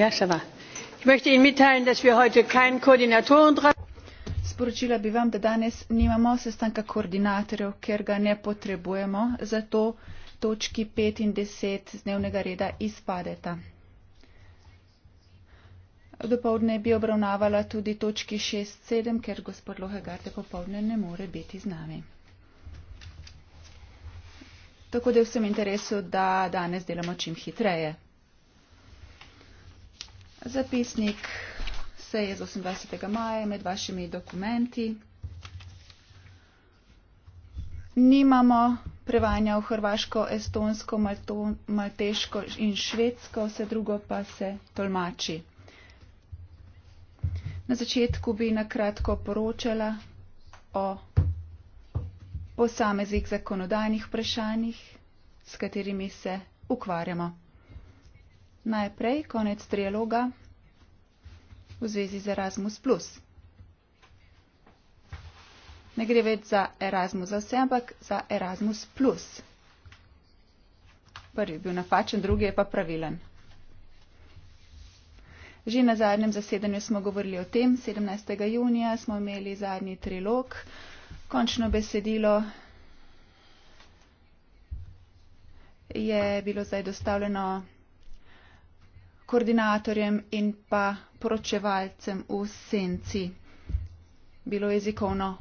Ja, sporočila bi vam da danes nimamo sestanka koordinatorjev ker ga ne potrebujemo zato točki pet in deset z dnevnega reda izpadeta. dopoldne bi obravnavala tudi točki šest sedem ker gospod lohegarde popoldne ne more biti z nami. tako da je v vsem interesu da danes delamo čim hitreje. Zapisnik seje z 28. maja med vašimi dokumenti. Nimamo prevanja v hrvaško, estonsko, malto, malteško in švedsko, vse drugo pa se tolmači. Na začetku bi nakratko poročala o posameznih zakonodajnih vprašanjih, s katerimi se ukvarjamo. Najprej konec trialoga v zvezi z Erasmus. Ne gre več za Erasmus za vse, ampak za Erasmus. Prvi je bil napačen, drugi je pa pravilen. Že na zadnjem zasedanju smo govorili o tem, 17. junija smo imeli zadnji trilog, končno besedilo je bilo zdaj dostavljeno koordinatorjem in pa poročevalcem v senci. Bilo je jezikovno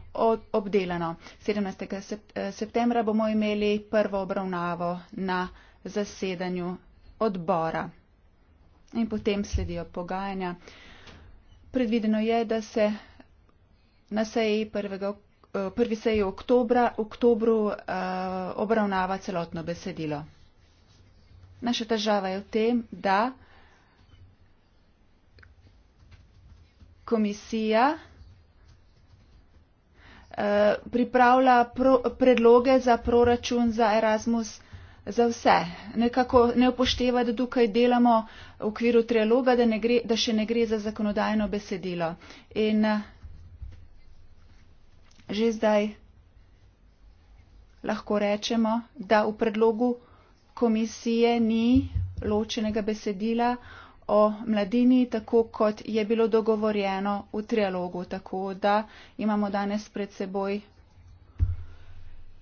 obdelano. 17. Eh, septembra bomo imeli prvo obravnavo na zasedanju odbora. In potem sledijo pogajanja. Predvideno je, da se na seji 1. Eh, prvi seji oktobra, v oktobru uh, obravnava celotno besedilo. Naša težava je v tem, da komisija eh, pripravlja pro, predloge za proračun za Erasmus za vse. Nekako ne upošteva, da tukaj delamo v okviru trialoga, da, ne gre, da še ne gre za zakonodajno besedilo. In eh, že zdaj lahko rečemo, da v predlogu komisije ni ločenega besedila o mladini, tako kot je bilo dogovorjeno v trialogu. Tako da imamo danes pred seboj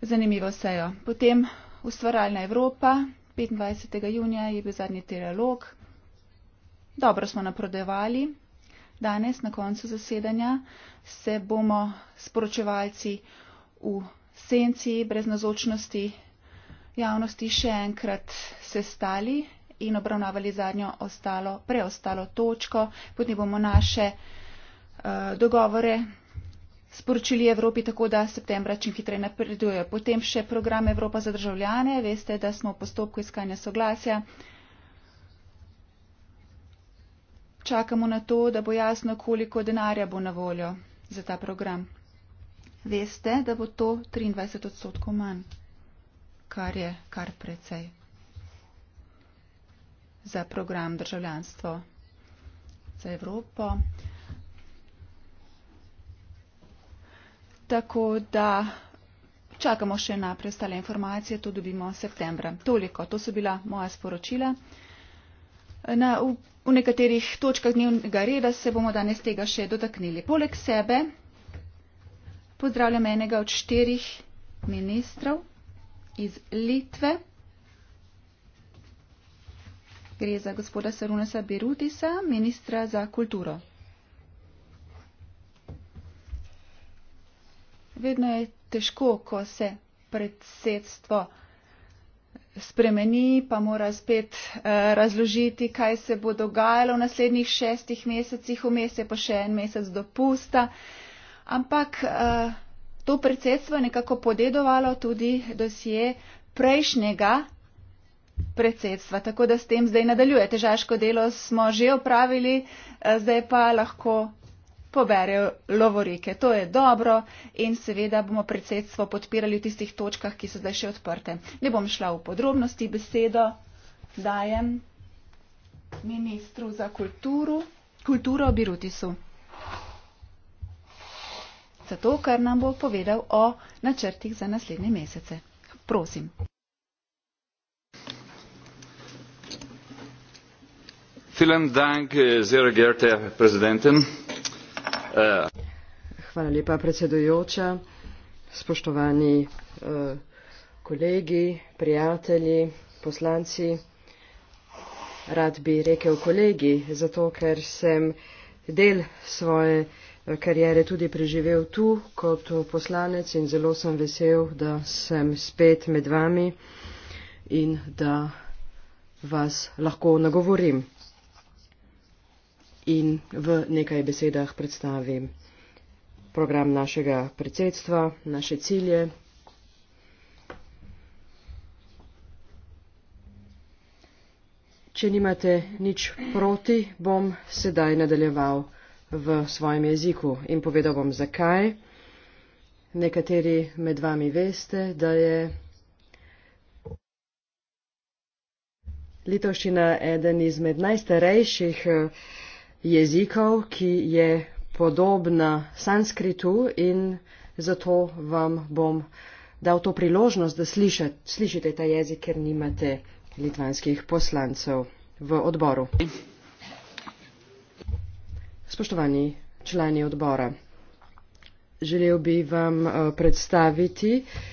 zanimivo sejo. Potem ustvarjalna Evropa, 25. junija je bil zadnji trialog. Dobro smo naprodevali. Danes na koncu zasedanja se bomo sporočevalci v senci brez nazočnosti javnosti še enkrat sestali in obravnavali zadnjo ostalo, preostalo točko. Potem bomo naše uh, dogovore sporočili Evropi, tako da septembra čim hitreje napredujejo. Potem še program Evropa za državljane. Veste, da smo v postopku iskanja soglasja. Čakamo na to, da bo jasno, koliko denarja bo na voljo za ta program. Veste, da bo to 23 odstotkov manj, kar je kar precej za program državljanstvo za Evropo. Tako da čakamo še na preostale informacije, to dobimo septembra. Toliko, to so bila moja sporočila. Na, v, v nekaterih točkah dnevnega reda se bomo danes tega še dotaknili. Poleg sebe pozdravljam enega od štirih ministrov iz Litve. Gre za gospoda Sarunasa Birutisa, ministra za kulturo. Vedno je težko, ko se predsedstvo spremeni, pa mora spet eh, razložiti, kaj se bo dogajalo v naslednjih šestih mesecih, vmes je pa še en mesec dopusta. Ampak eh, to predsedstvo je nekako podedovalo tudi dosje prejšnjega predsedstva. Tako da s tem zdaj nadaljuje. Težaško delo smo že opravili, eh, zdaj pa lahko poberejo lovorike. To je dobro in seveda bomo predsedstvo podpirali v tistih točkah, ki so zdaj še odprte. Ne bom šla v podrobnosti, besedo dajem ministru za kulturu, kulturo Birutisu. Zato, ker nam bo povedal o načrtih za naslednje mesece. Prosim. Eh, eh. hvala lepa predsedujoča spoštovani eh, kolegi prijatelji poslanci rad bi rekel kolegi zato ker sem del svoje kariere tudi preživel tu kot poslanec in zelo sem vesel da sem spet med vami in da vas lahko nagovorim in v nekaj besedah predstavim program našega predsedstva, naše cilje. Če nimate nič proti, bom sedaj nadaljeval v svojem jeziku in povedal bom zakaj. Nekateri med vami veste, da je litovščina eden izmed najstarejših uh, jezikov, ki je podobna sanskritu in zato vam bom dal to priložnost, da slišate, slišite ta jezik, ker nimate litvanskih poslancev v odboru. Spoštovani člani odbora, želel bi vam eh, predstaviti uh,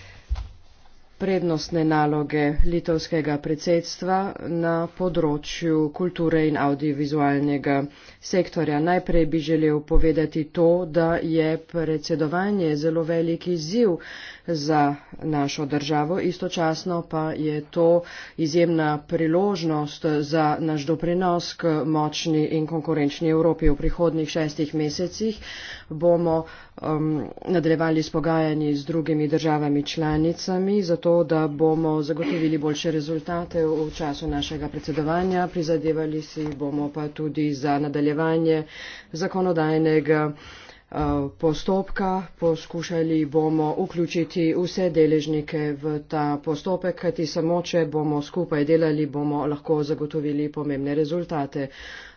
prednostne naloge litovskega predsedstva na področju kulture in audiovizualnega sektorja. Najprej bi želel povedati to, da je predsedovanje zelo veliki ziv za našo državo, istočasno pa je to izjemna priložnost za naš doprinos k močni in konkurenčni Evropi. V prihodnih šestih mesecih bomo um, nadaljevali s pogajanji z drugimi državami članicami, to, da bomo zagotovili boljše rezultate v času našega predsedovanja. Prizadevali si bomo pa tudi za nadaljevanje zakonodajnega. Eh, postopka. Poskušali bomo vključiti vse deležnike v ta postopek, kajti samo če bomo skupaj delali, bomo lahko zagotovili pomembne rezultate.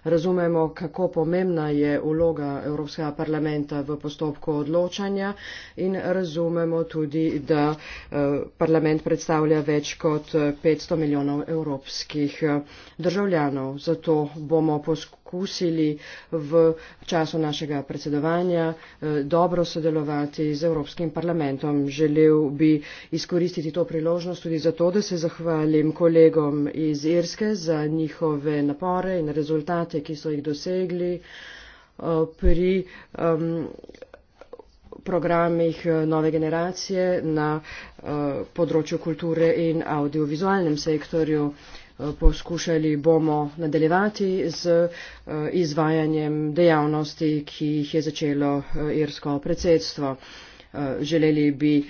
Razumemo, kako pomembna je uloga Evropskega parlamenta v postopku odločanja in razumemo tudi, da eh, parlament predstavlja več kot 500 milijonov evropskih eh, državljanov. Zato bomo poskušali poskusili v času našega predsedovanja eh, dobro sodelovati z Evropskim parlamentom. Želel bi izkoristiti to priložnost tudi zato, da se zahvalim kolegom iz Irske za njihove napore in rezultate, ki so jih dosegli eh, pri programih eh, nove generacije na uh, področju kulture in audiovizualnem sektorju. Uh, poskušali bomo nadaljevati z eh, izvajanjem dejavnosti, ki jih je začelo eh, irsko predsedstvo. Eh, želeli bi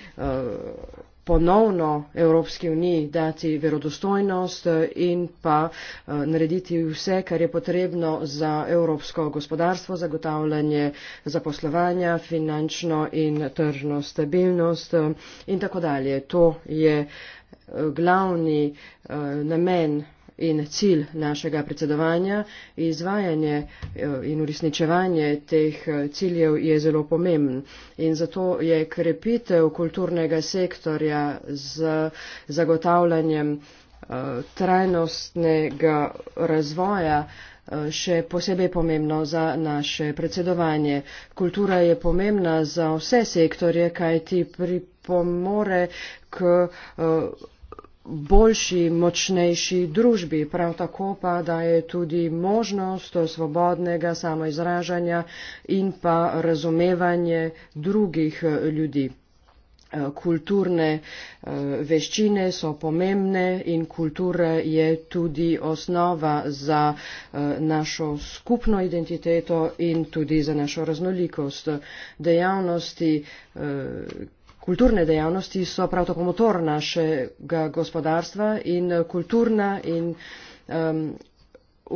ponovno Evropski uniji dati verodostojnost in pa narediti vse, kar je potrebno za evropsko gospodarstvo, zagotavljanje zaposlovanja, finančno in tržno stabilnost in tako dalje. To je uh, glavni eh, namen in cilj našega predsedovanja. Izvajanje eh, in uresničevanje teh eh, ciljev je zelo pomemben in zato je krepitev kulturnega sektorja z zagotavljanjem trajnostnega razvoja še posebej pomembno za naše predsedovanje. Kultura je pomembna za vse sektorje, kaj ti pripravlja pripomore k eh, boljši, močnejši družbi, prav tako pa daje tudi možnost svobodnega samoizražanja in pa razumevanje drugih eh, ljudi. Eh, kulturne veščine so pomembne in kultura je tudi osnova za našo skupno identiteto in tudi za našo raznolikost. Dejavnosti, Kulturne dejavnosti so prav tako motor našega gospodarstva in kulturna in um,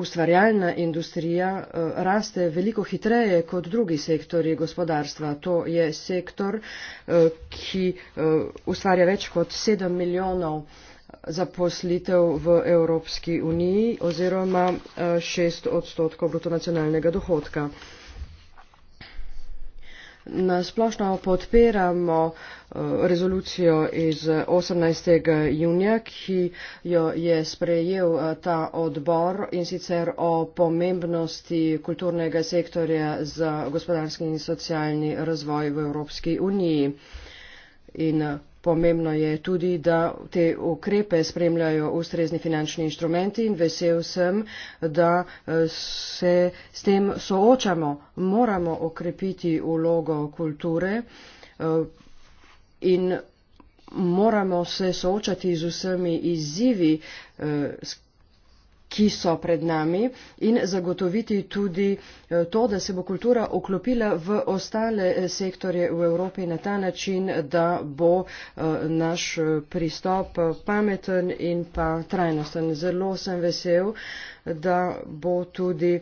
ustvarjalna industrija uh, raste veliko hitreje kot drugi sektori gospodarstva. To je sektor, uh, ki uh, ustvarja več kot 7 milijonov zaposlitev v Evropski uniji oziroma 6 uh, odstotkov brutonacionalnega dohodka. Uh, Na splošno podpiramo eh, rezolucijo iz 18. junija, ki jo je sprejel eh, ta odbor in sicer o pomembnosti kulturnega sektorja za gospodarski in socialni razvoj v Evropski uniji. In eh, Pomembno je tudi, da te ukrepe spremljajo ustrezni finančni inštrumenti in vesel sem, da eh, se s tem soočamo. Moramo okrepiti ulogo kulture eh, in moramo se soočati z vsemi izzivi, eh, ki so pred nami in zagotoviti tudi eh, to, da se bo kultura oklopila v ostale eh, sektorje v Evropi na ta način, da bo eh, naš pristop pameten in pa trajnosten. Zelo sem vesel, da bo tudi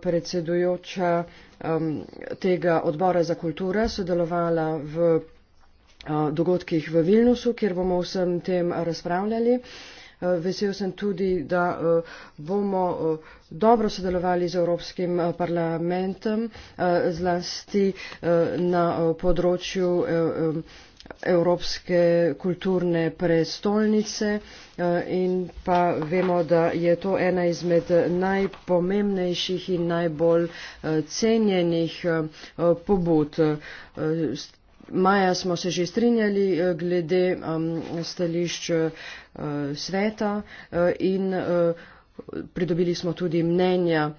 predsedujoča tega odbora za kulture sodelovala v dogodkih v Vilnusu, kjer bomo vsem tem razpravljali. Uh, Eh, vesel sem tudi, da eh, bomo eh, dobro sodelovali z Evropskim parlamentom, zlasti na področju Evropske kulturne prestolnice in pa vemo, da je to ena izmed najpomembnejših in najbolj cenjenih pobud. Maja smo se že strinjali eh, glede um, stališč uh, sveta uh, in uh, pridobili smo tudi mnenja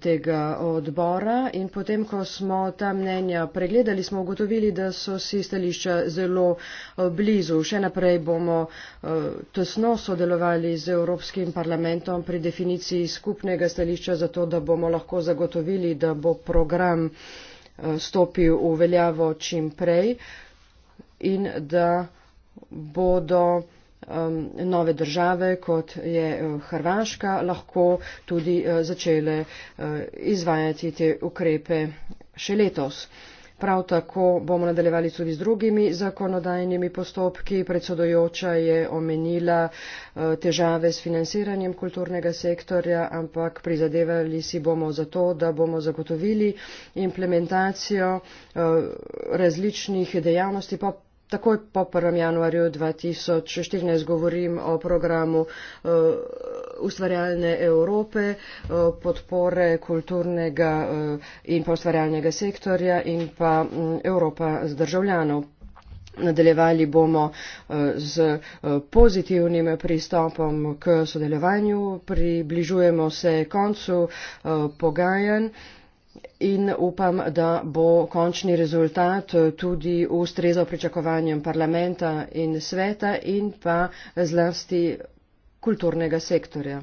tega odbora in potem, ko smo ta mnenja pregledali, smo ugotovili, da so si stališča zelo blizu. Še naprej bomo tesno sodelovali z Evropskim parlamentom pri definiciji skupnega stališča, zato da bomo lahko zagotovili, da bo program stopi v veljavo čim prej in da bodo um, nove države, kot je uh, Hrvaška, lahko tudi uh, začele uh, izvajati te ukrepe še letos. Prav tako bomo nadaljevali tudi z drugimi zakonodajnimi postopki. Predsedojoča je omenila eh, težave s financiranjem kulturnega sektorja, ampak prizadevali si bomo za to, da bomo zagotovili implementacijo eh, različnih dejavnosti, pa Takoj po 1. januarju 2014 govorim o programu uh, ustvarjalne Evrope, uh, podpore kulturnega uh, in pa ustvarjalnega sektorja in pa um, Evropa z državljanov. Nadaljevali bomo z pozitivnim pristopom k sodelovanju, približujemo se koncu pogajanj in upam, da bo končni rezultat tudi ustrezal pričakovanjem parlamenta in sveta in pa zlasti kulturnega sektorja.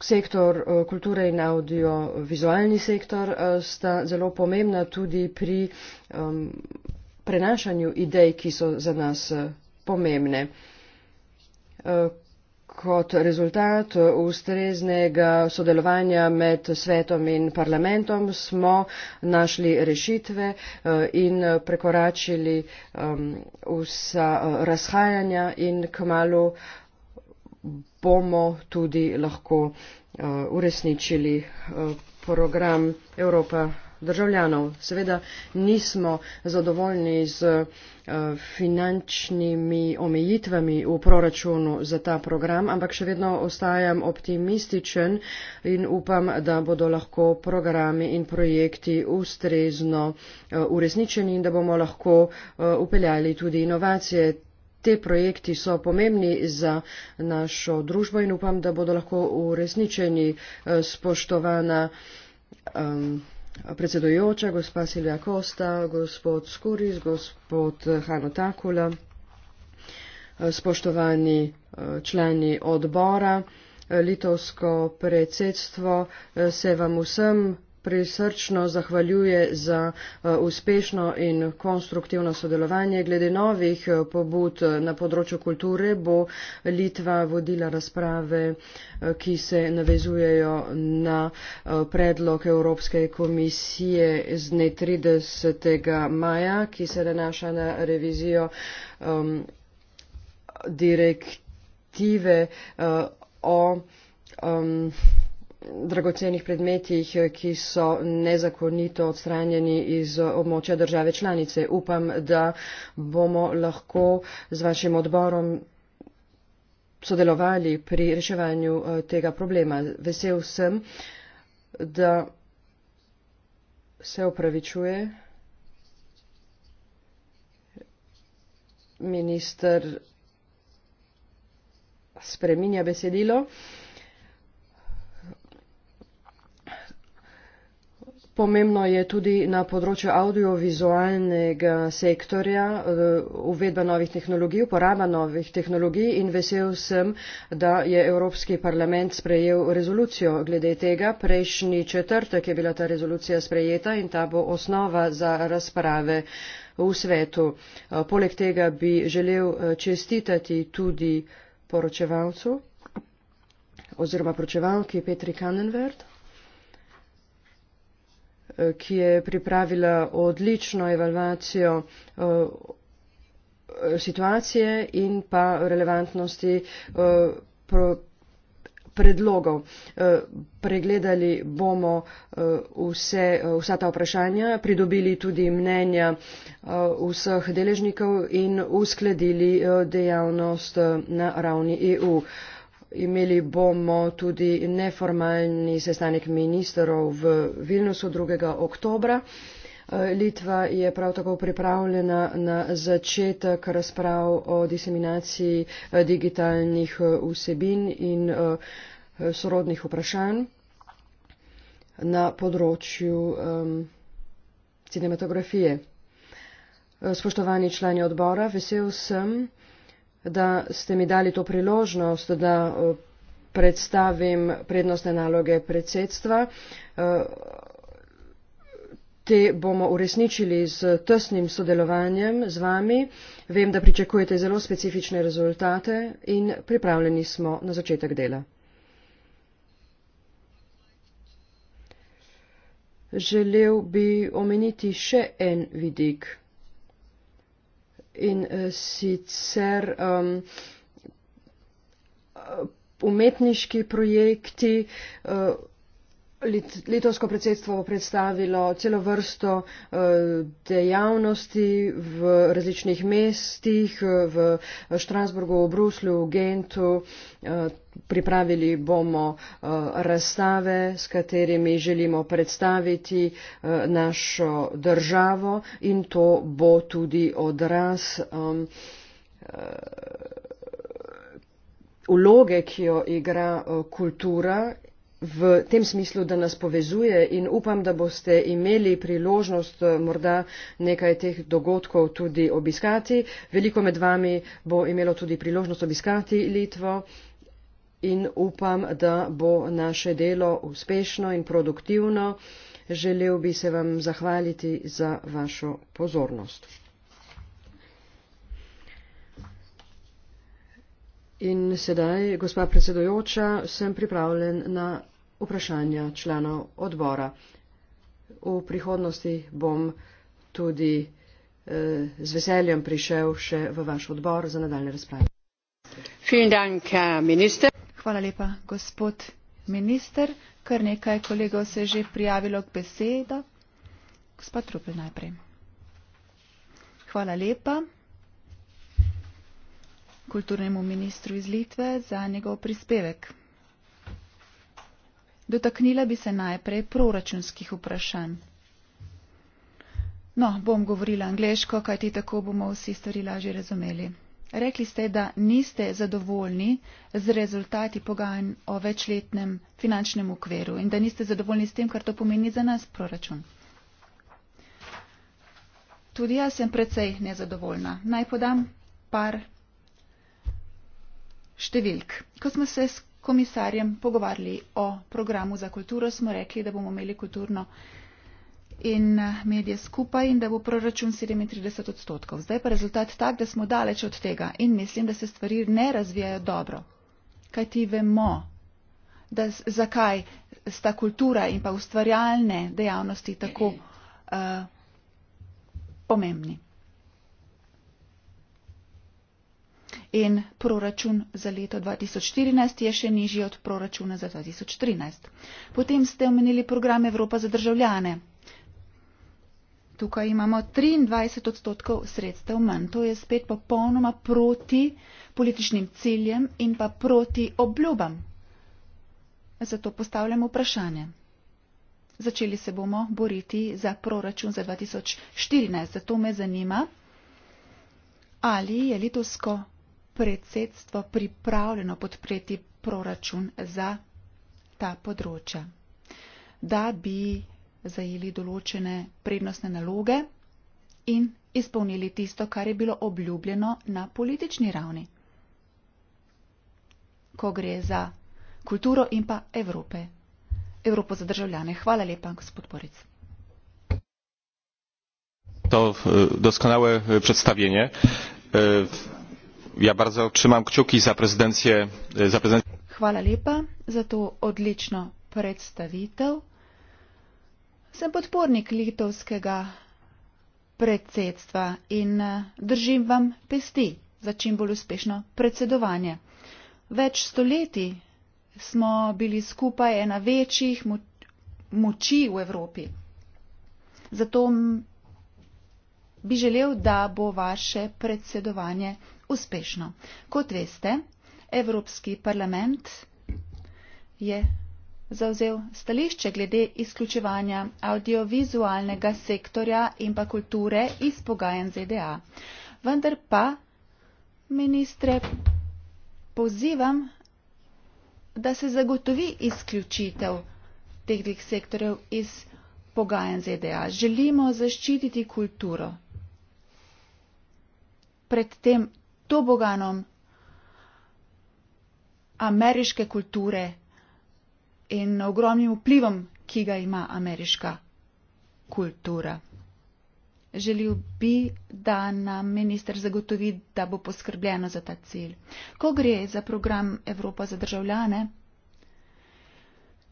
Sektor eh, kulture in audiovizualni sektor eh, sta zelo pomembna tudi pri um, prenašanju idej, ki so za nas eh, pomembne. Uh, kot rezultat ustreznega sodelovanja med svetom in parlamentom smo našli rešitve eh, in prekoračili vsa eh, razhajanja in kmalo bomo tudi lahko eh, uresničili program Evropa državljanov. Seveda nismo zadovoljni z eh, finančnimi omejitvami v proračunu za ta program, ampak še vedno ostajam optimističen in upam, da bodo lahko programi in projekti ustrezno eh, uresničeni in da bomo lahko upeljali eh, tudi inovacije. Te projekti so pomembni za našo družbo in upam, da bodo lahko uresničeni spoštovana. Um, predsedojoča, gospa Silvija Kosta, gospod Skuris, gospod eh, Hano Takula, eh, spoštovani eh, člani odbora, litovsko predsedstvo, se vam vsem prisrčno zahvaljuje za eh, uspešno in konstruktivno sodelovanje. Glede novih eh, pobud eh, na področju kulture bo Litva vodila razprave, ki se navezujejo na predlog Evropske komisije z dne 30. maja, ki se nanaša na revizijo um, direktive uh, o um, dragocenih predmetih, eh, ki so nezakonito odstranjeni iz eh, območja države članice. Upam, da bomo lahko z vašim odborom sodelovali pri reševanju eh, tega problema. Vesel sem, da se opravičuje minister spreminja besedilo. Pomembno je tudi na področju audiovizualnega sektorja eh, uvedba novih tehnologij, uporaba novih tehnologij in vesel sem, da je Evropski parlament sprejel rezolucijo glede tega. Prejšnji četrtek je bila ta rezolucija sprejeta in ta bo osnova za razprave v svetu. Eh, poleg tega bi želel eh, čestitati tudi poročevalcu oziroma poročevalki Petri Kannenwert. Eh, ki je pripravila odlično evalvacijo eh, situacije in pa relevantnosti eh, predlogov. Pregledali bomo vse, vsa ta vprašanja, pridobili tudi mnenja vseh deležnikov in uskladili dejavnost na ravni EU. Imeli bomo tudi neformalni sestanek ministrov v Vilnusu 2. oktobra. Eh, Litva je prav tako pripravljena na začetek razprav o diseminaciji eh, digitalnih eh, vsebin in sorodnih vprašanj na področju um, cinematografije. Spoštovani člani odbora, vesel sem, da ste mi dali to priložnost, da eh, predstavim prednostne naloge predsedstva. Eh, te bomo uresničili z tesnim sodelovanjem z vami. Vem, da pričakujete zelo specifične rezultate in pripravljeni smo na začetek dela. Želel bi omeniti še en vidik in eh, sicer um, umetniški projekti. Uh, Litovsko predsedstvo bo predstavilo celo vrsto eh, dejavnosti v različnih mestih, v eh, Štrasburgu, v Bruslju, v Gentu. Eh, pripravili bomo razstave, s katerimi želimo predstaviti našo državo in to bo tudi odraz vloge, ki jo igra kultura v tem smislu, da nas povezuje in upam, da boste imeli priložnost eh, morda nekaj teh dogodkov tudi obiskati. Veliko med vami bo imelo tudi priložnost obiskati Litvo in upam, da bo naše delo uspešno in produktivno. Želel bi se vam zahvaliti za vašo pozornost. In sedaj, gospa predsedojoča, sem pripravljen na vprašanja članov odbora. V prihodnosti bom tudi eh, z veseljem prišel še v vaš odbor za nadaljne razprave. Hvala lepa, gospod minister. Kar nekaj kolegov se je že prijavilo k besedo. Gospod Trupel najprej. Hvala lepa kulturnemu ministru iz Litve za njegov prispevek. Dotaknila bi se najprej proračunskih vprašanj. No, bom govorila angliško, kajti tako bomo vsi stvari lažje razumeli. Rekli ste, da niste zadovoljni z rezultati pogajanj o večletnem finančnem ukveru in da niste zadovoljni s tem, kar to pomeni za nas proračun. Tudi jaz sem precej nezadovoljna. Naj podam par številk. Ko smo se s komisarjem pogovarjali o programu za kulturo, smo rekli, da bomo imeli kulturno in eh, medije skupaj in da bo proračun 37 odstotkov. Zdaj pa rezultat tak, da smo daleč od tega in mislim, da se stvari ne razvijajo dobro. Kaj ti vemo, da zakaj sta kultura in pa ustvarjalne dejavnosti tako uh, pomembni. in proračun za leto 2014 je še nižji od proračuna za 2013. Potem ste omenili program Evropa za državljane. Tukaj imamo 23 odstotkov sredstev manj. To je spet popolnoma proti političnim ciljem in pa proti obljubam. Zato postavljam vprašanje. Začeli se bomo boriti za proračun za 2014. Zato me zanima, ali je litovsko predsedstvo pripravljeno podpreti proračun za ta področja, da bi zajeli določene prednostne naloge in izpolnili tisto, kar je bilo obljubljeno na politični ravni, ko gre za kulturo in pa Evrope. Evropo za državljane. Hvala lepa, gospod Boric. To e, doskonale predstavljanje. E, ja bardzo trzymam kciuki za prezydencję e, za prezydencję. Hvala lepa za to odlično predstavitev. Sem podpornik litovskega predsedstva in e, držim vam pesti za čim bolj uspešno predsedovanje. Več stoletij smo bili skupaj ena večjih moči v Evropi. Zato bi želel, da bo vaše predsedovanje uspešno. Kot veste, Evropski parlament je zauzel stališče glede izključevanja audiovizualnega sektorja in pa kulture iz pogajanj ZDA. Vendar pa, ministre, pozivam, da se zagotovi izključitev teh dveh sektorjev iz pogajanj ZDA. Želimo zaščititi kulturo pred tem toboganom ameriške kulture in ogromnim vplivom, ki ga ima ameriška kultura. Želil bi, da nam minister zagotovi, da bo poskrbljeno za ta cilj. Ko gre za program Evropa za državljane,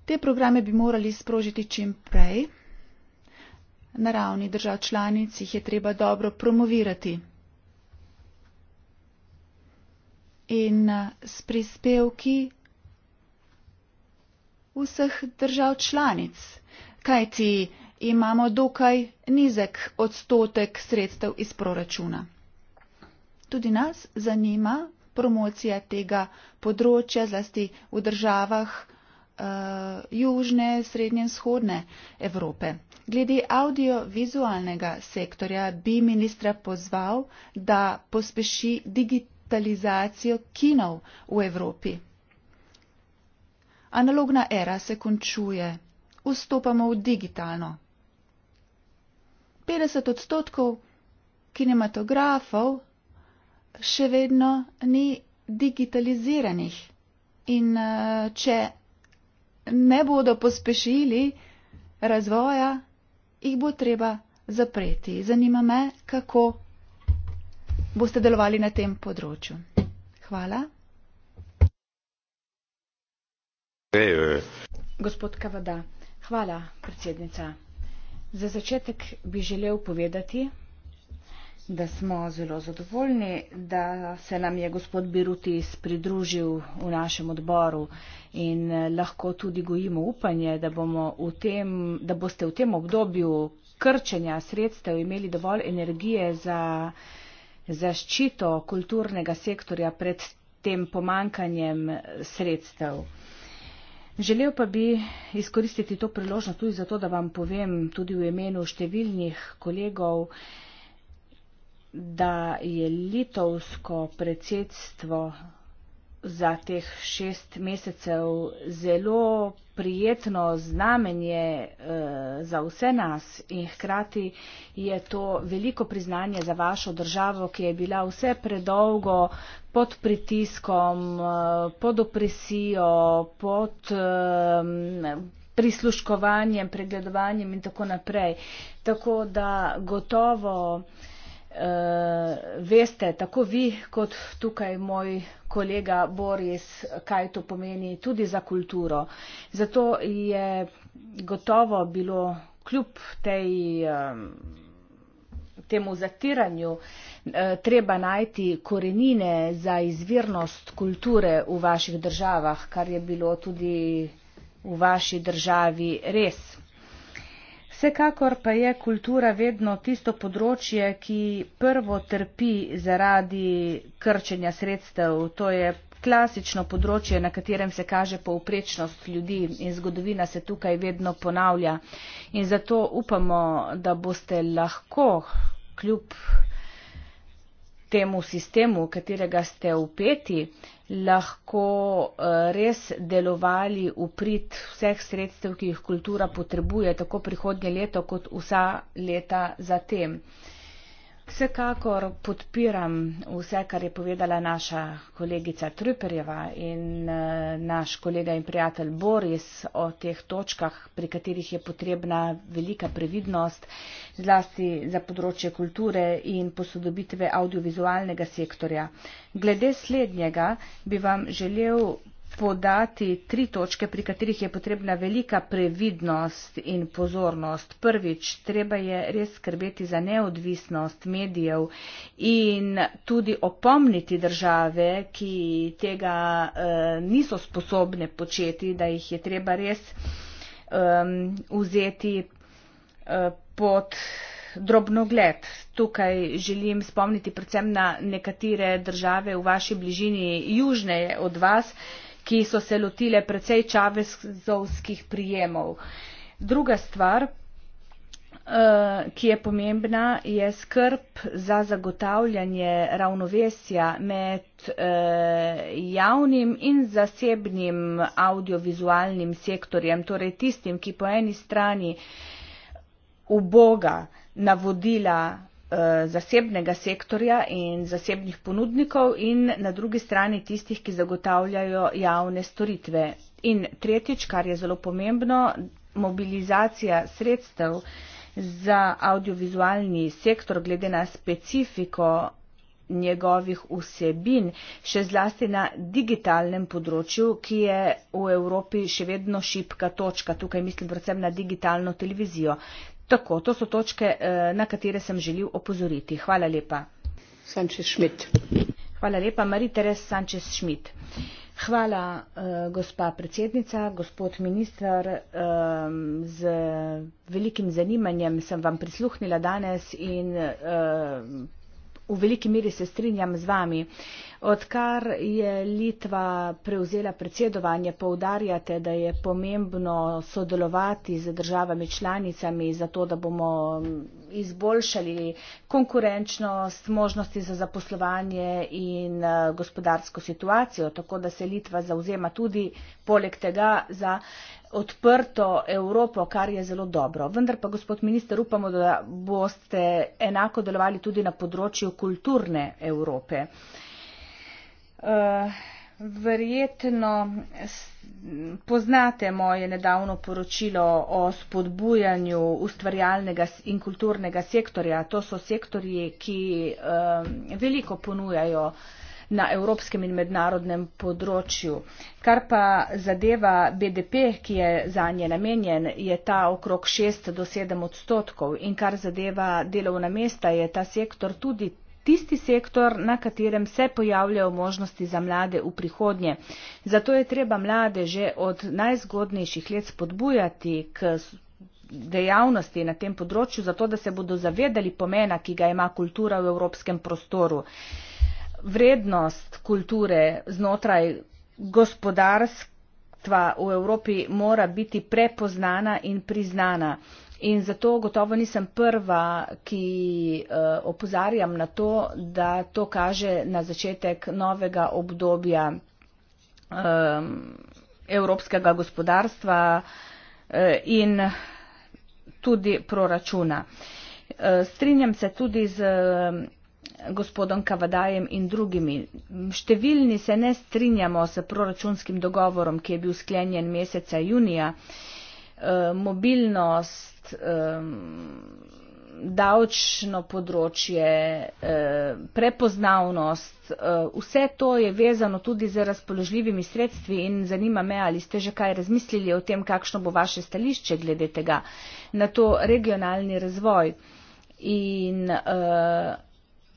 te programe bi morali sprožiti čim prej. Na ravni držav članic jih je treba dobro promovirati. in eh, s prispevki vseh držav članic, kajti imamo dokaj nizek odstotek sredstev iz proračuna. Tudi nas zanima promocija tega področja, zlasti v državah uh, južne, srednje in shodne Evrope. Glede audiovizualnega sektorja bi ministra pozval, da pospeši digitalizacijo digitalizacijo kinov v Evropi. Analogna era se končuje, vstopamo v digitalno. 50 odstotkov kinematografov še vedno ni digitaliziranih in eh, če ne bodo pospešili razvoja, jih bo treba zapreti. Zanima me, kako boste delovali na tem področju. Hvala. Uh. Gospod Kavada, hvala, predsednica. Za začetek bi želel povedati, da smo zelo zadovoljni, da se nam je gospod Birutis pridružil v našem odboru in eh, lahko tudi gojimo upanje, da, tem, da boste v tem obdobju krčenja sredstev imeli dovolj energije za zaščito kulturnega sektorja pred tem pomankanjem sredstev. Želel pa bi izkoristiti to priložnost tudi zato, da vam povem tudi v imenu številnih kolegov, da je litovsko predsedstvo za teh šest mesecev zelo prijetno znamenje eh, za vse nas in hkrati je to veliko priznanje za vašo državo, ki je bila vse predolgo pod pritiskom, eh, pod opresijo, pod ehm, prisluškovanjem, pregledovanjem in tako naprej. Tako da gotovo uh, veste, tako vi kot tukaj moj kolega Boris, kaj to pomeni tudi za kulturo. Zato je gotovo bilo kljub tej, um, temu zatiranju eh, treba najti korenine za izvirnost kulture v vaših državah, kar je bilo tudi v vaši državi res Vsekakor pa je kultura vedno tisto področje, ki prvo trpi zaradi krčenja sredstev. To je klasično področje, na katerem se kaže povprečnost ljudi in zgodovina se tukaj vedno ponavlja. In zato upamo, da boste lahko kljub temu sistemu, v katerega ste upeti, lahko eh, res delovali v prid vseh sredstev, ki jih kultura potrebuje, tako prihodnje leto, kot vsa leta zatem. Vsekakor podpiram vse, kar je povedala naša kolegica Trüperjeva in eh, naš kolega in prijatelj Boris o teh točkah, pri katerih je potrebna velika previdnost, zlasti za področje kulture in posodobitve audiovizualnega sektorja. Glede slednjega bi vam želel podati tri točke, pri katerih je potrebna velika previdnost in pozornost. Prvič, treba je res skrbeti za neodvisnost medijev in tudi opomniti države, ki tega eh, niso sposobne početi, da jih je treba res eh, vzeti eh, pod drobnogled. Tukaj želim spomniti predvsem na nekatere države v vaši bližini južneje od vas, ki so se lotile precej čavezovskih prijemov. Druga stvar, eh, ki je pomembna, je skrb za zagotavljanje ravnovesja med eh, javnim in zasebnim audiovizualnim sektorjem, torej tistim, ki po eni strani uboga navodila Eh, zasebnega sektorja in zasebnih ponudnikov in na drugi strani tistih, ki zagotavljajo javne storitve. In tretjič, kar je zelo pomembno, mobilizacija sredstev za audiovizualni sektor glede na specifiko njegovih vsebin, še zlasti na digitalnem področju, ki je v Evropi še vedno šipka točka. Tukaj mislim predvsem na digitalno televizijo. Tako, to so točke, eh, na katere sem želil opozoriti. Hvala lepa. Sančes Šmit. Hvala lepa, Mariteres Sančes Šmit. Hvala, eh, gospa predsednica, gospod ministr. Ehm, z velikim zanimanjem sem vam prisluhnila danes in ehm, v veliki meri se strinjam z vami. Odkar je Litva prevzela predsedovanje, poudarjate, da je pomembno sodelovati z državami članicami, zato da bomo izboljšali konkurenčnost, možnosti za zaposlovanje in eh, gospodarsko situacijo, tako da se Litva zauzema tudi poleg tega za odprto Evropo, kar je zelo dobro. Vendar pa, gospod minister, upamo, da boste enako delovali tudi na področju kulturne Evrope. Eh, verjetno poznate moje nedavno poročilo o spodbujanju ustvarjalnega in kulturnega sektorja. To so sektorji, ki eh, veliko ponujajo na evropskem in mednarodnem področju. Kar pa zadeva BDP, ki je za nje namenjen, je ta okrog 6 do 7 odstotkov in kar zadeva delovna mesta, je ta sektor tudi tisti sektor, na katerem se pojavljajo možnosti za mlade v prihodnje. Zato je treba mlade že od najzgodnejših let spodbujati k dejavnosti na tem področju, zato da se bodo zavedali pomena, ki ga ima kultura v evropskem prostoru. Vrednost kulture znotraj gospodarstva v Evropi mora biti prepoznana in priznana. In zato gotovo nisem prva, ki eh, opozarjam na to, da to kaže na začetek novega obdobja ehm, evropskega gospodarstva eh, in tudi proračuna. Eh, strinjam se tudi z gospodom Kavadajem in drugimi. Številni se ne strinjamo s proračunskim dogovorom, ki je bil sklenjen meseca junija. Eh, mobilnost, eh, davčno področje, eh, prepoznavnost, vse to je vezano tudi z razpoložljivimi sredstvi in zanima me, ali ste že kaj razmislili o tem, kakšno bo vaše stališče glede tega na to regionalni razvoj. In,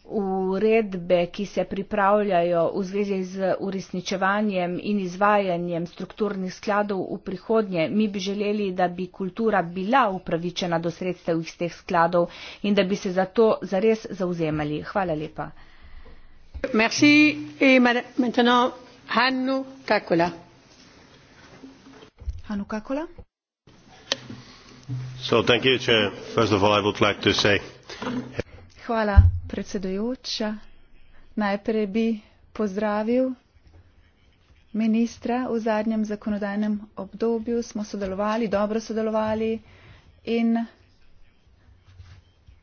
uredbe, ki se pripravljajo v zvezi z uresničevanjem in izvajanjem strukturnih skladov v prihodnje. Mi bi želeli, da bi kultura bila upravičena do sredstev iz teh skladov in da bi se za to zares zauzemali. Hvala lepa. Merci. So thank you, Chair. First of all, I would like to say. Hvala, predsedujoča. Najprej bi pozdravil ministra v zadnjem zakonodajnem obdobju. Smo sodelovali, dobro sodelovali in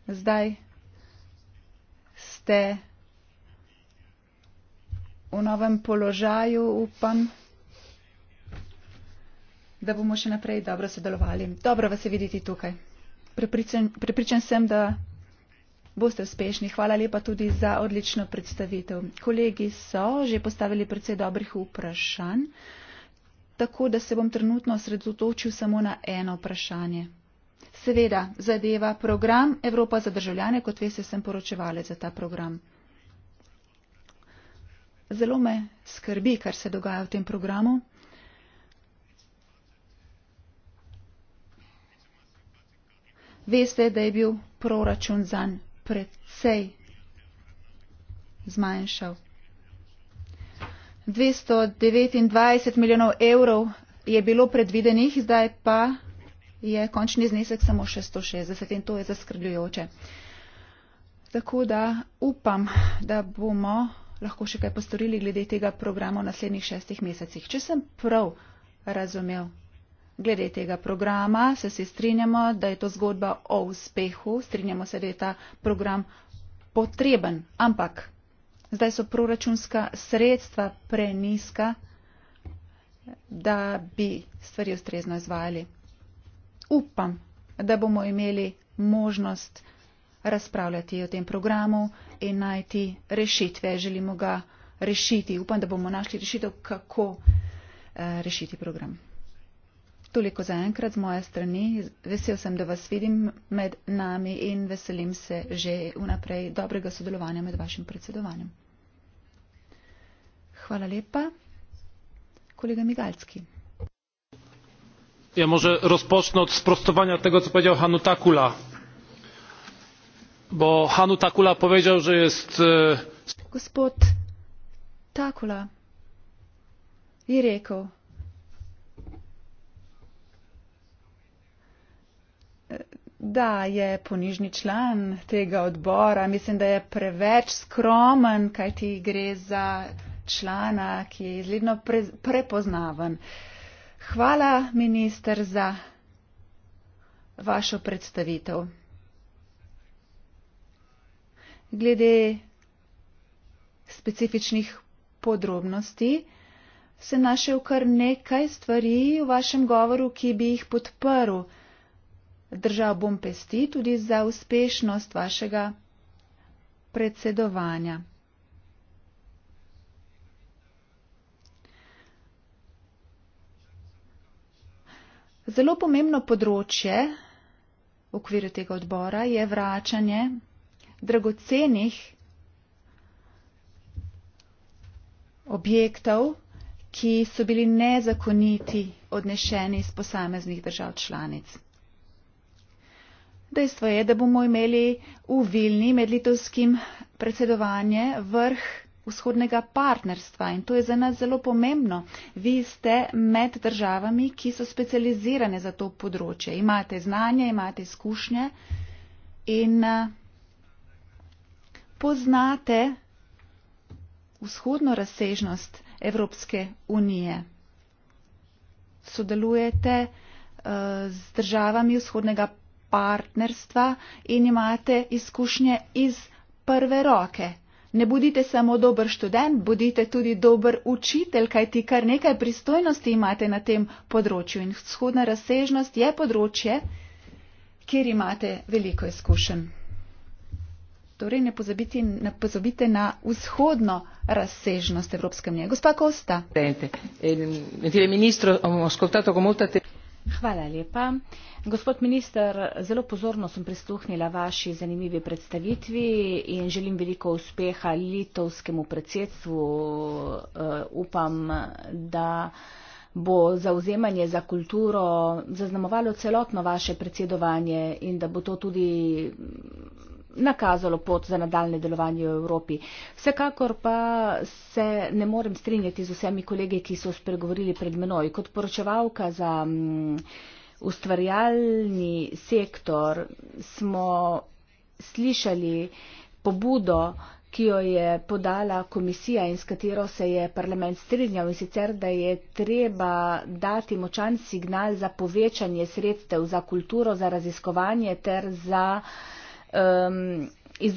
zdaj ste v novem položaju, upam, da bomo še naprej dobro sodelovali. Dobro vas je videti tukaj. Prepričan, prepričan sem, da boste uspešni. Hvala lepa tudi za odlično predstavitev. Kolegi so že postavili predvsej dobrih vprašanj, tako da se bom trenutno sredotočil samo na eno vprašanje. Seveda, zadeva program Evropa za državljane, kot veste, sem poročevala za ta program. Zelo me skrbi, kar se dogaja v tem programu. Veste, da je bil proračun zanj precej zmanjšal. 229 milijonov evrov je bilo predvidenih, zdaj pa je končni znesek samo 660 in to je zaskrbljujoče. Tako da upam, da bomo lahko še kaj postorili glede tega programa v naslednjih šestih mesecih. Če sem prav razumel, glede tega programa, se vsi strinjamo, da je to zgodba o uspehu, strinjamo se, da je ta program potreben, ampak zdaj so proračunska sredstva preniska, da bi stvari ustrezno izvajali. Upam, da bomo imeli možnost razpravljati o tem programu in najti rešitve. Želimo ga rešiti. Upam, da bomo našli rešitev, kako eh, rešiti program. Toliko za enkrat z moje strani. Vesel sem, da vas vidim med nami in veselim se že vnaprej dobrega sodelovanja med vašim predsedovanjem. Hvala lepa. Kolega Migalski. Ja, može razpočno od sprostovanja tega, co povedal Hanuta Kula. Bo Hanuta Kula povedal, že je... E, Gospod Takula je rekel, Da je ponižni član tega odbora, mislim, da je preveč skromen, kaj ti gre za člana, ki je izredno pre, prepoznaven. Hvala, minister, za vašo predstavitev. Glede specifičnih podrobnosti sem našel kar nekaj stvari v vašem govoru, ki bi jih podprl držal bom pesti tudi za uspešnost vašega predsedovanja. Zelo pomembno področje v okviru tega odbora je vračanje dragocenih objektov, ki so bili nezakoniti odnešeni iz posameznih držav članic. Dejstvo je, da bomo imeli v Vilni med litovskim predsedovanje vrh vzhodnega partnerstva in to je za nas zelo pomembno. Vi ste med državami, ki so specializirane za to področje. Imate znanje, imate izkušnje in eh, poznate vzhodno razsežnost Evropske unije. Sodelujete uh, z državami vzhodnega partnerstva in imate izkušnje iz prve roke. Ne bodite samo dober študent, bodite tudi dober učitelj, kajti kar nekaj pristojnosti imate na tem področju. In vzhodna razsežnost je področje, kjer imate veliko izkušenj. Torej, ne, pozabiti, ne pozabite na vzhodno razsežnost Evropske unije. Gospa Kosta. Hvala lepa. Gospod minister, zelo pozorno sem prisluhnila vaši zanimivi predstavitvi in želim veliko uspeha litovskemu predsedstvu. Eh, upam, da bo zauzemanje za kulturo zaznamovalo celotno vaše predsedovanje in da bo to tudi nakazalo pot za nadaljne delovanje v Evropi. Vsekakor pa se ne morem strinjati z vsemi kolege, ki so spregovorili pred menoj. Kot poročevalka za m, mm, ustvarjalni sektor smo slišali pobudo, ki jo je podala komisija in s katero se je parlament strinjal in sicer, da je treba dati močan signal za povečanje sredstev za kulturo, za raziskovanje ter za uh, um, iz,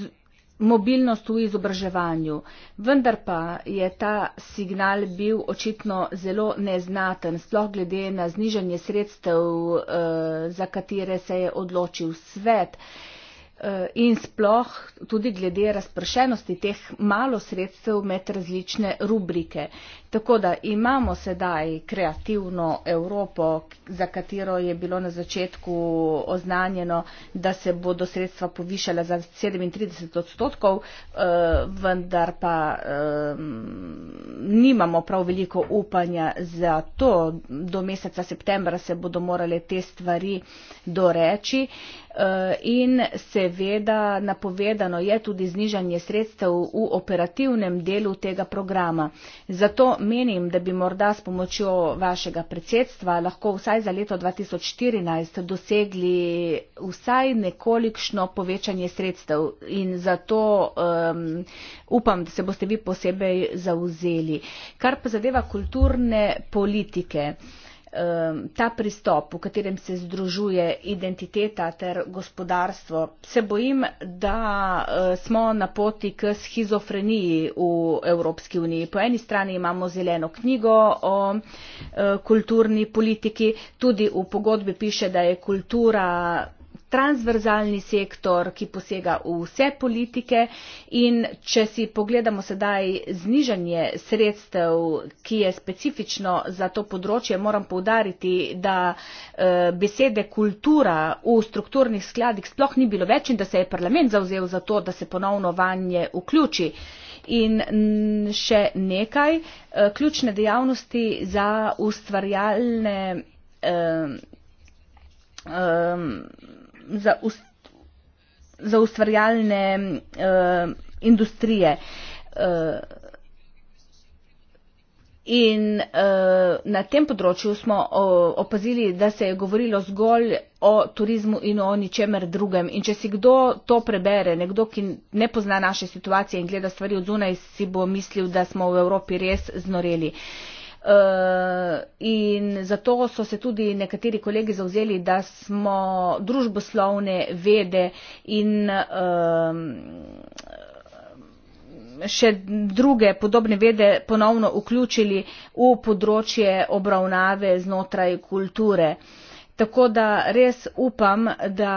mobilnost v izobraževanju. Vendar pa je ta signal bil očitno zelo neznaten, sploh glede na znižanje sredstev, uh, za katere se je odločil svet. Uh, in sploh tudi glede razpršenosti teh malo sredstev med različne rubrike. Tako da imamo sedaj kreativno Evropo, za katero je bilo na začetku oznanjeno, da se bodo sredstva povišala za 37 odstotkov, eh, vendar pa eh, nimamo prav veliko upanja za to. Do meseca septembra se bodo morali te stvari doreči. Eh, in seveda napovedano je tudi znižanje sredstev v operativnem delu tega programa. Zato menim, da bi morda s pomočjo vašega predsedstva lahko vsaj za leto 2014 dosegli vsaj nekolikšno povečanje sredstev in zato um, upam, da se boste vi posebej zauzeli. Kar pa zadeva kulturne politike. Uh, um, ta pristop, v katerem se združuje identiteta ter gospodarstvo, se bojim, da uh, smo na poti k schizofreniji v Evropski uniji. Po eni strani imamo zeleno knjigo o uh, kulturni politiki, tudi v pogodbi piše, da je kultura transverzalni sektor, ki posega v vse politike in če si pogledamo sedaj znižanje sredstev, ki je specifično za to področje, moram povdariti, da e, besede kultura v strukturnih skladih sploh ni bilo več in da se je parlament zauzel za to, da se ponovno vanje vključi. In mm, še nekaj, e, ključne dejavnosti za ustvarjalne. E, e, za, ust, za ustvarjalne uh, industrije. Uh, in uh, na tem področju smo uh, opazili, da se je govorilo zgolj o turizmu in o ničemer drugem. In če si kdo to prebere, nekdo, ki ne pozna naše situacije in gleda stvari od zunaj, si bo mislil, da smo v Evropi res znoreli. Uh, Eh, in zato so se tudi nekateri kolegi zauzeli, da smo družboslovne vede in ehm, še druge podobne vede ponovno vključili v področje obravnave znotraj kulture. Tako da res upam, da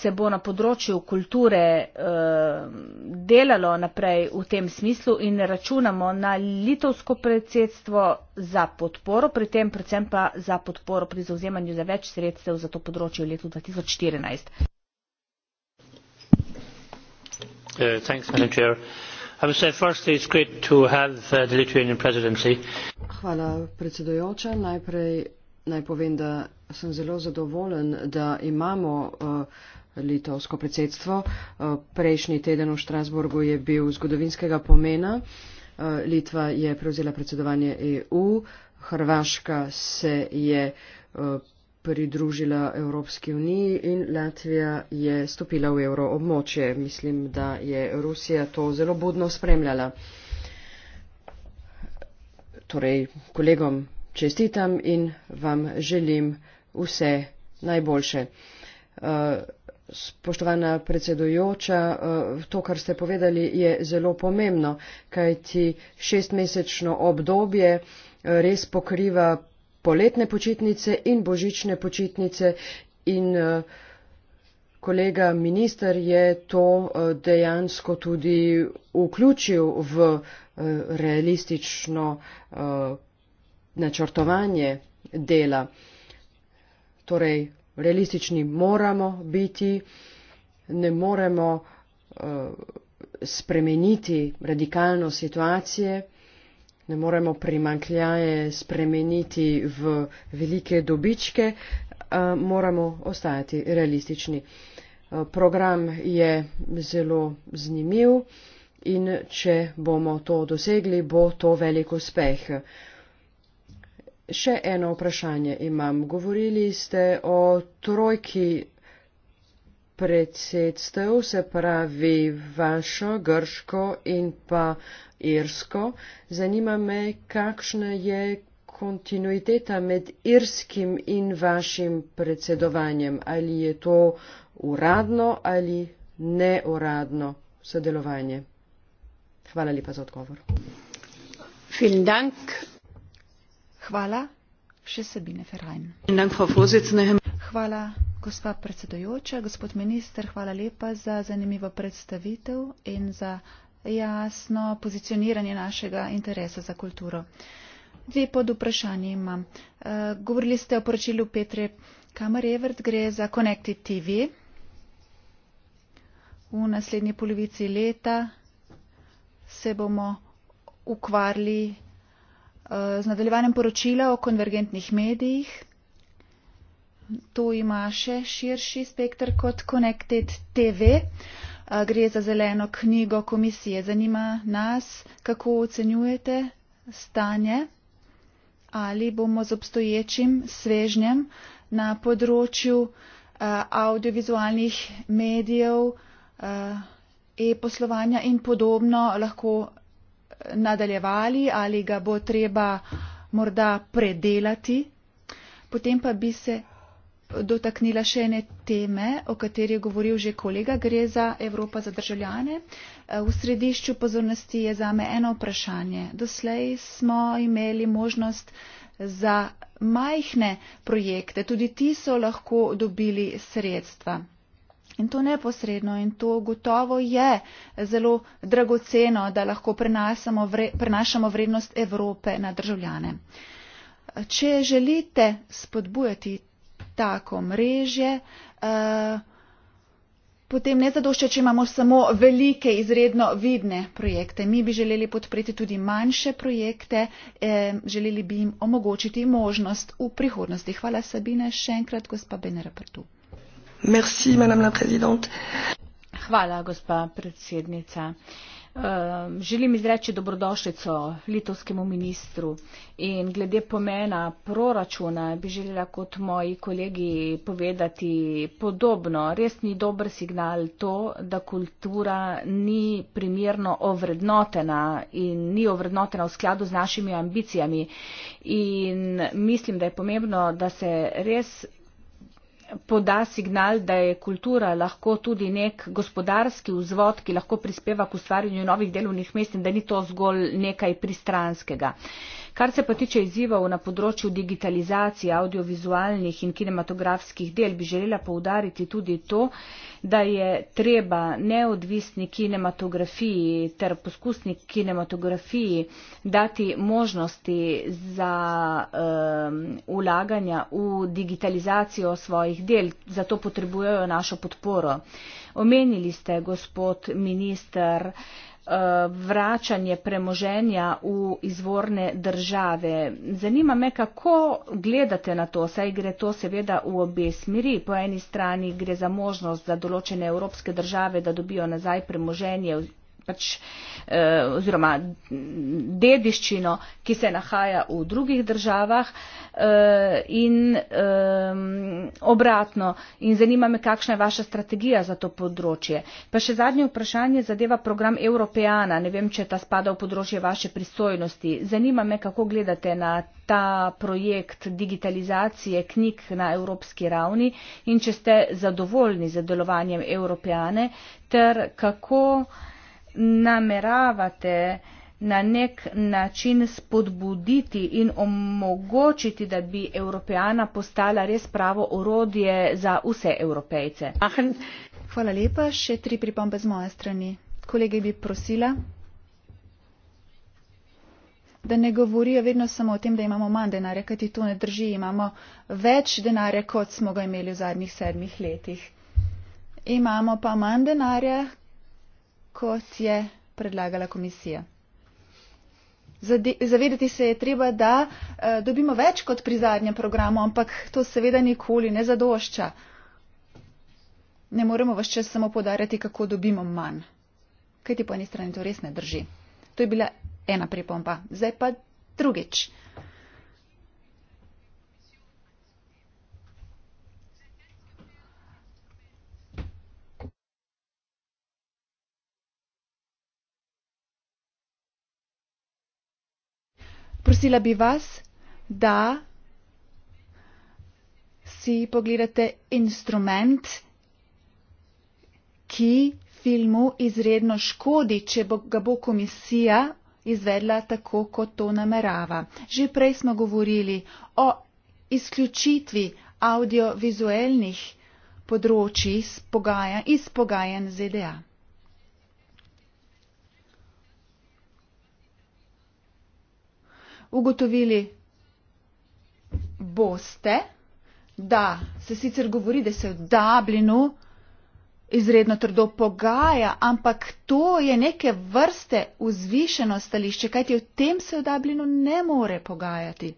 se bo na področju kulture eh, delalo naprej v tem smislu in računamo na litovsko predsedstvo za podporo, pri tem predvsem pa za podporo pri zauzemanju za več sredstev za to področje v letu 2014. Uh, thanks, uh, Hvala predsedujoča. Najprej naj povem, da sem zelo zadovoljen, da imamo uh, litovsko predsedstvo. Uh, prejšnji teden v Štrasburgu je bil zgodovinskega pomena. Uh, Litva je prevzela predsedovanje EU, Hrvaška se je. Uh, pridružila Evropski uniji in Latvija je stopila v euroobmočje. Mislim, da je Rusija to zelo budno spremljala. Torej, kolegom čestitam in vam želim vse najboljše. Eh, spoštovana predsedujoča, eh, to, kar ste povedali, je zelo pomembno, kajti šestmesečno obdobje eh, res pokriva poletne počitnice in božične počitnice in kolega minister je to dejansko tudi vključil v realistično načrtovanje dela. Torej, realistični moramo biti, ne moremo uh, spremeniti radikalno situacije, ne moremo primankljaje spremeniti v velike dobičke, uh, moramo ostati realistični. Uh, program je zelo zanimiv in če bomo to dosegli, bo to velik uspeh. Uh, Še eno vprašanje imam. Govorili ste o trojki predsedstev, se pravi vašo, grško in pa irsko. Zanima me, kakšna je kontinuiteta med irskim in vašim predsedovanjem. Ali je to uradno ali neuradno sodelovanje? Hvala lepa za odgovor. Vielen Dank Hvala, še Sabine Ferhajn. Hvala, gospa predsedojoča, gospod minister, hvala lepa za zanimivo predstavitev in za jasno pozicioniranje našega interesa za kulturo. Dve pod vprašanje imam. Eh, govorili ste o poročilu Petre Kamarevert, gre za Connected TV. V naslednji polovici leta se bomo ukvarjali z nadaljevanjem poročila o konvergentnih medijih. To ima še širši spektr kot Connected TV. Gre za zeleno knjigo komisije. Zanima nas, kako ocenjujete stanje ali bomo z obstoječim svežnjem na področju audiovizualnih medijev, e-poslovanja in podobno lahko nadaljevali ali ga bo treba morda predelati. Potem pa bi se dotaknila še ene teme, o kateri je govoril že kolega, gre za Evropa za državljane. V središču pozornosti je za me eno vprašanje. Doslej smo imeli možnost za majhne projekte, tudi ti so lahko dobili sredstva. In to neposredno in to gotovo je zelo dragoceno, da lahko prenašamo vrednost Evrope na državljane. Če želite spodbujati tako mrežje, eh, potem ne zadošča, če imamo samo velike, izredno vidne projekte. Mi bi želeli podpreti tudi manjše projekte, eh, želeli bi jim omogočiti možnost v prihodnosti. Hvala Sabine, še enkrat gospa Benera Prtu hvala gospa predsednica ehm, želim izreči dobrodošlico litovskemu ministru in glede pomena proračuna bi želela kot moji kolegi povedati podobno res ni dober signal to da kultura ni primerno ovrednotena in ni ovrednotena v skladu z našimi ambicijami in mislim da je pomembno da se res poda signal, da je kultura lahko tudi nek gospodarski vzvod, ki lahko prispeva k ustvarjanju novih delovnih mest in da ni to zgolj nekaj pristranskega. Kar se pa tiče izzivov na področju digitalizacije audiovizualnih in kinematografskih del, bi želela poudariti tudi to, da je treba neodvisni kinematografiji ter poskusni kinematografiji dati možnosti za um, ulaganja v digitalizacijo svojih del. Zato potrebujejo našo podporo. Omenili ste, gospod minister, uh, Eh, vračanje premoženja v izvorne države. Zanima me, kako gledate na to, saj gre to seveda v obe smeri. Po eni strani gre za možnost za določene evropske države, da dobijo nazaj premoženje pač, eh, oziroma dediščino, ki se nahaja v drugih državah eh, in eh, obratno. In zanima me, kakšna je vaša strategija za to področje. Pa še zadnje vprašanje zadeva program Europeana. Ne vem, če ta spada v področje vaše pristojnosti. Zanima me, kako gledate na ta projekt digitalizacije knjig na evropski ravni in če ste zadovoljni z delovanjem Europeane ter kako nameravate na nek način spodbuditi in omogočiti, da bi evropejana postala res pravo orodje za vse evropejce. Hvala lepa. Še tri pripombe z moje strani. Kolege bi prosila, da ne govorijo vedno samo o tem, da imamo manj denarja, kajti to ne drži. Imamo več denarja, kot smo ga imeli v zadnjih sedmih letih. Imamo pa manj denarja, kot je predlagala komisija. Zavedati se je treba, da eh, dobimo več kot pri zadnjem programu, ampak to seveda nikoli ne zadošča. Ne moremo vas čas samo podarjati, kako dobimo manj. Kaj ti po eni strani to res ne drži? To je bila ena pripomba. Zdaj pa drugič. Prosila bi vas, da si pogledate instrument, ki filmu izredno škodi, če bo, ga bo komisija izvedla tako, kot to namerava. Že prej smo govorili o izključitvi audiovizualnih področji iz pogajanj ZDA. ugotovili, boste, da se sicer govori, da se v Dublinu izredno trdo pogaja, ampak to je neke vrste vzvišeno stališče, kajti o tem se v Dublinu ne more pogajati.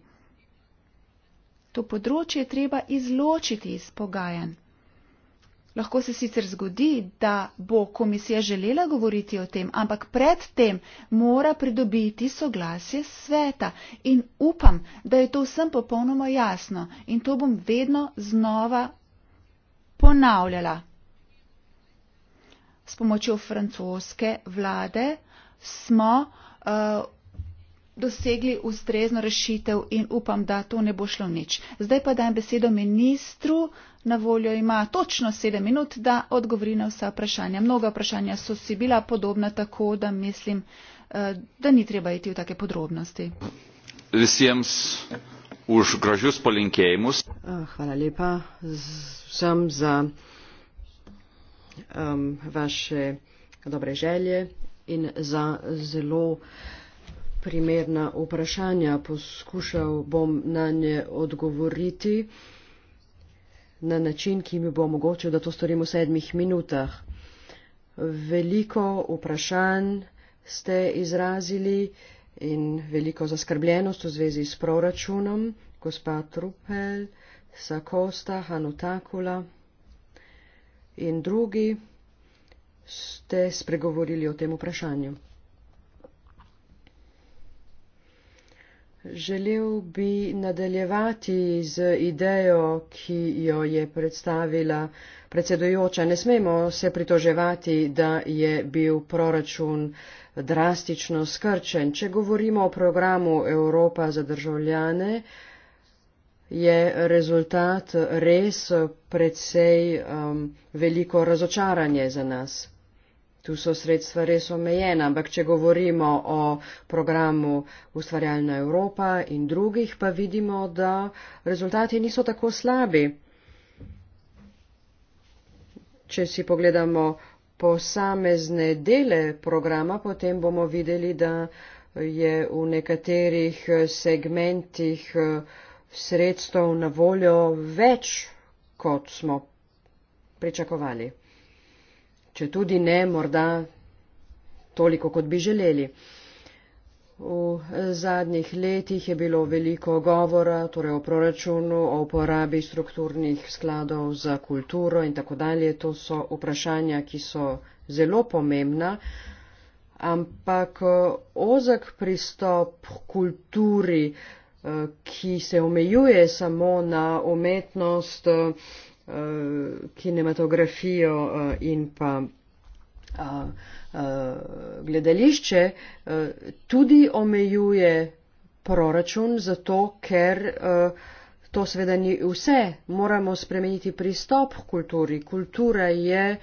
To področje treba izločiti iz pogajanj. Lahko se sicer zgodi, da bo komisija želela govoriti o tem, ampak predtem mora pridobiti soglasje sveta in upam, da je to vsem popolnoma jasno in to bom vedno znova ponavljala. S pomočjo francoske vlade smo uh, dosegli ustrezno rešitev in upam, da to ne bo šlo nič. Zdaj pa dajem besedo ministru, na voljo ima točno sedem minut, da odgovori na vsa vprašanja. Mnoga vprašanja so si bila podobna tako, da mislim, eh, da ni treba iti v take podrobnosti. Visiems už gražius palinkėjimus. Eh, hvala lepa vsem za um, vaše dobre želje in za zelo uh, primerna vprašanja. Poskušal bom na nje odgovoriti na način, ki mi bo omogočil, da to storim v sedmih minutah. Veliko vprašanj ste izrazili in veliko zaskrbljenost v zvezi s proračunom, gospa Trupel, Sakosta, Hanutakula in drugi ste spregovorili o tem vprašanju. Želel bi nadaljevati z idejo, ki jo je predstavila predsedujoča. Ne smemo se pritoževati, da je bil proračun drastično skrčen. Če govorimo o programu Evropa za državljane, je rezultat res precej um, veliko razočaranje za nas tu so sredstva res omejena, ampak če govorimo o programu Ustvarjalna Evropa in drugih, pa vidimo, da rezultati niso tako slabi. Če si pogledamo posamezne dele programa, potem bomo videli, da je v nekaterih segmentih eh, sredstev na voljo več, kot smo pričakovali če tudi ne morda toliko, kot bi želeli. V zadnjih letih je bilo veliko govora torej o proračunu, o uporabi strukturnih skladov za kulturo in tako dalje. To so vprašanja, ki so zelo pomembna, ampak ozek pristop kulturi, eh, ki se omejuje samo na umetnost, Eh, kinematografijo eh, in pa eh, gledališče, tudi omejuje proračun zato, ker to seveda ni vse. Moramo spremeniti pristop k kulturi. Kultura je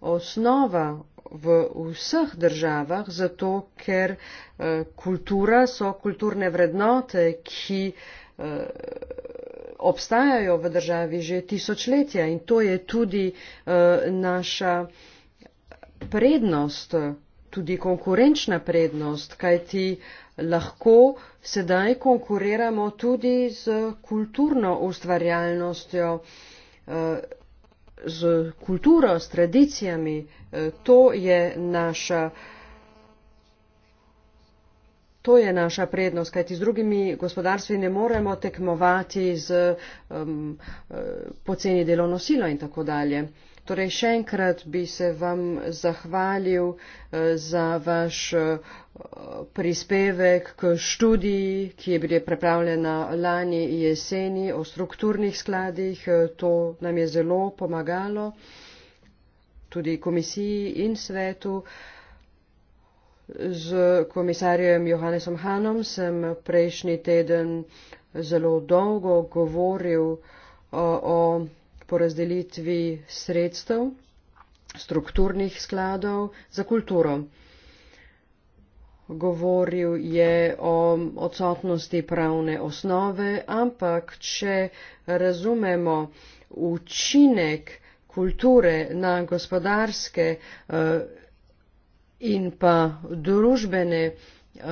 osnova v vseh državah, zato ker kultura so kulturne vrednote, ki obstajajo v državi že tisočletja in to je tudi eh, naša prednost, tudi konkurenčna prednost, kajti lahko sedaj konkuriramo tudi z kulturno ustvarjalnostjo, eh, z kulturo, s tradicijami. Eh, to je naša prednost to je naša prednost, kajti z drugimi gospodarstvi ne moremo tekmovati z um, eh, poceni delovno silo in tako dalje. Torej, še enkrat bi se vam zahvalil eh, za vaš eh, prispevek k študiji, ki je bila prepravljena lani jeseni o strukturnih skladih. To nam je zelo pomagalo, tudi komisiji in svetu. Z komisarjem Johannesom Hanom sem prejšnji teden zelo dolgo govoril o, o porazdelitvi sredstev strukturnih skladov za kulturo. Govoril je o odsotnosti pravne osnove, ampak če razumemo učinek kulture na gospodarske uh, in pa družbene eh,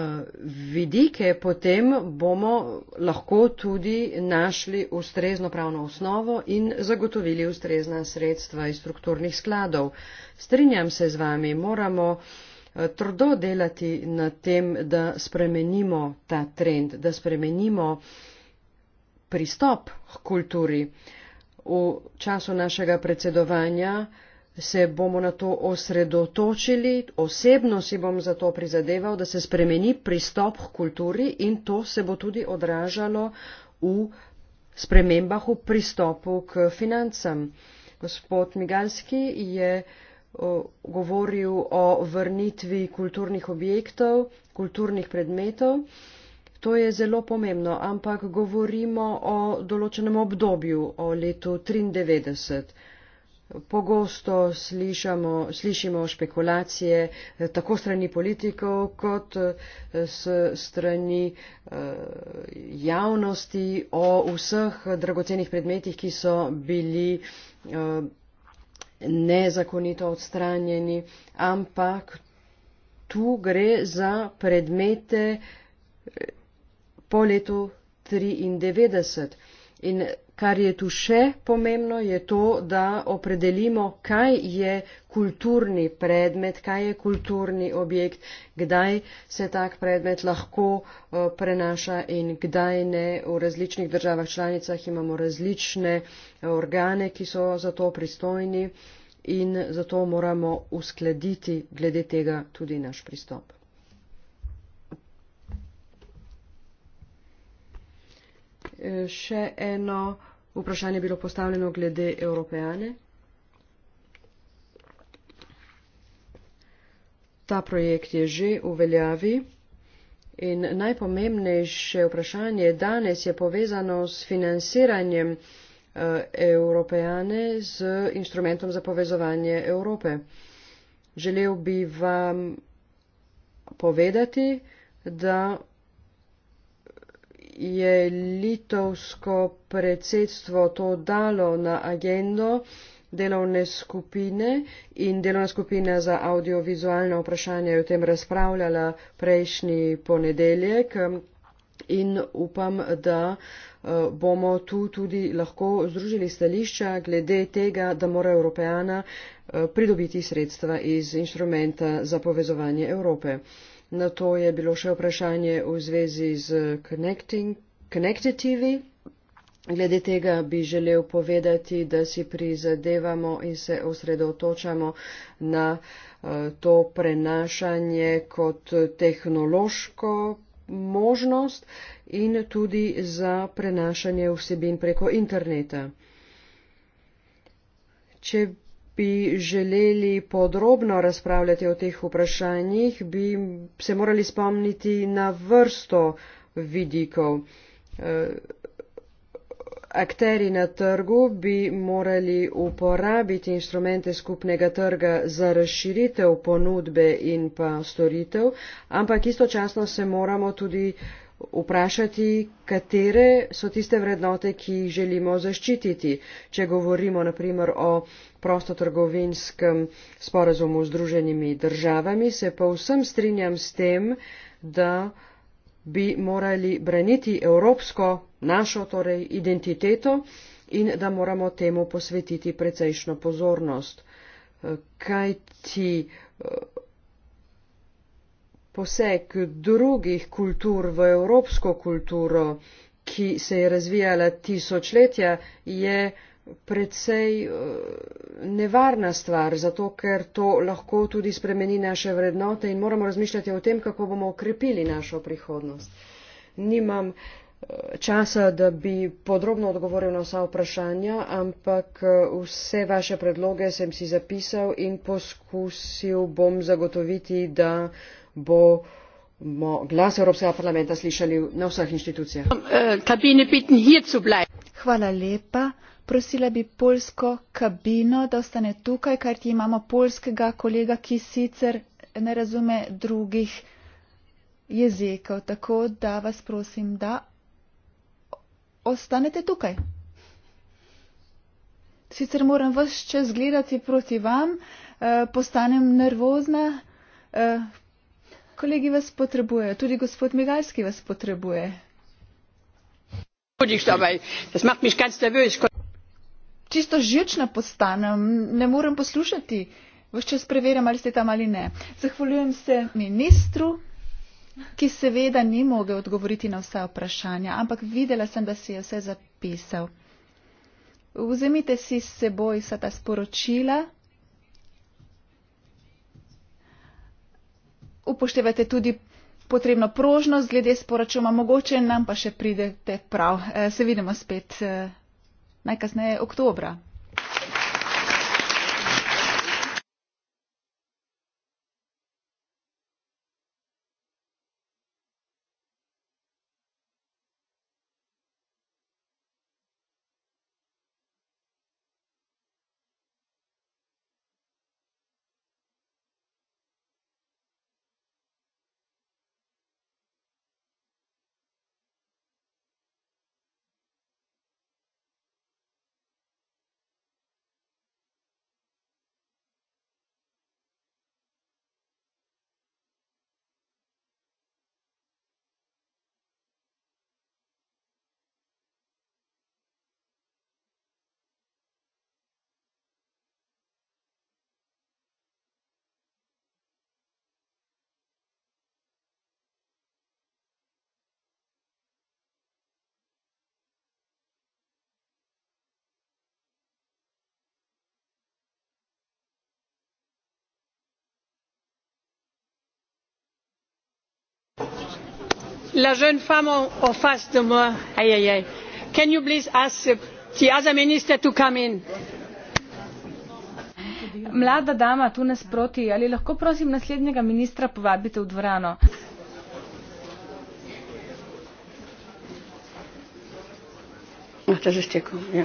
vidike, potem bomo lahko tudi našli ustrezno pravno osnovo in zagotovili ustrezna sredstva iz strukturnih skladov. Strinjam se z vami, moramo eh, trdo delati na tem, da spremenimo ta trend, da spremenimo pristop k kulturi. V času našega predsedovanja se bomo na to osredotočili, osebno si bom za to prizadeval, da se spremeni pristop k kulturi in to se bo tudi odražalo v spremembah v pristopu k financam. Gospod Migalski je govoril o vrnitvi kulturnih objektov, kulturnih predmetov. To je zelo pomembno, ampak govorimo o določenem obdobju, o letu 1993. Pogosto slišamo, slišimo špekulacije eh, tako strani politikov kot eh, s strani eh, javnosti o vseh dragocenih predmetih, ki so bili nezakonito odstranjeni, ampak tu gre za predmete po letu 1993 kar je tu še pomembno, je to, da opredelimo, kaj je kulturni predmet, kaj je kulturni objekt, kdaj se tak predmet lahko eh, prenaša in kdaj ne. V različnih državah članicah imamo različne eh, organe, ki so za to pristojni in zato moramo uskladiti glede tega tudi naš pristop. E, še eno vprašanje bilo postavljeno glede Evropejane. Ta projekt je že v veljavi in najpomembnejše vprašanje danes je povezano s financiranjem e, Evropejane z instrumentom za povezovanje Evrope. Želel bi vam povedati, da je litovsko predsedstvo to dalo na agendo delovne skupine in delovna skupina za audiovizualne vprašanja je o tem razpravljala prejšnji ponedeljek in upam, da eh, bomo tu tudi lahko združili stališča glede tega, da mora Evropejana eh, pridobiti sredstva iz inštrumenta za povezovanje Evrope. Na to je bilo še vprašanje v zvezi z Connected TV. Glede tega bi želel povedati, da si prizadevamo in se osredotočamo na eh, to prenašanje kot tehnološko možnost in tudi za prenašanje vsebin preko interneta. Če bi želeli podrobno razpravljati o teh vprašanjih, bi se morali spomniti na vrsto vidikov. Eh, akteri na trgu bi morali uporabiti instrumente skupnega trga za razširitev ponudbe in pa storitev, ampak istočasno se moramo tudi uh, vprašati, katere so tiste vrednote, ki jih želimo zaščititi, če govorimo naprimer o prostotrgovinskem sporazumu z druženimi državami, se pa vsem strinjam s tem, da bi morali braniti evropsko našo torej identiteto in da moramo temu posvetiti precejšno pozornost. Kaj ti poseg drugih kultur v evropsko kulturo, ki se je razvijala tisočletja, je predvsej eh, nevarna stvar, zato ker to lahko tudi spremeni naše vrednote in moramo razmišljati o tem, kako bomo okrepili našo prihodnost. Nimam eh, časa, da bi podrobno odgovoril na vsa vprašanja, ampak eh, vse vaše predloge sem si zapisal in poskusil bom zagotoviti, da bomo glas evropskega parlamenta slišali na vseh inštitucijah. Eh, Hvala lepa. Prosila bi polsko kabino, da ostane tukaj, ker ti imamo polskega kolega, ki sicer ne razume drugih jezikov. Tako da vas prosim, da ostanete tukaj. Sicer moram vse čas gledati proti vam, eh, postanem nervozna, eh, Kolegi vas potrebujejo, tudi gospod Migalski vas potrebuje. Čisto žična postanem, ne morem poslušati. Vščas preverjam, ali ste tam ali ne. Zahvaljujem se ministru, ki seveda ni mogel odgovoriti na vse vprašanja, ampak videla sem, da si je vse zapisal. Vzemite si s seboj vsa ta sporočila. upoštevajte tudi potrebno prožnost glede sporočuma, mogoče nam pa še pridete prav. Eh, se vidimo spet eh, najkasneje oktobra. la jeune femme en face de moi. Aïe, aïe, aïe. Can you please ask the other minister to come in? Mlada dama tu nasproti, ali lahko prosim naslednjega ministra povabite v dvorano? Ah, to je že stekel, ja.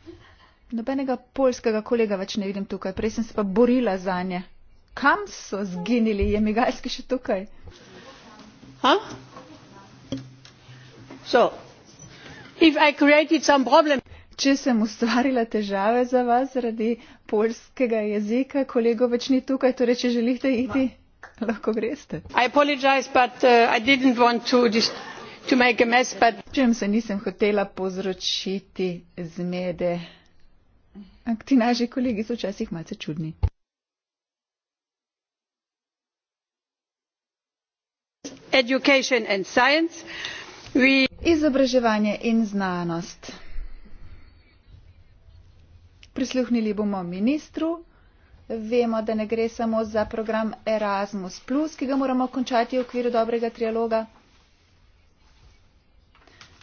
Nobenega polskega kolega več ne vidim tukaj, prej sem se pa borila za nje. Kam so zginili, je Migalski še tukaj? So, problem... Če sem ustvarila težave za vas zaradi polskega jezika, kolego več ni tukaj, torej če želite iti, Ma. lahko greste. Uh, Čujem se, nisem hotela povzročiti zmede. Ampak ti naši kolegi so včasih malce čudni. We... Izobraževanje in znanost. Prisluhnili bomo ministru. Vemo, da ne gre samo za program Erasmus, ki ga moramo končati v okviru dobrega trialoga.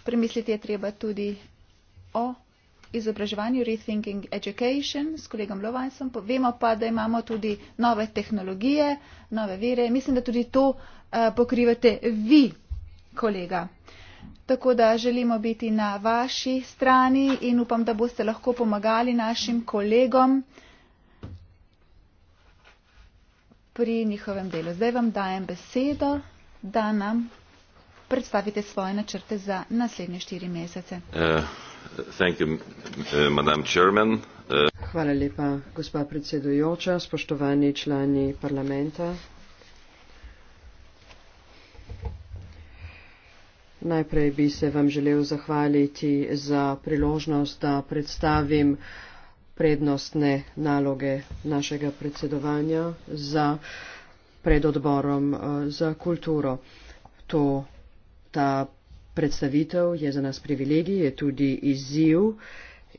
Premisliti je treba tudi o izobraževanju Rethinking Education s kolegom Lovansom. Vemo pa, da imamo tudi nove tehnologije, nove vere. Mislim, da tudi to eh, pokrivate vi, kolega. Tako da želimo biti na vaši strani in upam, da boste lahko pomagali našim kolegom pri njihovem delu. Zdaj vam dajem besedo, da nam predstavite svoje načrte za naslednje štiri mesece. Uh. Uh, uh, Hvala lepa, gospa predsedujoča, spoštovani člani parlamenta. Najprej bi se vam želel zahvaliti za priložnost, da predstavim prednostne naloge našega predsedovanja za pred odborom uh, za kulturo. To, Predstavitev je za nas privilegij, je tudi izziv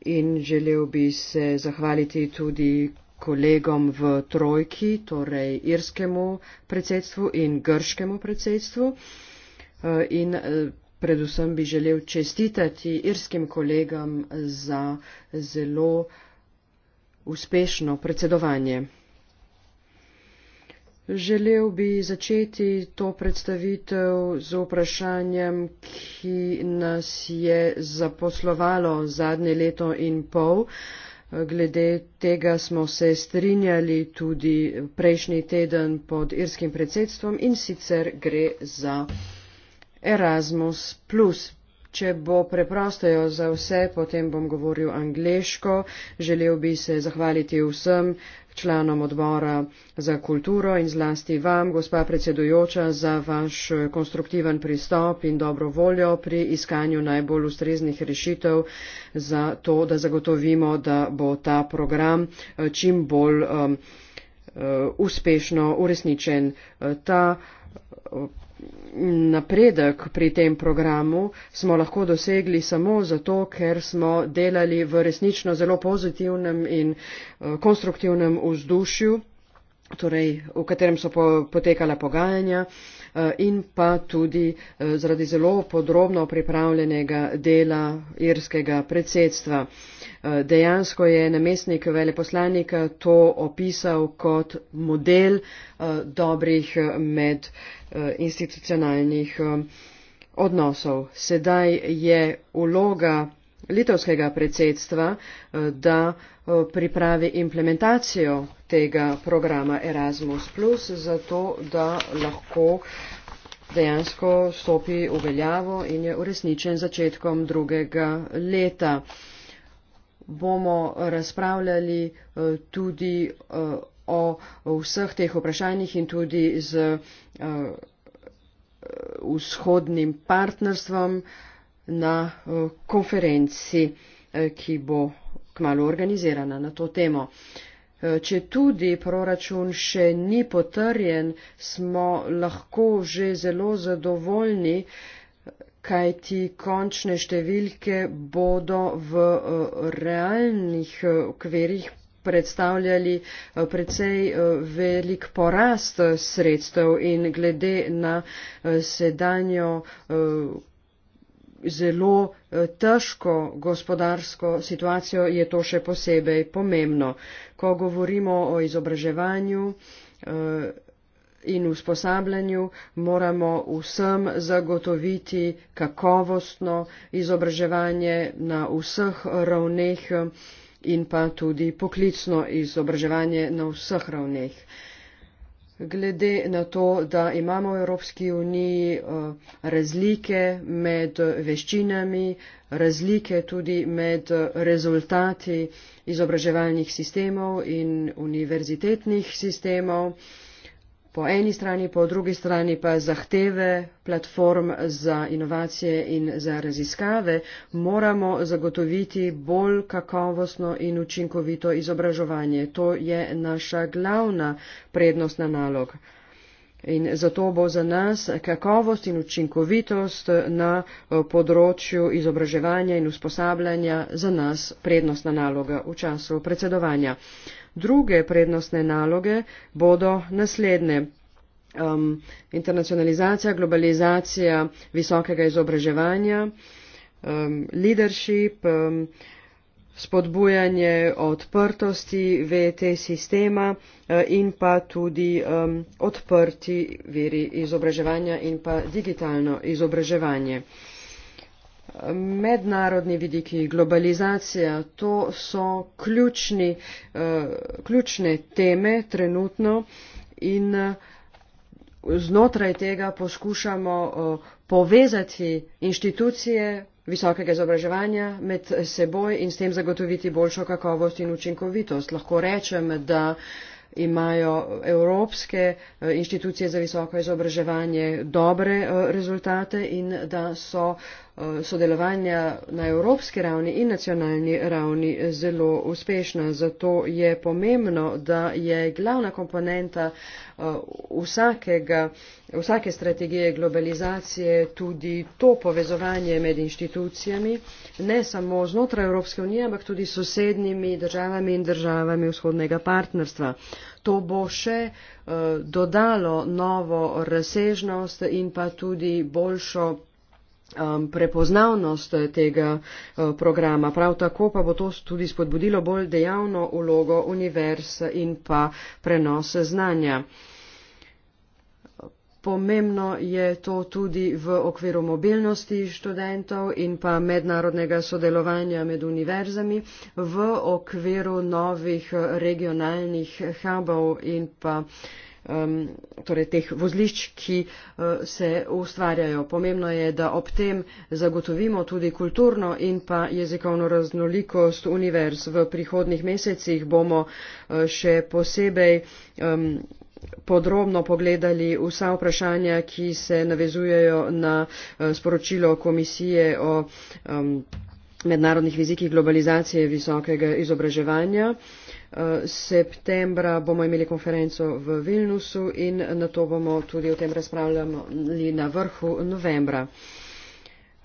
in želel bi se zahvaliti tudi kolegom v trojki, torej irskemu predsedstvu in grškemu predsedstvu. Eh, in eh, predvsem bi želel čestitati irskim kolegam za zelo uspešno predsedovanje. Želel bi začeti to predstavitev z vprašanjem, ki nas je zaposlovalo zadnje leto in pol. Glede tega smo se strinjali tudi prejšnji teden pod irskim predsedstvom in sicer gre za Erasmus. Če bo preprostojo za vse, potem bom govoril angliško. Želel bi se zahvaliti vsem članom odbora za kulturo in zlasti vam, gospa predsedujoča, za vaš konstruktiven pristop in dobro voljo pri iskanju najbolj ustreznih rešitev za to, da zagotovimo, da bo ta program eh, čim bolj um, uspešno uresničen. Ta napredek pri tem programu smo lahko dosegli samo zato, ker smo delali v resnično zelo pozitivnem in eh, konstruktivnem vzdušju torej, v katerem so po, potekala pogajanja eh, in pa tudi eh, zaradi zelo podrobno pripravljenega dela irskega predsedstva. Eh, dejansko je namestnik veleposlanika to opisal kot model dobrih medinstitucionalnih odnosov. Sedaj je vloga litovskega predsedstva, eh, da eh, pripravi implementacijo tega programa Erasmus, zato da lahko dejansko stopi v veljavo in je uresničen začetkom drugega leta. Bomo razpravljali eh, tudi o vseh teh vprašanjih in tudi z vzhodnim partnerstvom, na eh, konferenci, eh, ki bo kmalo organizirana na to temo. Eh, Če tudi proračun še ni potrjen, smo lahko že zelo zadovoljni, kaj ti končne številke bodo v realnih okvirih predstavljali precej velik porast sredstev in glede na sedanjo zelo eh, težko gospodarsko situacijo je to še posebej pomembno. Ko govorimo o izobraževanju eh, in usposabljanju, moramo vsem zagotoviti kakovostno izobraževanje na vseh ravneh in pa tudi poklicno izobraževanje na vseh ravneh glede na to, da imamo v Evropski uniji eh, razlike med veščinami, razlike tudi med rezultati izobraževalnih sistemov in univerzitetnih sistemov po eni strani, po drugi strani pa zahteve platform za inovacije in za raziskave, moramo zagotoviti bolj kakovostno in učinkovito izobraževanje. To je naša glavna prednostna nalog. In zato bo za nas kakovost in učinkovitost na eh, področju izobraževanja in usposabljanja za nas prednostna naloga v času predsedovanja. Druge prednostne naloge bodo naslednje. Um, internacionalizacija, globalizacija visokega izobraževanja, um, leadership, um, spodbujanje odprtosti VT sistema uh, in pa tudi um, odprti veri izobraževanja in pa digitalno izobraževanje mednarodni vidiki, globalizacija, to so ključni, eh, ključne teme trenutno in eh, znotraj tega poskušamo eh, povezati inštitucije visokega izobraževanja med seboj in s tem zagotoviti boljšo kakovost in učinkovitost. Lahko rečem, da imajo evropske inštitucije za visoko izobraževanje dobre rezultate in da so uh, sodelovanja na evropski ravni in nacionalni ravni zelo uspešna. Zato je pomembno, da je glavna komponenta uh, vsakega, vsake strategije globalizacije tudi to povezovanje med inštitucijami, ne samo znotraj Evropske unije, ampak tudi s sosednjimi državami in državami vzhodnega partnerstva. To bo še uh, dodalo novo razsežnost in pa tudi boljšo um, prepoznavnost eh, tega uh, programa. Prav tako pa bo to tudi spodbudilo bolj dejavno ulogo univerz in pa prenos znanja. Pomembno je to tudi v okviru mobilnosti študentov in pa mednarodnega sodelovanja med univerzami v okviru novih eh, regionalnih hubov in pa uh, um, torej teh vozlišč, ki uh, se ustvarjajo. Pomembno je, da ob tem zagotovimo tudi kulturno in pa jezikovno raznolikost univerz. V prihodnih mesecih bomo uh, še posebej. Um, podrobno pogledali vsa vprašanja, ki se navezujejo na uh, sporočilo komisije o um, mednarodnih vizikih globalizacije visokega izobraževanja. Um, Eh, septembra bomo imeli konferenco v Vilnusu in na to bomo tudi o tem razpravljali na vrhu novembra.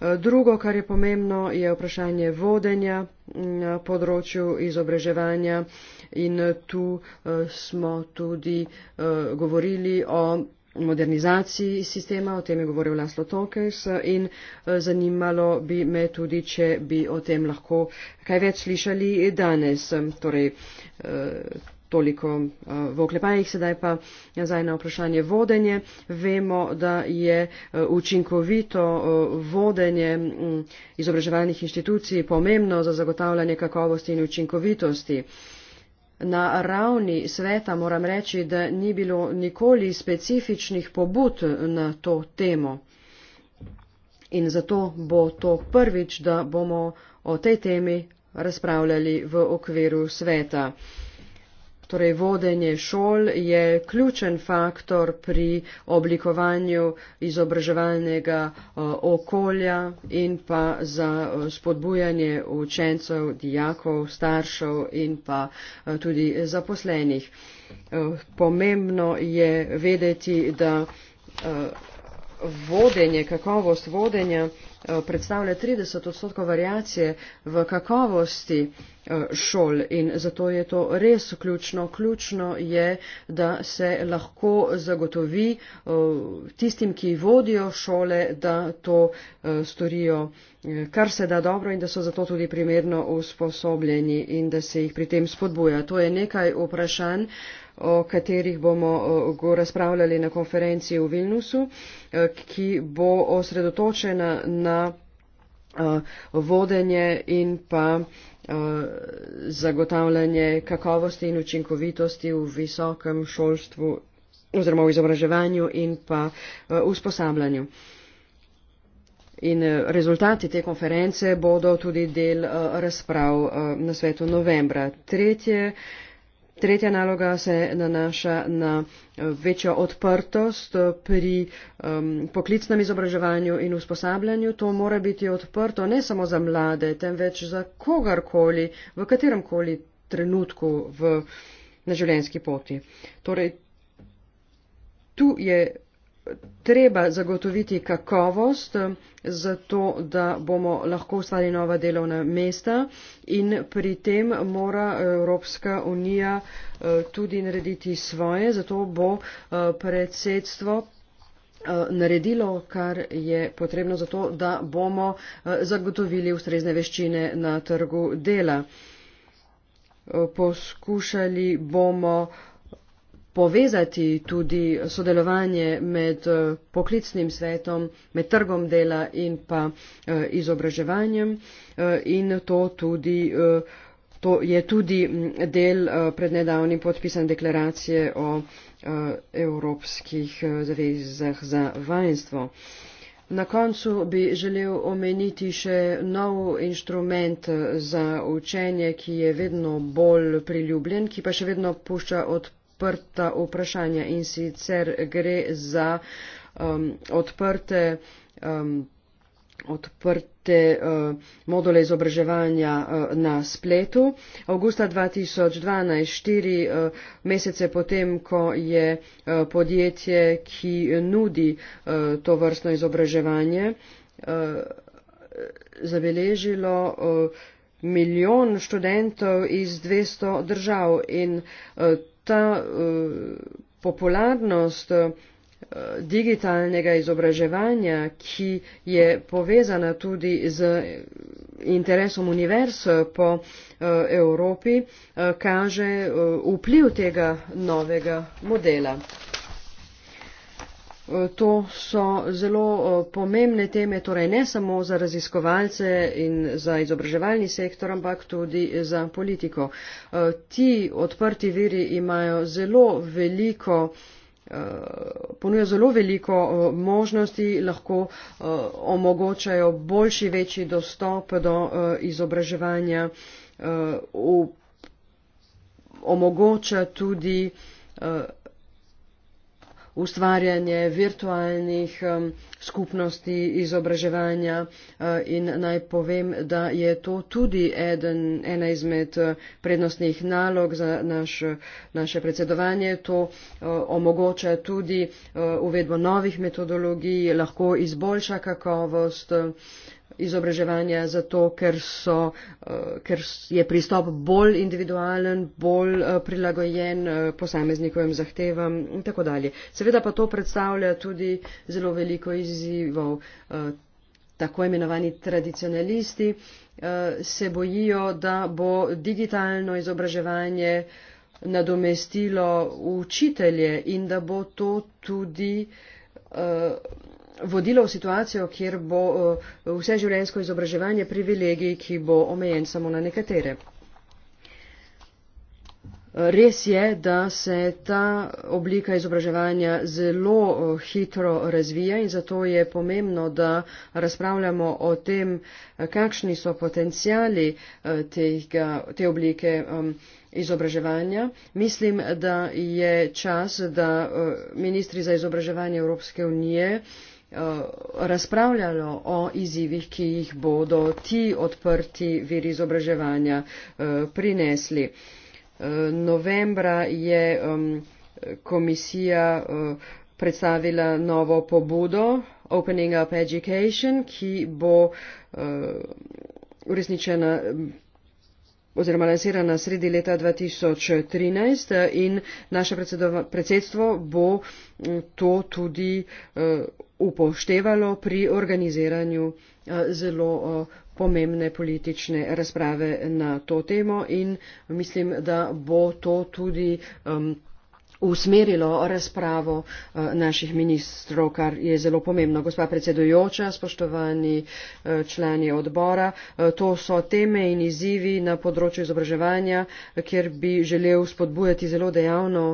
Eh, drugo, kar je pomembno, je vprašanje vodenja na področju izobraževanja in tu eh, smo tudi govorili o modernizaciji sistema, o tem je govoril Laslo Tokes in eh, zanimalo bi me tudi, če bi o tem lahko kaj več slišali danes. Torej, eh, toliko eh, v oklepajih, sedaj pa nazaj na vprašanje vodenje. Vemo, da je učinkovito vodenje mm, izobraževalnih inštitucij pomembno za zagotavljanje kakovosti in učinkovitosti. Na ravni sveta moram reči, da ni bilo nikoli specifičnih pobud na to temo. In zato bo to prvič, da bomo o tej temi razpravljali v okviru sveta. Torej, vodenje šol je ključen faktor pri oblikovanju izobraževalnega eh, okolja in pa za eh, spodbujanje učencev, dijakov, staršev in pa eh, tudi zaposlenih. Pomembno je vedeti, da vodenje, kakovost vodenja Eh, predstavlja 30 odstotkov variacije v kakovosti eh, šol in zato je to res ključno. Ključno je, da se lahko zagotovi eh, tistim, ki vodijo šole, da to storijo kar se da dobro in da so zato tudi primerno usposobljeni in da se jih pri tem spodbuja. To je nekaj vprašanj, o katerih bomo go razpravljali na konferenci v Vilnusu, e, ki bo osredotočena na e, vodenje in pa e, zagotavljanje kakovosti in učinkovitosti v visokem šolstvu oziroma v izobraževanju in pa usposabljanju. In rezultati te konference bodo tudi del razprav na svetu novembra. Tretje Tretja naloga se nanaša na eh, večjo odprtost eh, pri um, poklicnem izobraževanju in usposabljanju. To mora biti odprto ne samo za mlade, temveč za kogarkoli, v kateremkoli trenutku v, na življenjski poti. Torej, tu je treba zagotoviti kakovost, eh, zato da bomo lahko ustvarili nova delovna mesta in pri tem mora Evropska unija eh, tudi narediti svoje, zato bo eh, predsedstvo naredilo, kar je potrebno za to, da bomo zagotovili ustrezne veščine na trgu dela. Poskušali bomo uh, povezati tudi sodelovanje med eh, poklicnim svetom, med trgom dela in pa eh, izobraževanjem eh, in to tudi. To je tudi del prednedavni podpisan deklaracije o Evropskih zavezah za vanjstvo. Na koncu bi želel omeniti še nov inštrument za učenje, ki je vedno bolj priljubljen, ki pa še vedno pušča odprt odprta vprašanja in sicer gre za um, odprte, um, odprte uh, module izobraževanja uh, na spletu. Augusta 2012, štiri uh, mesece potem, ko je uh, podjetje, ki nudi uh, to vrstno izobraževanje, uh, zabeležilo. Uh, milijon študentov iz 200 držav in uh, ta eh, popularnost eh, digitalnega izobraževanja, ki je povezana tudi z eh, interesom univerz po Evropi, kaže vpliv tega novega modela. Eh, to so zelo eh, pomembne teme, torej ne samo za raziskovalce in za izobraževalni sektor, ampak tudi za politiko. Eh, ti odprti viri imajo zelo veliko ponujajo zelo veliko možnosti, lahko omogočajo boljši, večji dostop do izobraževanja, omogoča tudi ustvarjanje virtualnih um, skupnosti izobraževanja uh, in naj povem, da je to tudi eden, ena izmed eh, prednostnih nalog za naš, naše predsedovanje. To uh, omogoča tudi uh, uvedbo novih metodologij, lahko izboljša kakovost. Uh, izobraževanja, zato ker, so, eh, ker je pristop bolj individualen, bolj eh, prilagojen eh, posameznikovim zahtevam in tako dalje. Seveda pa to predstavlja tudi zelo veliko izzivov. Tako imenovani tradicionalisti se bojijo, da bo digitalno izobraževanje nadomestilo učitelje in da bo to tudi vodilo v situacijo, kjer bo eh, vse življensko izobraževanje privilegij, ki bo omejen samo na nekatere. Res je, da se ta oblika izobraževanja zelo eh, hitro razvija in zato je pomembno, da razpravljamo o tem, eh, kakšni so potencijali tega, te oblike izobraževanja. Mislim, da je čas, da ministri za izobraževanje Evropske unije Eh, razpravljalo o izzivih, ki jih bodo ti odprti veri izobraževanja eh, prinesli. Eh, novembra je komisija predstavila novo pobudo Opening Up Education, ki bo uresničena oziroma lansirana sredi leta 2013 in naše predsedstvo bo mm, to tudi upoštevalo pri organiziranju eh, zelo eh, pomembne politične razprave na to temo in mislim, da bo to tudi um, usmerilo razpravo eh, naših ministrov, kar je zelo pomembno. Gospa predsedujoča, spoštovani eh, člani odbora, eh, to so teme in izzivi na področju izobraževanja, kjer bi želel spodbujati zelo dejavno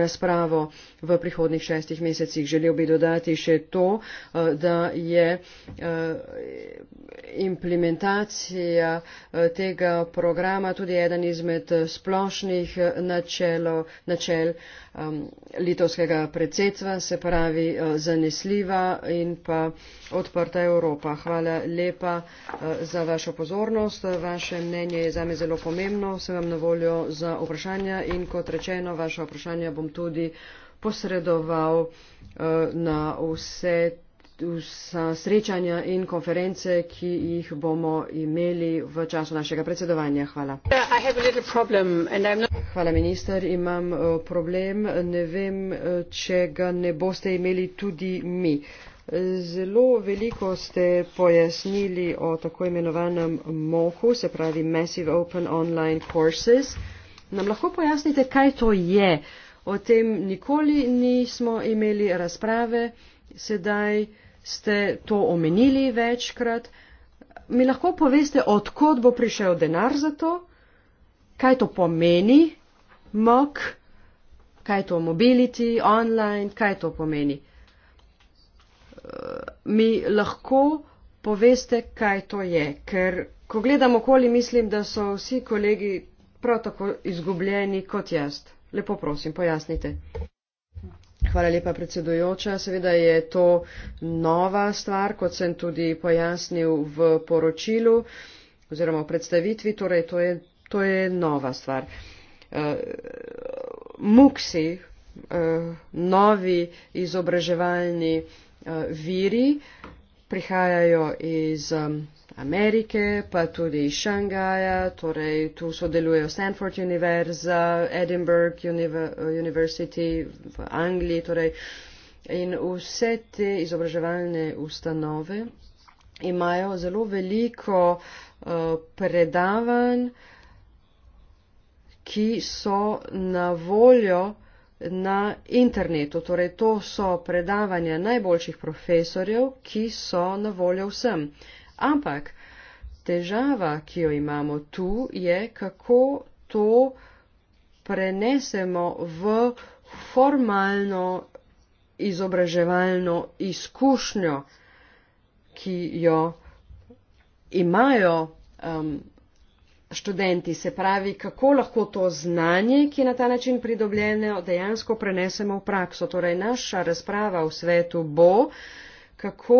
razpravo v prihodnih šestih mesecih. Želel bi dodati še to, da je implementacija tega programa tudi eden izmed splošnih načelo, načel uh, um, litovskega predsedstva, se pravi uh, zanesljiva in pa odprta Evropa. Hvala lepa uh, za vašo pozornost. Vaše mnenje je zame zelo pomembno. Sem vam na voljo za vprašanja in kot rečeno, vaše vprašanja bom tudi posredoval uh, na vse vsa srečanja in konference, ki jih bomo imeli v času našega predsedovanja. Hvala. Uh, Hvala, minister. Imam eh, problem. Ne vem, eh, če ga ne boste imeli tudi mi. Zelo veliko ste pojasnili o tako imenovanem MOOC-u, se pravi Massive Open Online Courses. Nam lahko pojasnite, kaj to je? O tem nikoli nismo imeli razprave, sedaj ste to omenili večkrat. Mi lahko poveste, odkot bo prišel denar za to? Kaj to pomeni? mok, kaj je to mobility, online, kaj to pomeni. Eh, mi lahko poveste, kaj to je, ker ko gledam okoli, mislim, da so vsi kolegi prav tako izgubljeni kot jaz. Lepo prosim, pojasnite. Hvala lepa, predsedujoča. Seveda je to nova stvar, kot sem tudi pojasnil v poročilu oziroma v predstavitvi, torej to je, to je nova stvar. Uh, uh, muksi, uh, novi izobraževalni uh, viri, prihajajo iz um, Amerike, pa tudi iz Šangaja, torej tu sodelujejo Stanford Univerza, Edinburgh University v Angliji, torej in vse te izobraževalne ustanove imajo zelo veliko uh, predavanj, uh, ki so na voljo na internetu. Torej, to so predavanja najboljših profesorjev, ki so na voljo vsem. Ampak težava, ki jo imamo tu, je, kako to prenesemo v formalno izobraževalno izkušnjo, ki jo imajo um, študenti. Se pravi, kako lahko to znanje, ki je na ta način pridobljeno, dejansko prenesemo v prakso. Torej, naša razprava v svetu bo, kako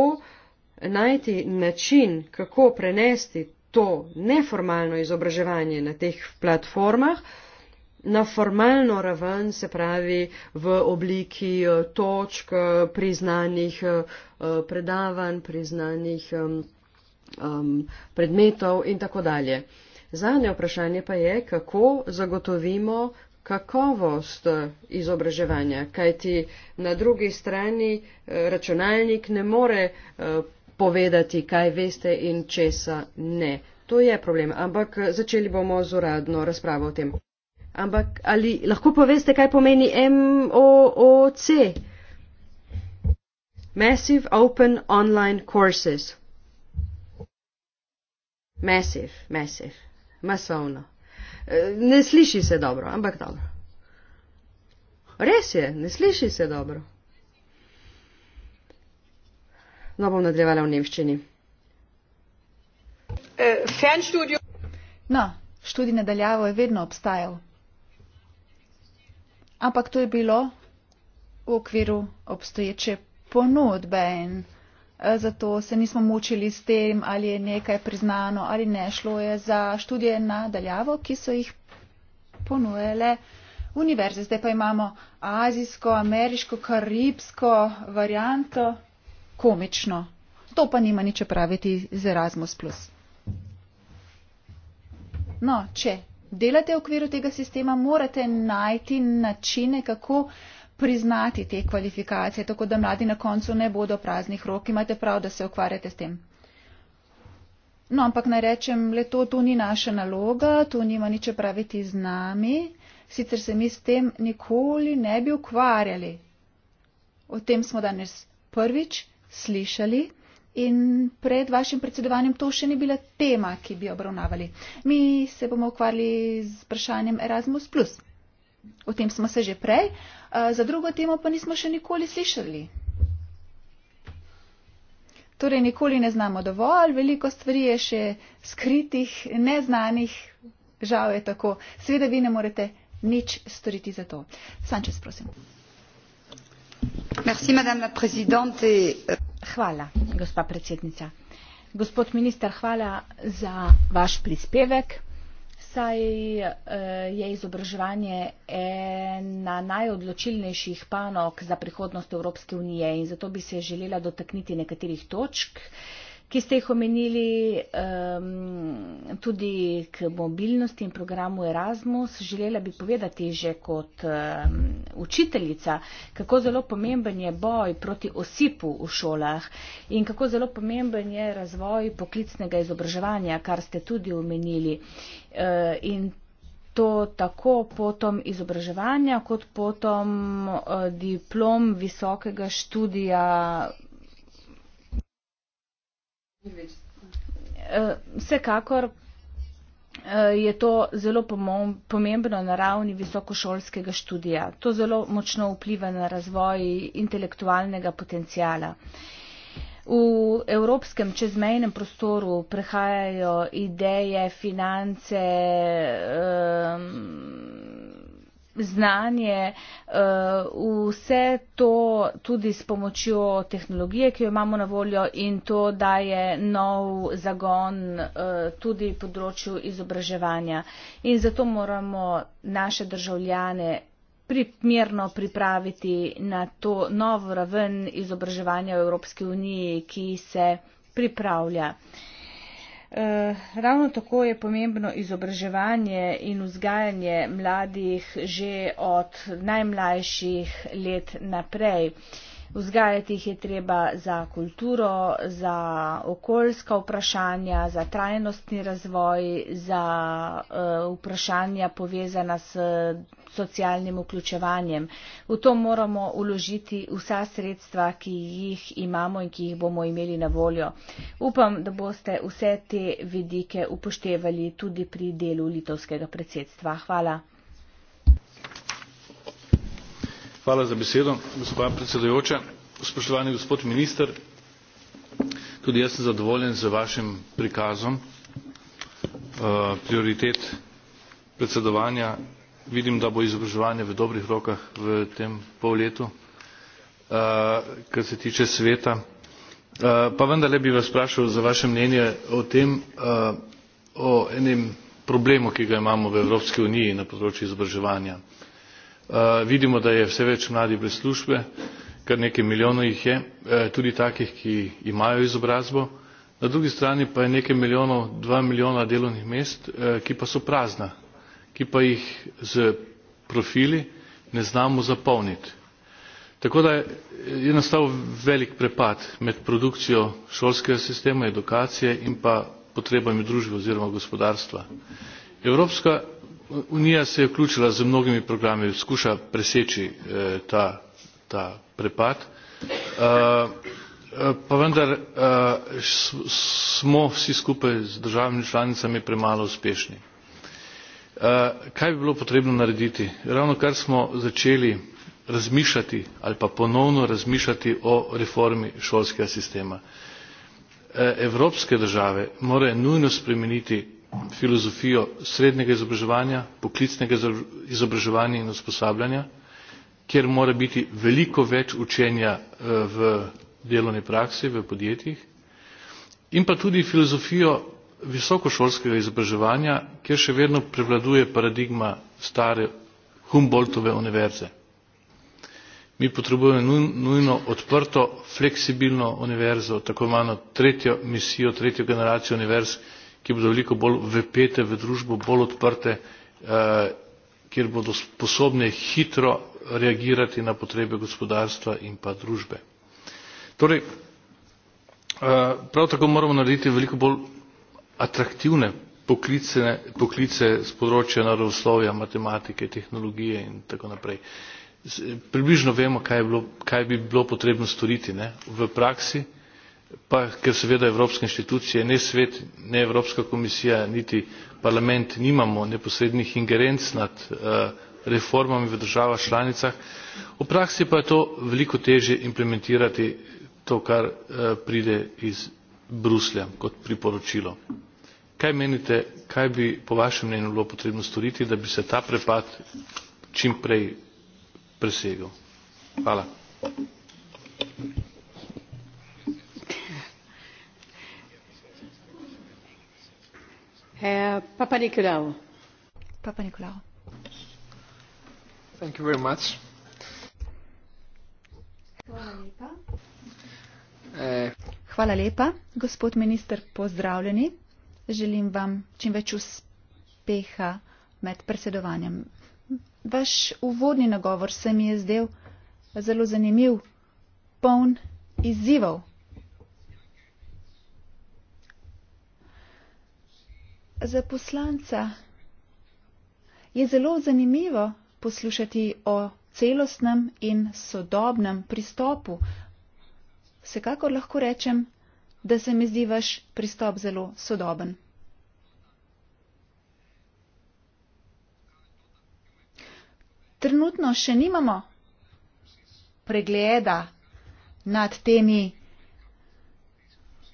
najti način, kako prenesti to neformalno izobraževanje na teh platformah na formalno raven, se pravi v obliki eh, točk eh, priznanih eh, predavanj, priznanih um, predmetov in tako dalje. Zadnje vprašanje pa je, kako zagotovimo kakovost eh, izobraževanja, kajti na drugi strani eh, računalnik ne more eh, povedati, kaj veste in česa ne. To je problem, ampak začeli bomo z uradno razpravo o tem. Ampak ali lahko poveste, kaj pomeni MOOC? Massive Open Online Courses. Massive, massive masovno. E, ne sliši se dobro, ampak dobro. Res je, ne sliši se dobro. No, bom nadaljevala v nemščini. E, no, študij nadaljavo je vedno obstajal. Ampak to je bilo v okviru obstoječe ponudbe in. In. Eh, zato se nismo mučili s tem, ali je nekaj priznano ali ne. Šlo je za študije nadaljavo, ki so jih ponujale univerze. Zdaj pa imamo azijsko, ameriško, karibsko varianto, komično. To pa nima nič praviti z Erasmus. No, če delate v okviru tega sistema, morate najti načine, kako priznati te kvalifikacije, tako da mladi na koncu ne bodo praznih rok. Imate prav, da se ukvarjate s tem. No, ampak naj rečem, le to, to ni naša naloga, to nima nič praviti z nami, sicer se mi s tem nikoli ne bi ukvarjali. O tem smo danes prvič slišali in pred vašim predsedovanjem to še ni bila tema, ki bi obravnavali. Mi se bomo ukvarjali z vprašanjem Erasmus. O tem smo se že prej, za drugo temo pa nismo še nikoli slišali. Torej, nikoli ne znamo dovolj, veliko stvari je še skritih, neznanih, žal je tako. Sveda vi ne morete nič storiti za to. Sanče, prosim. Merci, euh, hvala, gospa predsednica. Gospod minister, hvala za vaš prispevek saj eh, je izobraževanje ena najodločilnejših panok za prihodnost Evropske unije in zato bi se želela dotakniti nekaterih točk ki ste jih omenili um, tudi k mobilnosti in programu Erasmus. Želela bi povedati že kot um, učiteljica, kako zelo pomemben je boj proti osipu v šolah in kako zelo pomemben je razvoj poklicnega izobraževanja, kar ste tudi omenili. Uh, To tako potom izobraževanja kot potom e, diplom visokega študija Eh, vsekakor eh, je to zelo pomembno na ravni visokošolskega študija. To zelo močno vpliva na razvoj intelektualnega potencijala. V evropskem čezmejnem prostoru prehajajo ideje, finance. Um, znanje, eh, vse to tudi s pomočjo tehnologije, ki jo imamo na voljo in to daje nov zagon eh, tudi področju izobraževanja. In zato moramo naše državljane primerno pripraviti na to novo raven izobraževanja v Evropski uniji, ki se pripravlja. Uh, Eh, ravno tako je pomembno izobraževanje in vzgajanje mladih že od najmlajših let naprej. Uh, Vzgajati jih je treba za kulturo, za okoljska vprašanja, za trajnostni razvoj, za uh, vprašanja povezana s socialnim vključevanjem. V to moramo uložiti vsa sredstva, ki jih imamo in ki jih bomo imeli na voljo. Upam, da boste vse te vidike upoštevali tudi pri delu litovskega predsedstva. Hvala. hvala za besedo gospa predsedujoča spoštovani gospod minister tudi jaz sem zadovoljen z vašim prikazom eh, prioritet predsedovanja vidim da bo izobraževanje v dobrih rokah v tem pol letu eh, kar se tiče sveta eh, pa vendarle bi vas vprašal za vaše mnenje o tem o enem problemu ki ga imamo v evropski uniji na področju izobraževanja Eh, vidimo da je vse več mladih brez službe kar nekaj milijonov jih je eh, tudi takih ki imajo izobrazbo na drugi strani pa je nekaj milijonov dva milijona delovnih mest eh, ki pa so prazna ki pa jih s profili ne znamo zapolniti tako da je nastal velik prepad med produkcijo šolskega sistema edukacije in pa potrebami družbe oziroma gospodarstva. evropska unija se je vključila z mnogimi programi skuša preseči eh, ta prepad eh, eh, pa vendar smo vsi skupaj z državami članicami premalo uspešni. kaj bi bilo potrebno narediti? ravnokar smo začeli razmišljati ali pa ponovno razmišljati o reformi šolskega sistema. evropske države morajo nujno spremeniti filozofijo srednjega izobraževanja poklicnega izobraževanja in usposabljanja kjer mora biti veliko več učenja eh, v delovni praksi v podjetjih in pa tudi filozofijo visokošolskega izobraževanja kjer še vedno prevladuje paradigma stare Humboldtove univerze. Mi potrebujemo nujno odprto, fleksibilno univerzo, tako imenovano tretjo misijo, tretjo generacijo univerz, ki bodo veliko bolj vpete v družbo bolj odprte eh, kjer bodo sposobne hitro reagirati na potrebe gospodarstva in pa družbe. torej eh, prav tako moramo narediti veliko bolj atraktivne poklicne, poklice s področja naravoslovja matematike tehnologije in tako naprej. približno vemo kaj, je bilo, kaj bi bilo potrebno storiti ne? v praksi pa ker seveda evropske inštitucije ne svet ne evropska komisija niti parlament nimamo neposrednih ingerenc nad eh, reformami v državah članicah v praksi pa je to veliko težje implementirati to kar eh, pride iz bruslja kot priporočilo. kaj menite kaj bi po vašem mnenju bilo potrebno storiti da bi se ta prepad čim prej presegel? Eh, eh. Hvala lepa, gospod minister, pozdravljeni. Želim vam čim več uspeha med predsedovanjem. Vaš uvodni nagovor se mi je zdel zelo zanimiv, poln izzivov. za poslanca. Je zelo zanimivo poslušati o celostnem in sodobnem pristopu. Vsekakor lahko rečem, da se mi zdi vaš pristop zelo sodoben. Trenutno še nimamo pregleda nad temi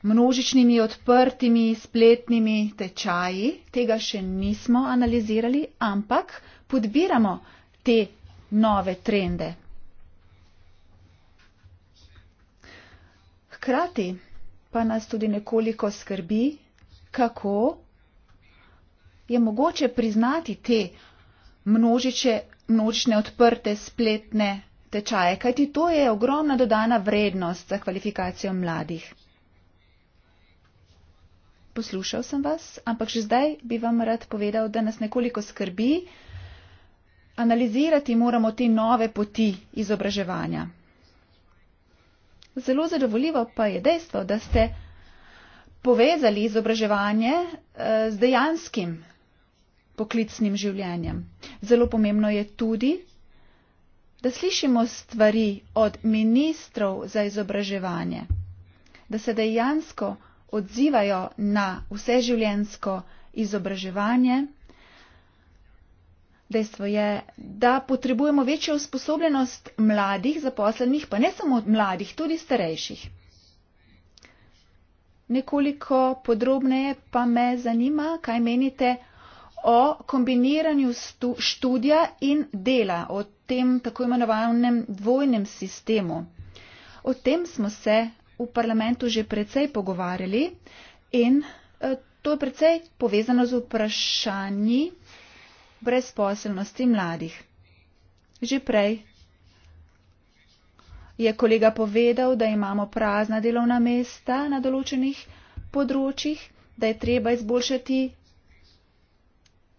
množičnimi odprtimi spletnimi tečaji. Tega še nismo analizirali, ampak podbiramo te nove trende. Hkrati pa nas tudi nekoliko skrbi, kako je mogoče priznati te množiče, množične odprte spletne tečaje, kajti to je ogromna dodana vrednost za kvalifikacijo mladih poslušal sem vas, ampak že zdaj bi vam rad povedal, da nas nekoliko skrbi, analizirati moramo te nove poti izobraževanja. Zelo zadovoljivo pa je dejstvo, da ste povezali izobraževanje eh, z dejanskim poklicnim življenjem. Zelo pomembno je tudi, da slišimo stvari od ministrov za izobraževanje, da se dejansko odzivajo na vseživljensko izobraževanje. Dejstvo je, da potrebujemo večjo usposobljenost mladih zaposlenih, pa ne samo mladih, tudi starejših. Nekoliko podrobneje pa me zanima, kaj menite o kombiniranju študija in dela, o tem tako imenovanem dvojnem sistemu. O tem smo se v parlamentu že precej pogovarjali in eh, to je precej povezano z vprašanji brezposelnosti mladih. Že prej je kolega povedal, da imamo prazna delovna mesta na določenih področjih, da je treba izboljšati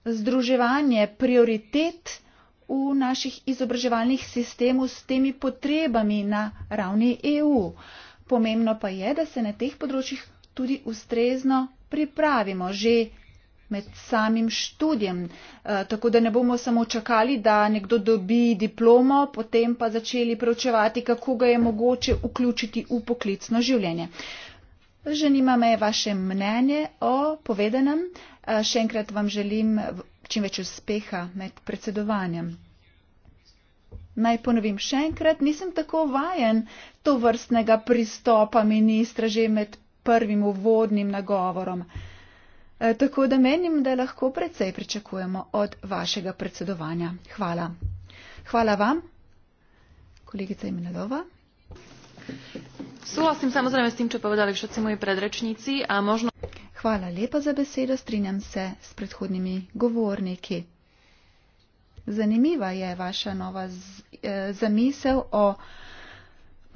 združevanje prioritet v naših izobraževalnih sistemu s temi potrebami na ravni EU. Uh, Pomembno pa je, da se na teh področjih tudi ustrezno pripravimo že med samim študijem, eh, tako da ne bomo samo čakali, da nekdo dobi diplomo, potem pa začeli preučevati, kako ga je mogoče vključiti v poklicno življenje. Ženima me vaše mnenje o povedanem. Eh, še enkrat vam želim čim več uspeha med predsedovanjem. Naj ponovim še enkrat, nisem tako vajen to vrstnega pristopa ministra že med prvim uvodnim nagovorom. E, tako da menim, da lahko precej pričakujemo od vašega predsedovanja. Hvala. Hvala vam, kolegica Imenelova. Súhlasím samozrejme s tým, čo povedali všetci moji predrečníci a možno... Hvala lepa za besedo, strinjam se s predhodnimi govorniki. Zanimiva je vaša nova z, e, zamisel o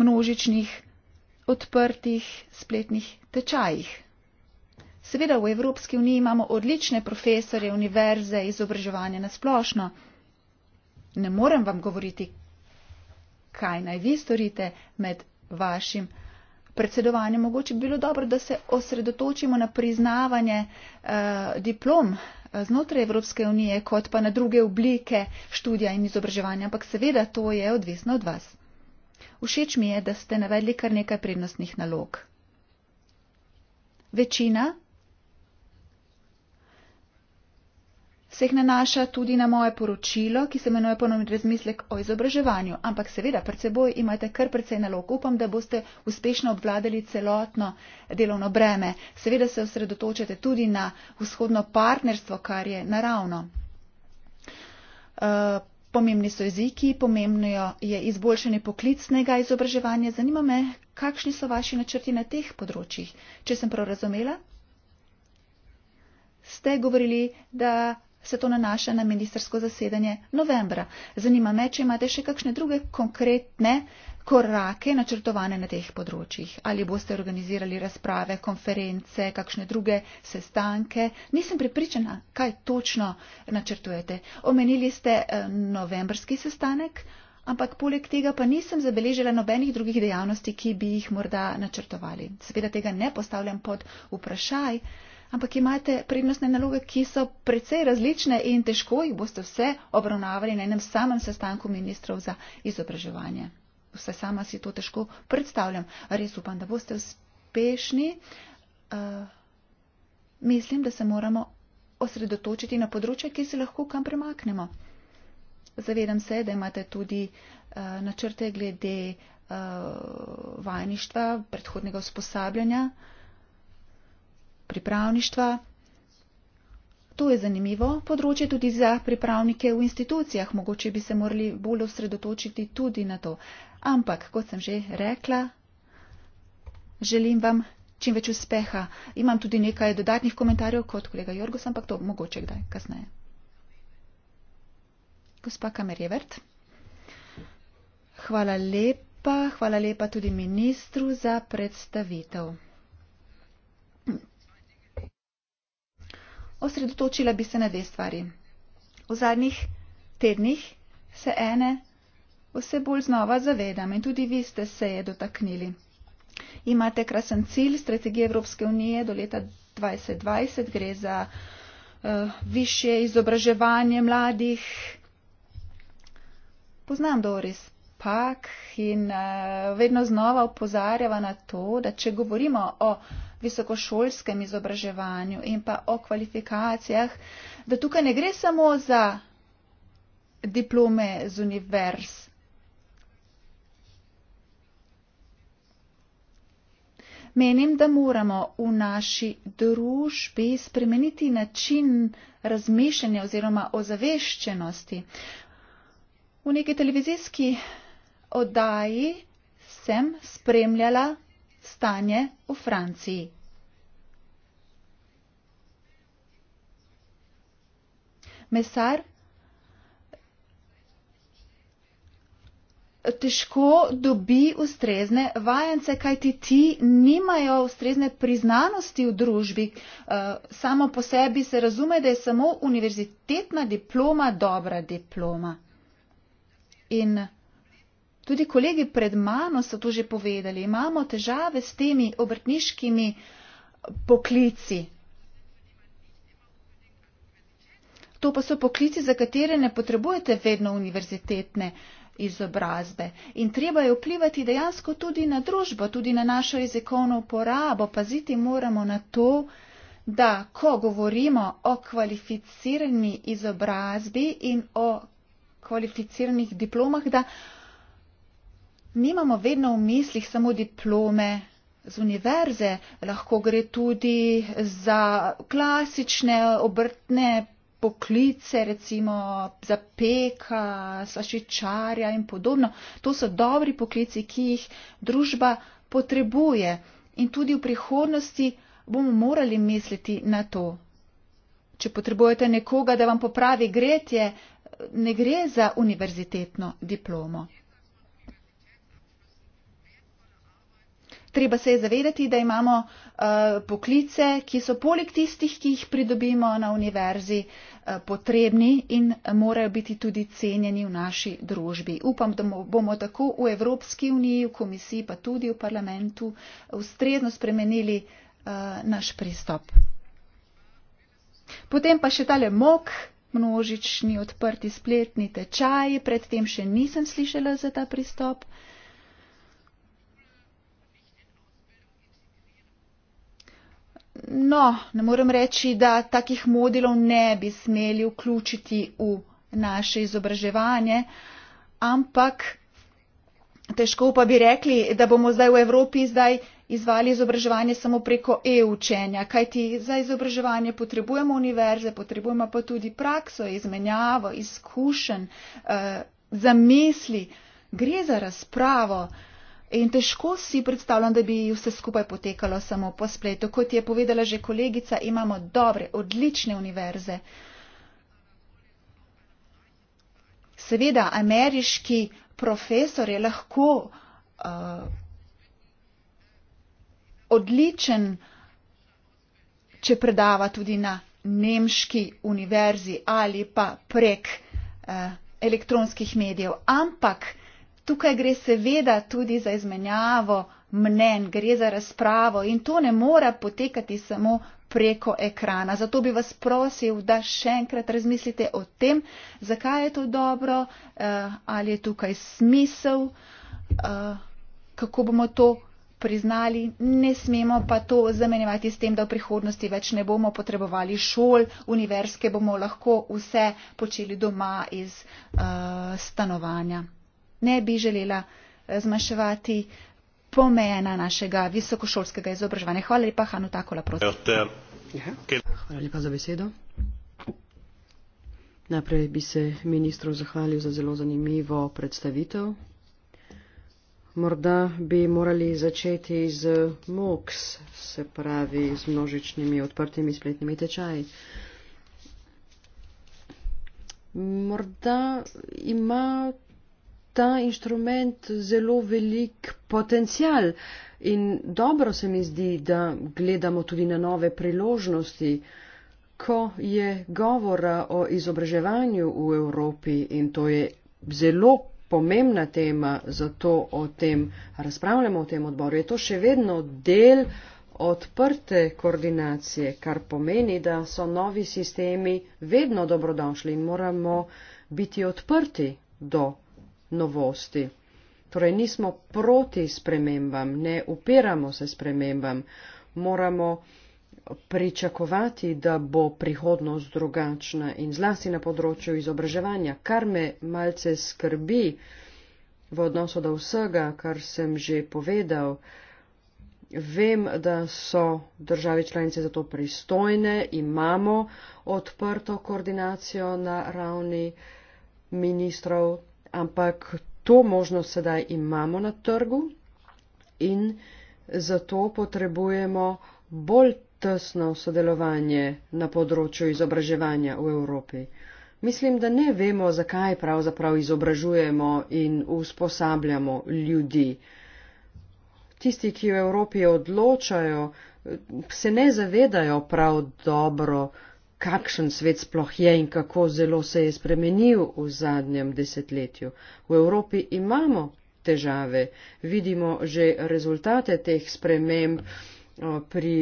množičnih odprtih spletnih tečajih. Seveda v Evropski uniji imamo odlične profesorje, univerze, izobraževanje na splošno. Ne morem vam govoriti, kaj naj vi storite med vašim predsedovanjem. Mogoče bi bilo dobro, da se osredotočimo na priznavanje eh, diplom eh, znotraj Evropske unije, kot pa na druge oblike študija in izobraževanja, ampak seveda to je odvisno od vas. Všeč mi je, da ste navedli kar nekaj prednostnih nalog. Večina se jih nanaša tudi na moje poročilo, ki se imenuje Ponovni razmislek o izobraževanju. Ampak seveda, pred seboj imate kar precej nalog. Upam, da boste uspešno obvladali celotno delovno breme. Seveda se osredotočate tudi na vzhodno partnerstvo, kar je naravno. Eh, Pomembni so jeziki, pomembno je izboljšanje poklicnega izobraževanja. Zanima me, kakšni so vaši načrti na teh področjih. Če sem prav razumela, ste govorili, da se to nanaša na ministersko zasedanje novembra. Zanima me, če imate še kakšne druge konkretne korake načrtovane na teh področjih? Ali boste organizirali razprave, konference, kakšne druge sestanke? Nisem prepričana, kaj točno načrtujete. Omenili ste eh, novembrski sestanek, ampak poleg tega pa nisem zabeležila nobenih drugih dejavnosti, ki bi jih morda načrtovali. Seveda tega ne postavljam pod vprašaj. Ampak imate prednostne naloge, ki so precej različne in težko jih boste vse obravnavali na enem samem sestanku ministrov za izobraževanje vse sama si to težko predstavljam. Res upam, da boste uspešni. Uh, mislim, da se moramo osredotočiti na področje, ki se lahko kam premaknemo. Zavedam se, da imate tudi uh, načrte glede uh, eh, vajništva, predhodnega usposabljanja, pripravništva to je zanimivo področje tudi za pripravnike v institucijah. Mogoče bi se morali bolj osredotočiti tudi na to. Ampak, kot sem že rekla, želim vam čim več uspeha. Imam tudi nekaj dodatnih komentarjev kot kolega Jorgos, ampak to mogoče kdaj kasneje. Gospa Kamerjevert, hvala lepa. Hvala lepa tudi ministru za predstavitev. osredotočila bi se na dve stvari. V zadnjih tednih se ene vse bolj znova zavedam in tudi vi ste se je dotaknili. Imate krasen cilj strategije Evropske unije do leta 2020, gre za uh, eh, više izobraževanje mladih. Poznam Doris Pak in uh, vedno znova upozarjava na to, da če govorimo o visokošolskem izobraževanju in pa o kvalifikacijah, da tukaj ne gre samo za diplome z univerz. Menim, da moramo v naši družbi spremeniti način razmišljanja oziroma ozaveščenosti. V neki televizijski oddaji sem spremljala stanje v Franciji. Mesar, težko dobi ustrezne vajence, kaj ti ti nimajo ustrezne priznanosti v družbi. Eh, samo po sebi se razume, da je samo univerzitetna diploma dobra diploma. In Tudi kolegi pred mano so to že povedali. Imamo težave s temi obrtniškimi poklici. To pa so poklici, za katere ne potrebujete vedno univerzitetne izobrazbe. In treba je vplivati dejansko tudi na družbo, tudi na našo jezikovno uporabo. Paziti moramo na to, da ko govorimo o kvalificirani izobrazbi in o kvalificiranih diplomah, da nimamo vedno v mislih samo diplome z univerze, lahko gre tudi za klasične obrtne poklice, recimo za peka, sašičarja in podobno. To so dobri poklici, ki jih družba potrebuje in tudi v prihodnosti bomo morali misliti na to. Če potrebujete nekoga, da vam popravi gretje, ne gre za univerzitetno diplomo. Treba se je zavedati, da imamo uh, poklice, ki so poleg tistih, ki jih pridobimo na univerzi, uh, potrebni in morajo biti tudi cenjeni v naši družbi. Upam, da bomo tako v Evropski uniji, v komisiji, pa tudi v parlamentu ustrezno spremenili uh, naš pristop. Potem pa še tale mok, množični odprti spletni tečaji, predtem še nisem slišala za ta pristop. Uh, No, ne morem reči, da takih modelov ne bi smeli vključiti v naše izobraževanje, ampak težko pa bi rekli, da bomo zdaj v Evropi zdaj izvali izobraževanje samo preko e-učenja, kajti za izobraževanje potrebujemo univerze, potrebujemo pa tudi prakso, izmenjavo, izkušen, eh, zamisli, gre za razpravo. In težko si predstavljam, da bi vse skupaj potekalo samo po spletu. Kot je povedala že kolegica, imamo dobre, odlične univerze. Seveda, ameriški profesor je lahko uh, odličen, če predava tudi na nemški univerzi ali pa prek uh, elektronskih medijev. Ampak Tukaj gre seveda tudi za izmenjavo mnen, gre za razpravo in to ne mora potekati samo preko ekrana. Zato bi vas prosil, da še enkrat razmislite o tem, zakaj je to dobro, eh, ali je tukaj smisel, eh, kako bomo to priznali. Ne smemo pa to zamenjevati s tem, da v prihodnosti več ne bomo potrebovali šol, univerzke bomo lahko vse počeli doma iz eh, stanovanja ne bi želela eh, zmaševati pomena našega visokošolskega izobraževanja. Hvala lepa, Hanu Takola, prosim. Ja. Hvala lepa za besedo. Najprej bi se ministru zahvalil za zelo zanimivo predstavitev. Morda bi morali začeti z MOOCs, se pravi z množičnimi odprtimi spletnimi tečaji. Morda ima ta inštrument zelo velik potencial in dobro se mi zdi, da gledamo tudi na nove priložnosti. Ko je govora o izobraževanju v Evropi in to je zelo pomembna tema, zato o tem razpravljamo v tem odboru, je to še vedno del odprte koordinacije, kar pomeni, da so novi sistemi vedno dobrodošli in moramo biti odprti do novosti. Torej nismo proti spremembam, ne upiramo se spremembam, moramo pričakovati, da bo prihodnost drugačna in zlasti na področju izobraževanja, kar me malce skrbi v odnosu do vsega, kar sem že povedal. Vem, da so države članice za to pristojne, imamo odprto koordinacijo na ravni ministrov, ampak to možnost sedaj imamo na trgu in zato potrebujemo bolj tesno sodelovanje na področju izobraževanja v Evropi. Mislim, da ne vemo, zakaj pravzaprav izobražujemo in usposabljamo ljudi. Tisti, ki v Evropi odločajo, se ne zavedajo prav dobro, kakšen svet sploh je in kako zelo se je spremenil v zadnjem desetletju. V Evropi imamo težave, vidimo že rezultate teh sprememb pri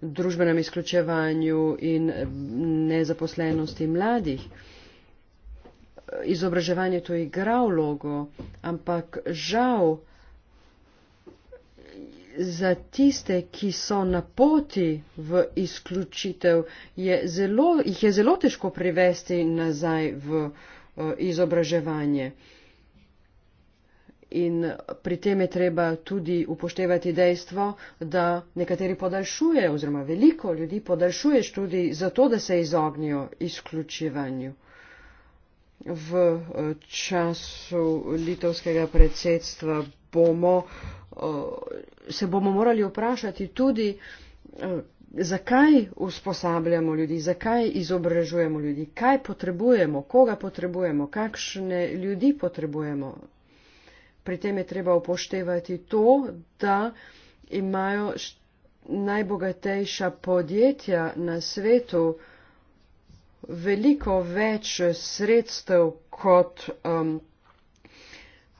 družbenem izključevanju in nezaposlenosti mladih. Izobraževanje to igra vlogo, ampak žal za tiste, ki so na poti v izključitev, je zelo, jih je zelo težko privesti nazaj v uh, izobraževanje. In pri tem je treba tudi upoštevati dejstvo, da nekateri podaljšujejo oziroma veliko ljudi podaljšuje študij zato, da se izognijo izključevanju. V eh, času litovskega predsedstva bomo uh, se bomo morali vprašati tudi, zakaj usposabljamo ljudi, zakaj izobražujemo ljudi, kaj potrebujemo, koga potrebujemo, kakšne ljudi potrebujemo. Pri tem je treba upoštevati to, da imajo najbogatejša podjetja na svetu veliko več sredstev kot um,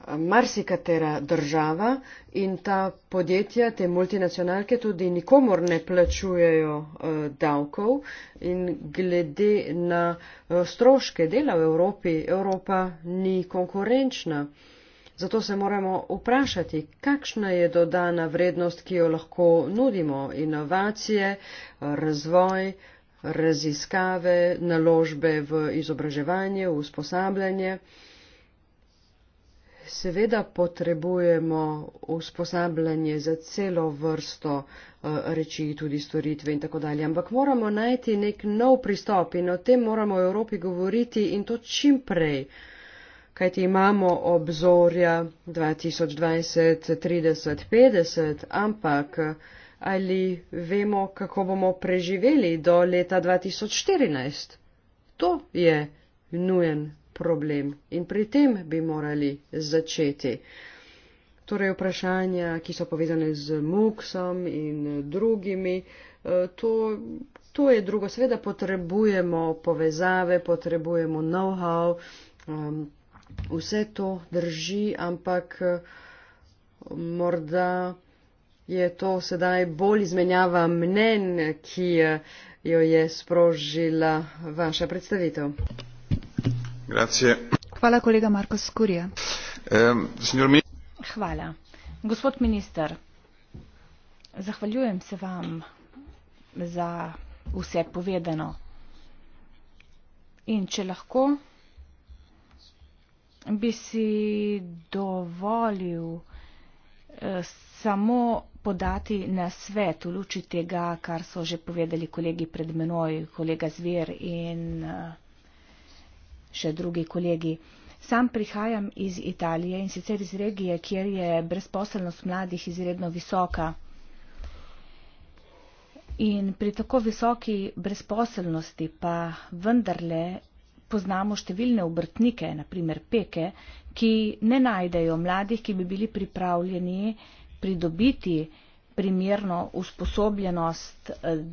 marsikatera država in ta podjetja, te multinacionalke tudi nikomor ne plačujejo eh, davkov in glede na eh, stroške dela v Evropi, Evropa ni konkurenčna. Zato se moramo vprašati, kakšna je dodana vrednost, ki jo lahko nudimo. Inovacije, razvoj, raziskave, naložbe v izobraževanje, usposabljanje. V seveda potrebujemo usposabljanje za celo vrsto eh, reči tudi storitve in tako dalje. Ampak moramo najti nek nov pristop in o tem moramo v Evropi govoriti in to čim prej. Kaj ti imamo obzorja 2020, 30, 50, ampak ali vemo, kako bomo preživeli do leta 2014? To je nujen problem in pri tem bi morali začeti. Torej vprašanja, ki so povezane z muksom in drugimi, eh, to, to je drugo. Seveda potrebujemo povezave, potrebujemo know-how, ehm, vse to drži, ampak eh, morda je to sedaj bolj izmenjava mnen, ki eh, jo je sprožila vaša predstavitev. Ehm, gospod minister zahvaljujem se vam za vse povedano in če lahko bi si dovolil eh, samo podati na svet v luči tega, kar so že povedali kolegi pred menoj, kolega Zver in uh, še drugi kolegi. Sam prihajam iz Italije in sicer iz regije, kjer je brezposelnost mladih izredno visoka. In pri tako visoki brezposelnosti pa vendarle poznamo številne obrtnike, naprimer peke, ki ne najdejo mladih, ki bi bili pripravljeni pridobiti primerno usposobljenost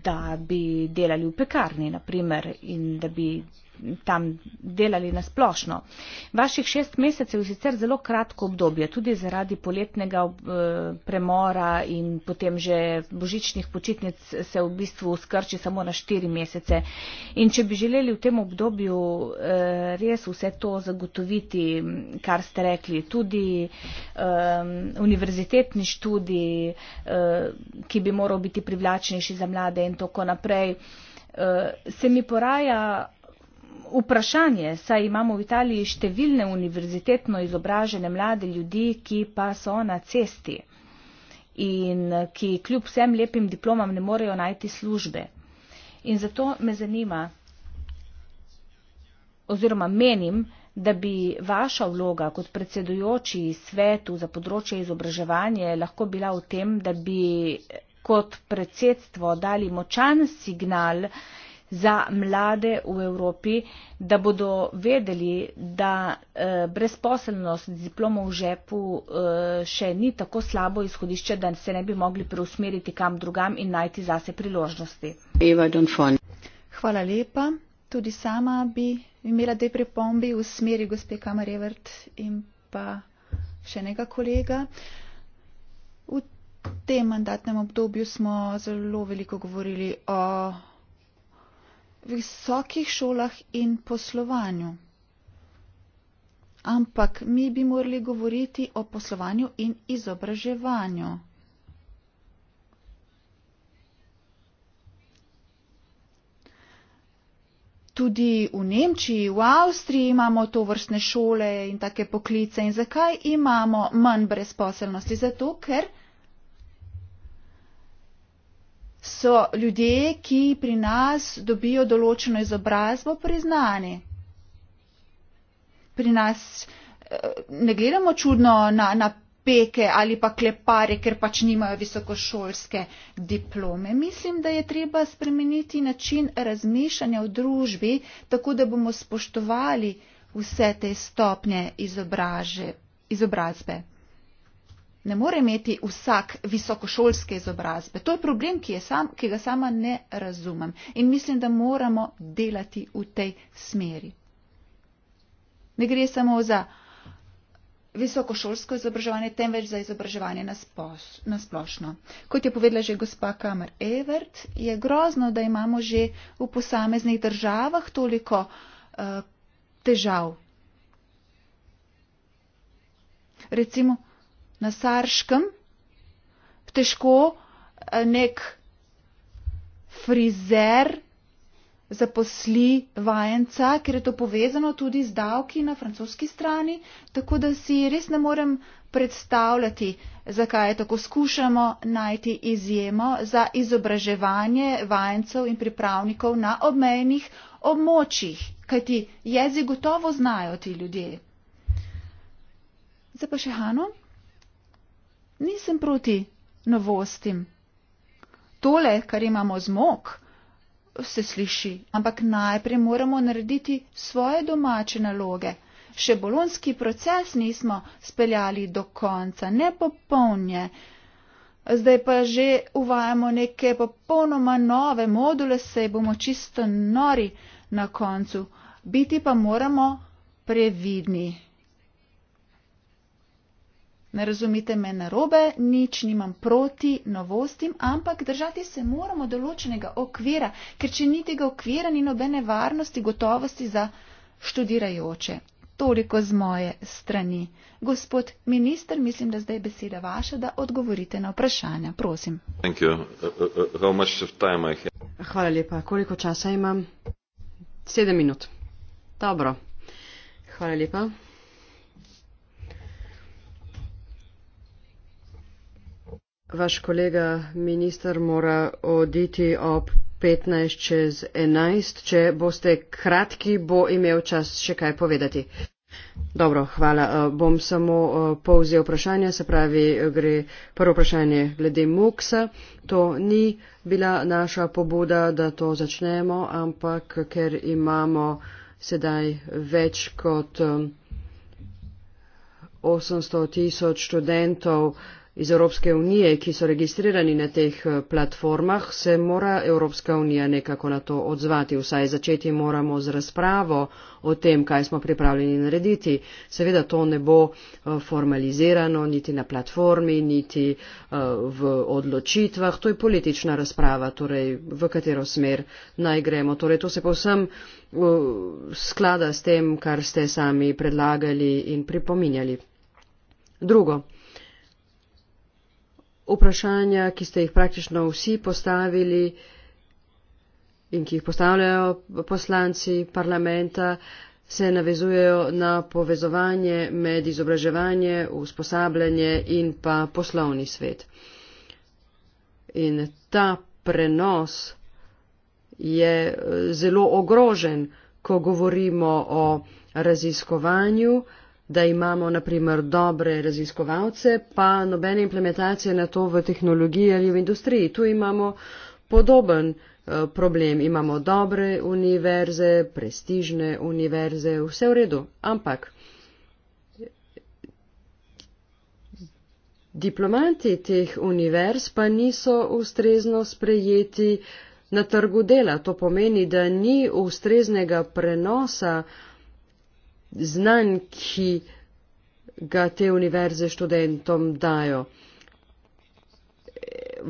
da bi delali v pekarni, naprimer, in da bi tam delali na splošno. Vaših šest mesecev je sicer zelo kratko obdobje, tudi zaradi poletnega eh, premora in potem že božičnih počitnic se v bistvu skrči samo na štiri mesece. In če bi želeli v tem obdobju eh, res vse to zagotoviti, kar ste rekli, tudi eh, univerzitetni študij, ki bi moral biti privlačnejši za mlade in tako naprej, eh, se mi poraja vprašanje, saj imamo v Italiji številne univerzitetno izobražene mlade ljudi, ki pa so na cesti in eh, ki kljub vsem lepim diplomam ne morejo najti službe. In zato me zanima, oziroma menim, da bi vaša vloga kot predsedujoči svetu za področje izobraževanja lahko bila v tem, da bi kot predsedstvo dali močan signal za mlade v Evropi, da bodo vedeli, da eh, brezposelnost z diplomo v žepu eh, še ni tako slabo izhodišče, da se ne bi mogli preusmeriti kam drugam in najti zase priložnosti. Eva Donfon. Hvala lepa. Tudi sama bi imela dve pripombi v smeri gospe Kamarevert in pa še enega kolega. V tem mandatnem obdobju smo zelo veliko govorili o visokih šolah in poslovanju. Ampak mi bi morali govoriti o poslovanju in izobraževanju. Tudi v Nemčiji, v Avstriji imamo to vrstne šole in take poklice. In zakaj imamo manj brezposelnosti? Zato, ker so ljudje, ki pri nas dobijo določeno izobrazbo, priznani. Pri nas eh, ne gledamo čudno na, na peke ali pa klepare, ker pač nimajo visokošolske diplome. Mislim, da je treba spremeniti način razmišljanja v družbi, tako da bomo spoštovali vse te stopnje izobraže, izobrazbe ne more imeti vsak visokošolske izobrazbe. To je problem, ki, je sam, ki ga sama ne razumem in mislim, da moramo delati v tej smeri. Ne gre samo za visokošolsko izobraževanje, temveč za izobraževanje na splošno. Kot je povedala že gospa Kamer Evert, je grozno, da imamo že v posameznih državah toliko uh, težav. Recimo, na Sarškem, težko eh, nek frizer zaposli vajenca, ker je to povezano tudi z davki na francoski strani, tako da si res ne morem predstavljati, zakaj je tako. Skušamo najti izjemo za izobraževanje vajencev in pripravnikov na obmejnih območjih, kajti jezik gotovo znajo ti ljudje. Zdaj pa še Hanom nisem proti novostim. Tole, kar imamo zmok, se sliši, ampak najprej moramo narediti svoje domače naloge. Še bolonski proces nismo speljali do konca, ne popolnje. Zdaj pa že uvajamo neke popolnoma nove module, sej bomo čisto nori na koncu. Biti pa moramo previdni. Ne razumite me narobe, nič nimam proti novostim, ampak držati se moramo določenega okvira, ker če ni tega okvira, ni nobene varnosti, gotovosti za študirajoče. Toliko z moje strani. Gospod minister, mislim, da zdaj je beseda vaša, da odgovorite na vprašanja. Prosim. Uh, uh, uh, Hvala lepa. Koliko časa imam? Sedem minut. Dobro. Hvala lepa. Vaš kolega minister mora oditi ob 15 čez 11. Če boste kratki, bo imel čas še kaj povedati. Dobro, hvala. Eh, bom samo eh, povzel vprašanje, se pravi, eh, gre prvo vprašanje glede MOOC-a. To ni bila naša pobuda, da to začnemo, ampak ker imamo sedaj več kot 800 tisoč študentov, iz Evropske unije, ki so registrirani na teh eh, platformah, se mora Evropska unija nekako na to odzvati. Vsaj začeti moramo z razpravo o tem, kaj smo pripravljeni narediti. Seveda to ne bo eh, formalizirano niti na platformi, niti eh, v odločitvah. To je politična razprava, torej v katero smer naj gremo. Torej, to se povsem sklada s tem, kar ste sami predlagali in pripominjali. Drugo vprašanja, ki ste jih praktično vsi postavili in ki jih postavljajo poslanci parlamenta, se navezujejo na povezovanje med izobraževanje, usposabljanje in pa poslovni svet. In ta prenos je eh, zelo ogrožen, ko govorimo o raziskovanju, da imamo naprimer dobre raziskovalce, pa nobene implementacije na to v tehnologiji ali v industriji. Tu imamo podoben eh, problem. Imamo dobre univerze, prestižne univerze, vse v redu, ampak diplomanti teh univerz pa niso ustrezno sprejeti na trgu dela. To pomeni, da ni ustreznega prenosa uh, znanj, ki ga te univerze študentom dajo.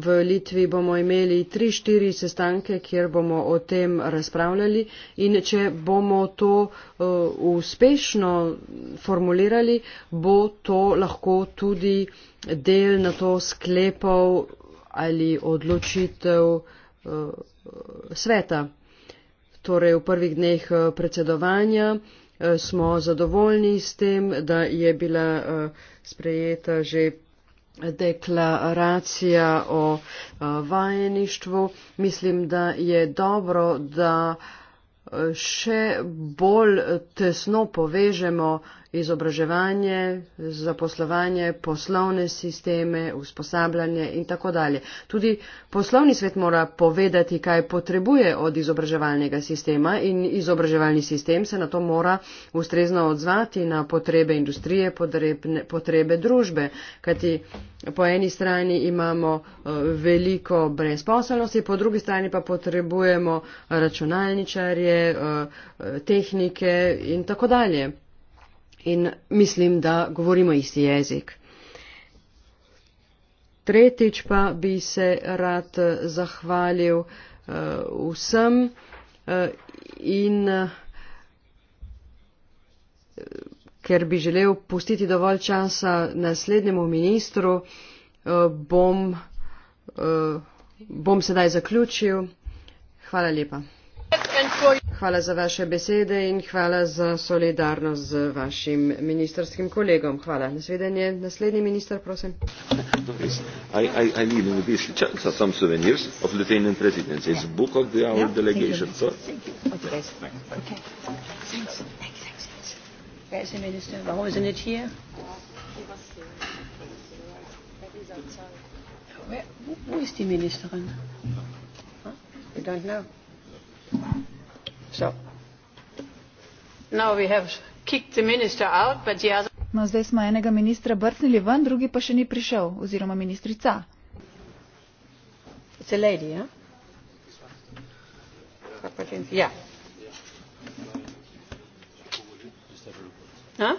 V Litvi bomo imeli tri, štiri sestanke, kjer bomo o tem razpravljali in če bomo to uh, uspešno formulirali, bo to lahko tudi del na to sklepov ali odločitev uh, sveta. Torej v prvih dneh eh, predsedovanja uh, Eh, smo zadovoljni s tem, da je bila eh, sprejeta že deklaracija o eh, vajeništvu. Mislim, da je dobro, da še bolj tesno povežemo izobraževanje, zaposlovanje, poslovne sisteme, usposabljanje in tako dalje. Tudi poslovni svet mora povedati, kaj potrebuje od izobraževalnega sistema in izobraževalni sistem se na to mora ustrezno odzvati na potrebe industrije, potrebne, potrebe družbe. Kajti po eni strani imamo eh, veliko brezposelnosti, po drugi strani pa potrebujemo računalničarje, eh, eh, tehnike in tako dalje in mislim, da govorimo isti jezik. Tretjič pa bi se rad zahvalil uh, vsem uh, in uh, ker bi želel pustiti dovolj časa naslednjemu ministru, uh, bom, uh, bom sedaj zaključil. Hvala lepa. Hvala za vaše besede in hvala za solidarnost z vašim ministerskim kolegom. Hvala. Nasvedenje. Naslednji minister, prosim. Where, who is the minister? Huh? We don't know. No, zdaj smo enega ministra brcnili ven, drugi pa še ni prišel, oziroma ministrica. Lady, yeah? Yeah. Yeah. Huh?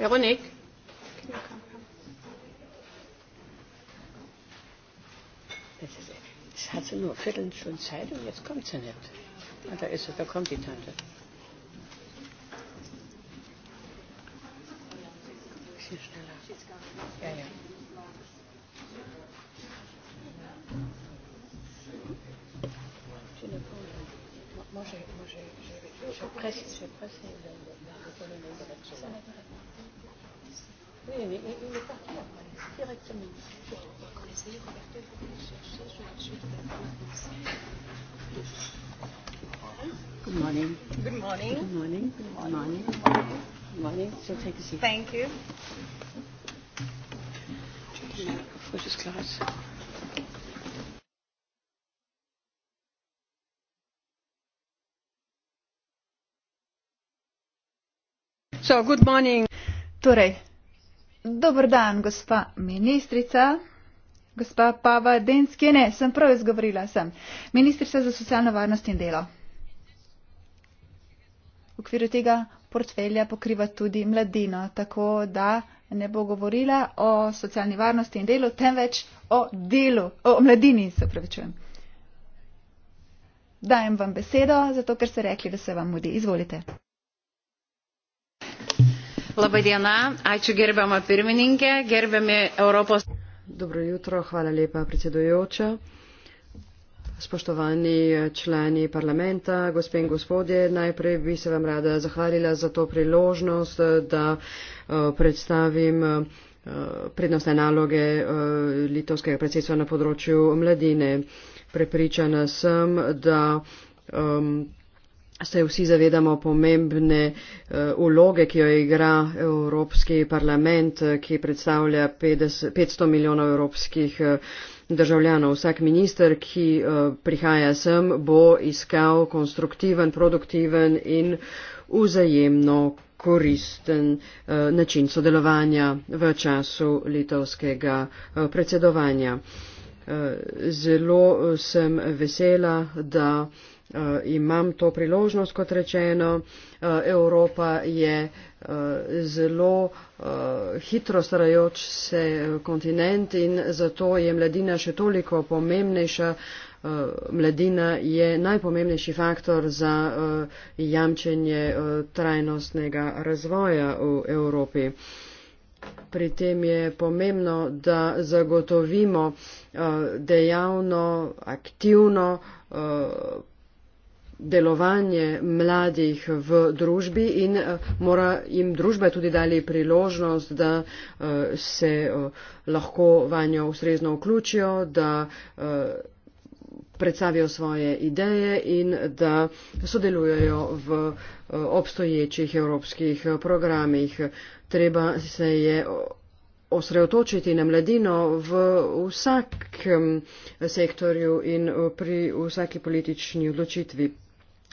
veronique ich hatte nur eine viertelstunde zeit und jetzt kommt sie nicht. Ah, da ist sie, da kommt die tante. Ja, ja. moi j'ai, moi j'ai, j'ai, j'ai, j'ai presse, j'ai presse de, de, de, de donner mes directions. Oui, mais, mais il est parti après, directement. Good morning. Good morning. Good morning. Good morning. Good morning. Good morning. Good morning. So take a seat. Thank you. Frisches Glas. Torej, dober dan, gospa ministrica, gospa Pava Denske, ne, sem prav izgovorila, sem ministrica za socialno varnost in delo. V okviru tega portfelja pokriva tudi mladino, tako da ne bo govorila o socialni varnosti in delu, temveč o delu, o mladini, se pravičujem. Dajem vam besedo, zato ker ste rekli, da se vam mudi. Izvolite. Labą dieną, ačiū gerbiama pirmininkė, gerbiami Europos. Dobro jutro, hvala lepa predsedujoča, spoštovani člani parlamenta, gospe in gospodje. Najprej bi se vam rada zahvalila za to priložnost, da eh, predstavim eh, prednostne naloge eh, litovskega predsedstva na področju mladine. Prepričana sem, da um, se vsi zavedamo pomembne uloge, eh, ki jo igra Evropski parlament, eh, ki predstavlja 500 milijonov evropskih eh, državljanov. Vsak minister, ki prihaja sem, bo iskal konstruktiven, produktiven in vzajemno koristen način sodelovanja v času litovskega predsedovanja. Zelo sem vesela, da uh, imam to priložnost, kot rečeno. Uh, Evropa je uh, zelo uh, hitro starajoč se kontinent in zato je mladina še toliko pomembnejša. Mladina je najpomembnejši faktor za jamčenje trajnostnega razvoja v Evropi. Pri tem je pomembno, da zagotovimo dejavno, aktivno delovanje mladih v družbi in eh, mora jim družba tudi dali priložnost, da eh, se eh, lahko vanjo ustrezno vključijo, da predstavijo svoje ideje in da sodelujejo v obstoječih evropskih programih. Treba se je osredotočiti na mladino v vsakem sektorju in pri vsaki politični odločitvi.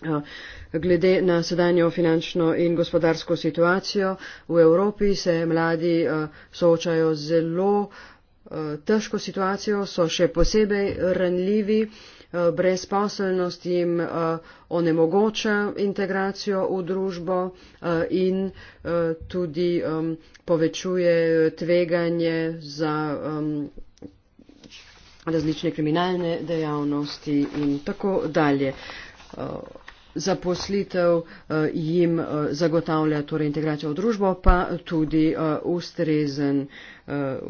Eh, glede na sedanjo finančno in gospodarsko situacijo v Evropi se mladi eh, soočajo z zelo eh, težko situacijo, so še posebej ranljivi, brezposelnost jim onemogoča integracijo v družbo in tudi povečuje tveganje za različne kriminalne dejavnosti in tako dalje zaposlitev eh, jim eh, zagotavlja torej integracijo v družbo, pa tudi eh, ustrezen,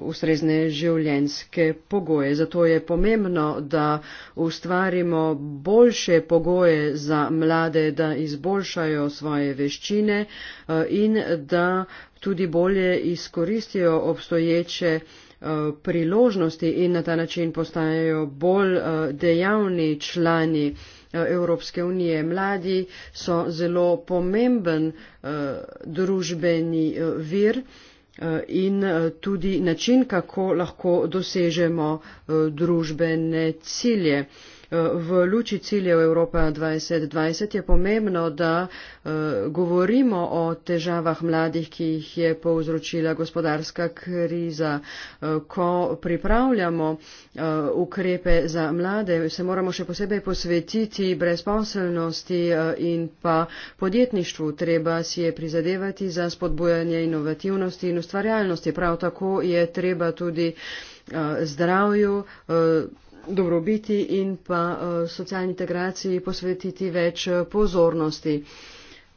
ustrezne življenjske pogoje. Zato je pomembno, da ustvarimo boljše pogoje za mlade, da izboljšajo svoje veščine in da tudi bolje izkoristijo obstoječe priložnosti in na ta način postajajo bolj dejavni člani Evropske unije. Mladi so zelo pomemben eh, družbeni eh, vir eh, in tudi način, kako lahko dosežemo družbene cilje. Eh, v luči ciljev Evropa 2020 je pomembno, da eh, govorimo o težavah mladih, ki jih je povzročila gospodarska kriza. Eh, ko pripravljamo ukrepe za mlade, se moramo še posebej posvetiti brezposelnosti in pa podjetništvu. Treba si je prizadevati za spodbujanje inovativnosti in ustvarjalnosti. Prav tako je treba tudi zdravju dobrobiti in pa eh, socialni integraciji posvetiti več eh, pozornosti.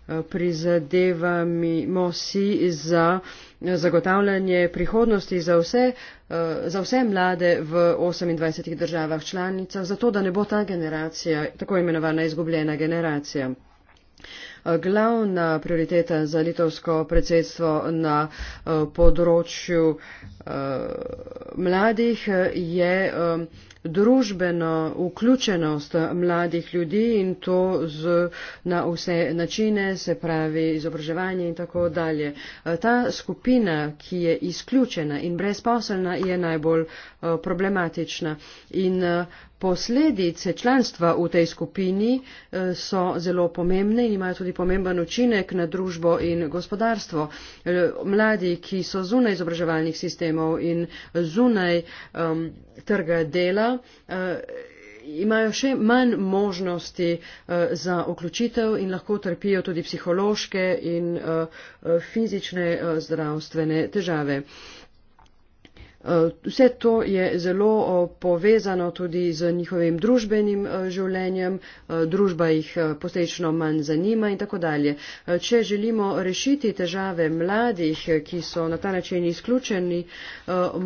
Eh, Prizadevamo si za zagotavljanje prihodnosti za vse, za vse mlade v 28 državah članicah, zato da ne bo ta generacija, tako imenovana izgubljena generacija glavna prioriteta za litovsko predsedstvo na eh, področju eh, mladih eh, je družbeno vključenost mladih ljudi in to z, na vse načine, se pravi izobraževanje in tako dalje. Ta skupina, ki je izključena in brezposelna, je najbolj problematična. In Posledice članstva v tej skupini eh, so zelo pomembne in imajo tudi pomemben učinek na družbo in gospodarstvo. Eh, mladi, ki so zunaj izobraževalnih sistemov in zunaj um, trga dela, uh, imajo še manj možnosti uh, za vključitev in lahko trpijo tudi psihološke in uh, fizične uh, zdravstvene težave. Eh, vse to je zelo eh, povezano tudi z njihovim družbenim eh, življenjem, družba jih posledično manj zanima in tako dalje. Če želimo rešiti težave mladih, ki so na ta način izključeni,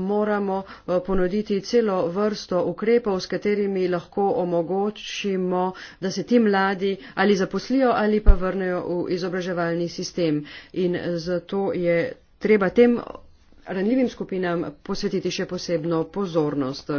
moramo ponuditi celo vrsto ukrepov, s katerimi lahko omogočimo, da se ti mladi ali zaposlijo ali pa vrnejo v izobraževalni sistem. In zato je treba tem ranljivim skupinam posvetiti še posebno pozornost.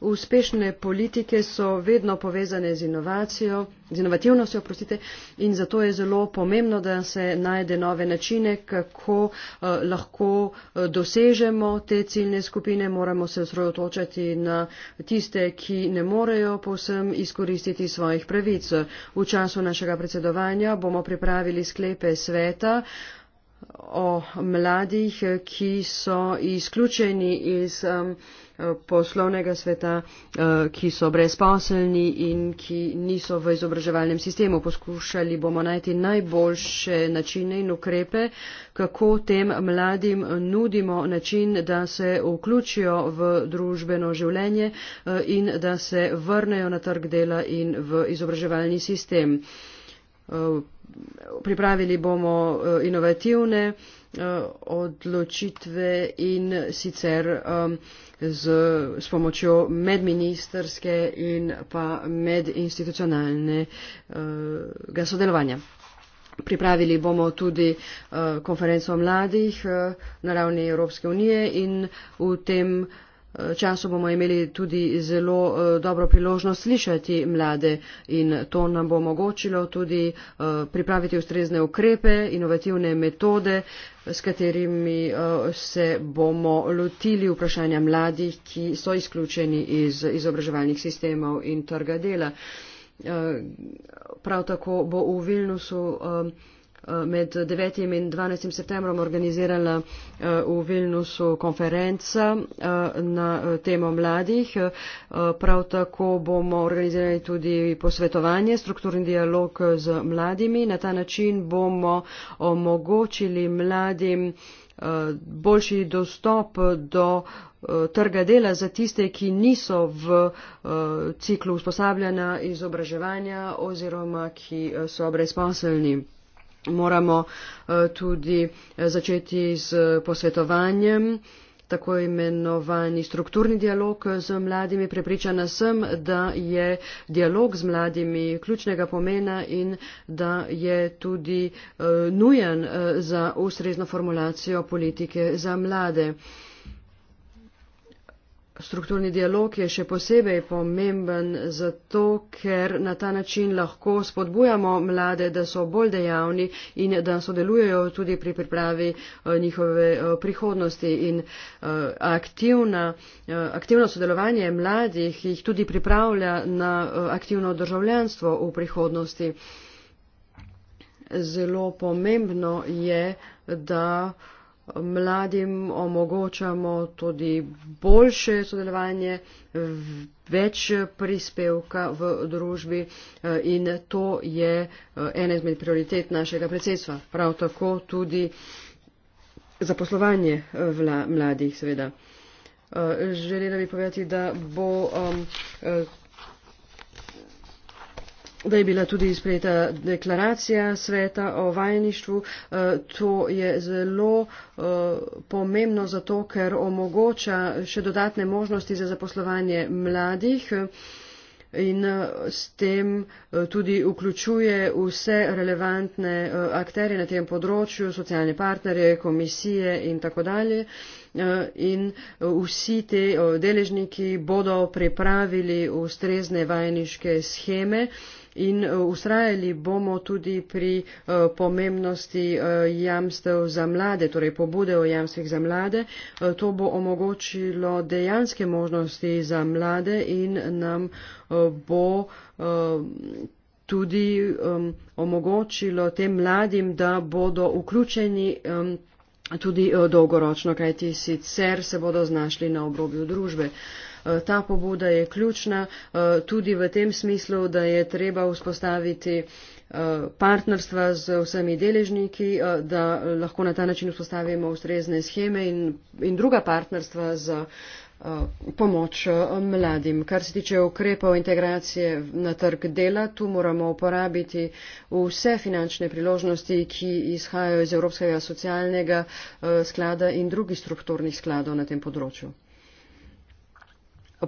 Uspešne politike so vedno povezane z inovacijo, z inovativnostjo, oprostite, in zato je zelo pomembno, da se najde nove načine, kako eh, lahko eh, dosežemo te ciljne skupine. Moramo se osredotočati na tiste, ki ne morejo povsem izkoristiti svojih pravic. V času našega predsedovanja bomo pripravili sklepe sveta, o mladih, ki so izključeni iz um, poslovnega sveta, uh, ki so brezposelni in ki niso v izobraževalnem sistemu. Poskušali bomo najti najboljše načine in ukrepe, kako tem mladim nudimo način, da se vključijo v družbeno življenje uh, in da se vrnejo na trg dela in v izobraževalni sistem. Uh, pripravili bomo eh, inovativne eh, odločitve in sicer ehm, z, s pomočjo medministerske in pa medinstitucionalnega eh, sodelovanja. Pripravili bomo tudi konferenco mladih na ravni Evropske unije in v tem času bomo imeli tudi zelo eh, dobro priložnost slišati mlade in to nam bo omogočilo tudi eh, pripraviti ustrezne ukrepe, inovativne metode, s katerimi eh, se bomo lotili vprašanja mladih, ki so izključeni iz izobraževalnih sistemov in trga dela. Prav tako bo v Vilnusu med 9. in 12. septembrom organizirala eh, v Vilnusu konferenca eh, na eh, temo mladih. Prav tako bomo organizirali tudi posvetovanje, strukturni dialog z mladimi. Na ta način bomo omogočili mladim boljši dostop do trga dela za tiste, ki niso v ciklu usposabljanja izobraževanja oziroma ki so brezposelni moramo eh, tudi eh, začeti z eh, posvetovanjem tako imenovani strukturni dialog z mladimi. Prepričana sem, da je dialog z mladimi ključnega pomena in da je tudi nujen za ustrezno formulacijo politike za mlade. Strukturni dialog je še posebej pomemben zato, ker na ta način lahko spodbujamo mlade, da so bolj dejavni in da sodelujejo tudi pri pripravi eh, njihove eh, prihodnosti. In eh, aktivna, aktivno sodelovanje mladih jih tudi pripravlja na aktivno državljanstvo v prihodnosti. Zelo pomembno je, da mladim omogočamo tudi boljše sodelovanje, več prispevka v družbi eh, in to je eh, ena izmed prioritet našega predsedstva. Prav tako tudi zaposlovanje eh, mladih, seveda. Želela bi povedati, da bo um, da je bila tudi sprejeta deklaracija sveta o vajeništvu. Eh, to je zelo eh, pomembno zato, ker omogoča še dodatne možnosti za zaposlovanje mladih eh, in s tem tudi vključuje vse relevantne akterje na tem področju, socialne partnerje, komisije in tako dalje. In vsi te deležniki bodo pripravili ustrezne vajeniške scheme in e, ustrajali bomo tudi pri e, pomembnosti e, jamstev za mlade, torej pobude o jamstvih za mlade. To bo omogočilo dejanske možnosti za mlade in nam bo tudi um, omogočilo tem mladim, da bodo vključeni um, tudi uh, dolgoročno, kajti sicer se bodo znašli na obrobju družbe. Uh, Eh, ta pobuda je ključna eh, tudi v tem smislu, da je treba vzpostaviti eh, partnerstva z vsemi deležniki, da lahko na ta način vzpostavimo ustrezne scheme in, in druga partnerstva za pomoč mladim. Kar se tiče ukrepov integracije na trg dela, tu moramo uporabiti vse finančne priložnosti, ki izhajajo iz Evropskega socialnega sklada in drugih strukturnih skladov na tem področju.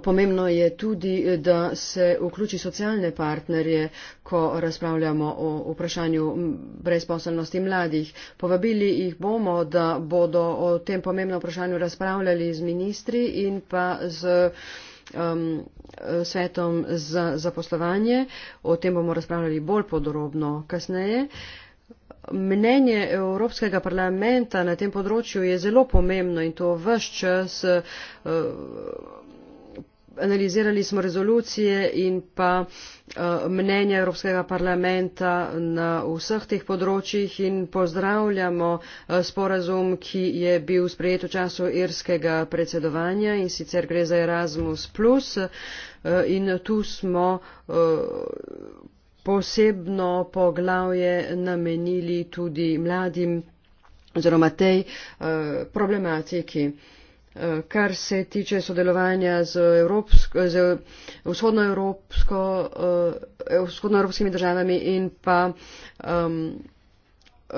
Pomembno je tudi, da se vključi socialne partnerje, ko razpravljamo o vprašanju brezposelnosti mladih. Povabili jih bomo, da bodo o tem pomembnem vprašanju razpravljali z ministri in pa z um, svetom za zaposlovanje. O tem bomo razpravljali bolj podrobno kasneje. Mnenje Evropskega parlamenta na tem področju je zelo pomembno in to v vse čas. Uh, analizirali smo rezolucije in pa eh, mnenja Evropskega parlamenta na vseh teh področjih in pozdravljamo eh, sporazum, ki je bil sprejet v času irskega predsedovanja in sicer gre za Erasmus. Eh, in tu smo posebno poglavje namenili tudi mladim oziroma tej problematiki kar se tiče sodelovanja z, Evropsko, z vzhodnoevropsko, eh, vzhodnoevropskimi državami in pa um, eh,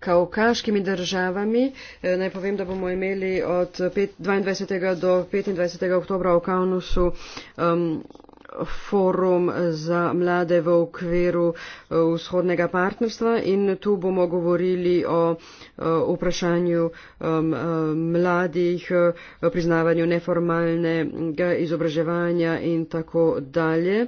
kaukaškimi državami. Eh, naj povem, da bomo imeli od 5, 22. do 25. oktobra v Kaunusu um, forum za mlade v okviru eh, vzhodnega partnerstva in tu bomo govorili o eh, vprašanju eh, mladih, priznavanju neformalnega izobraževanja in tako dalje.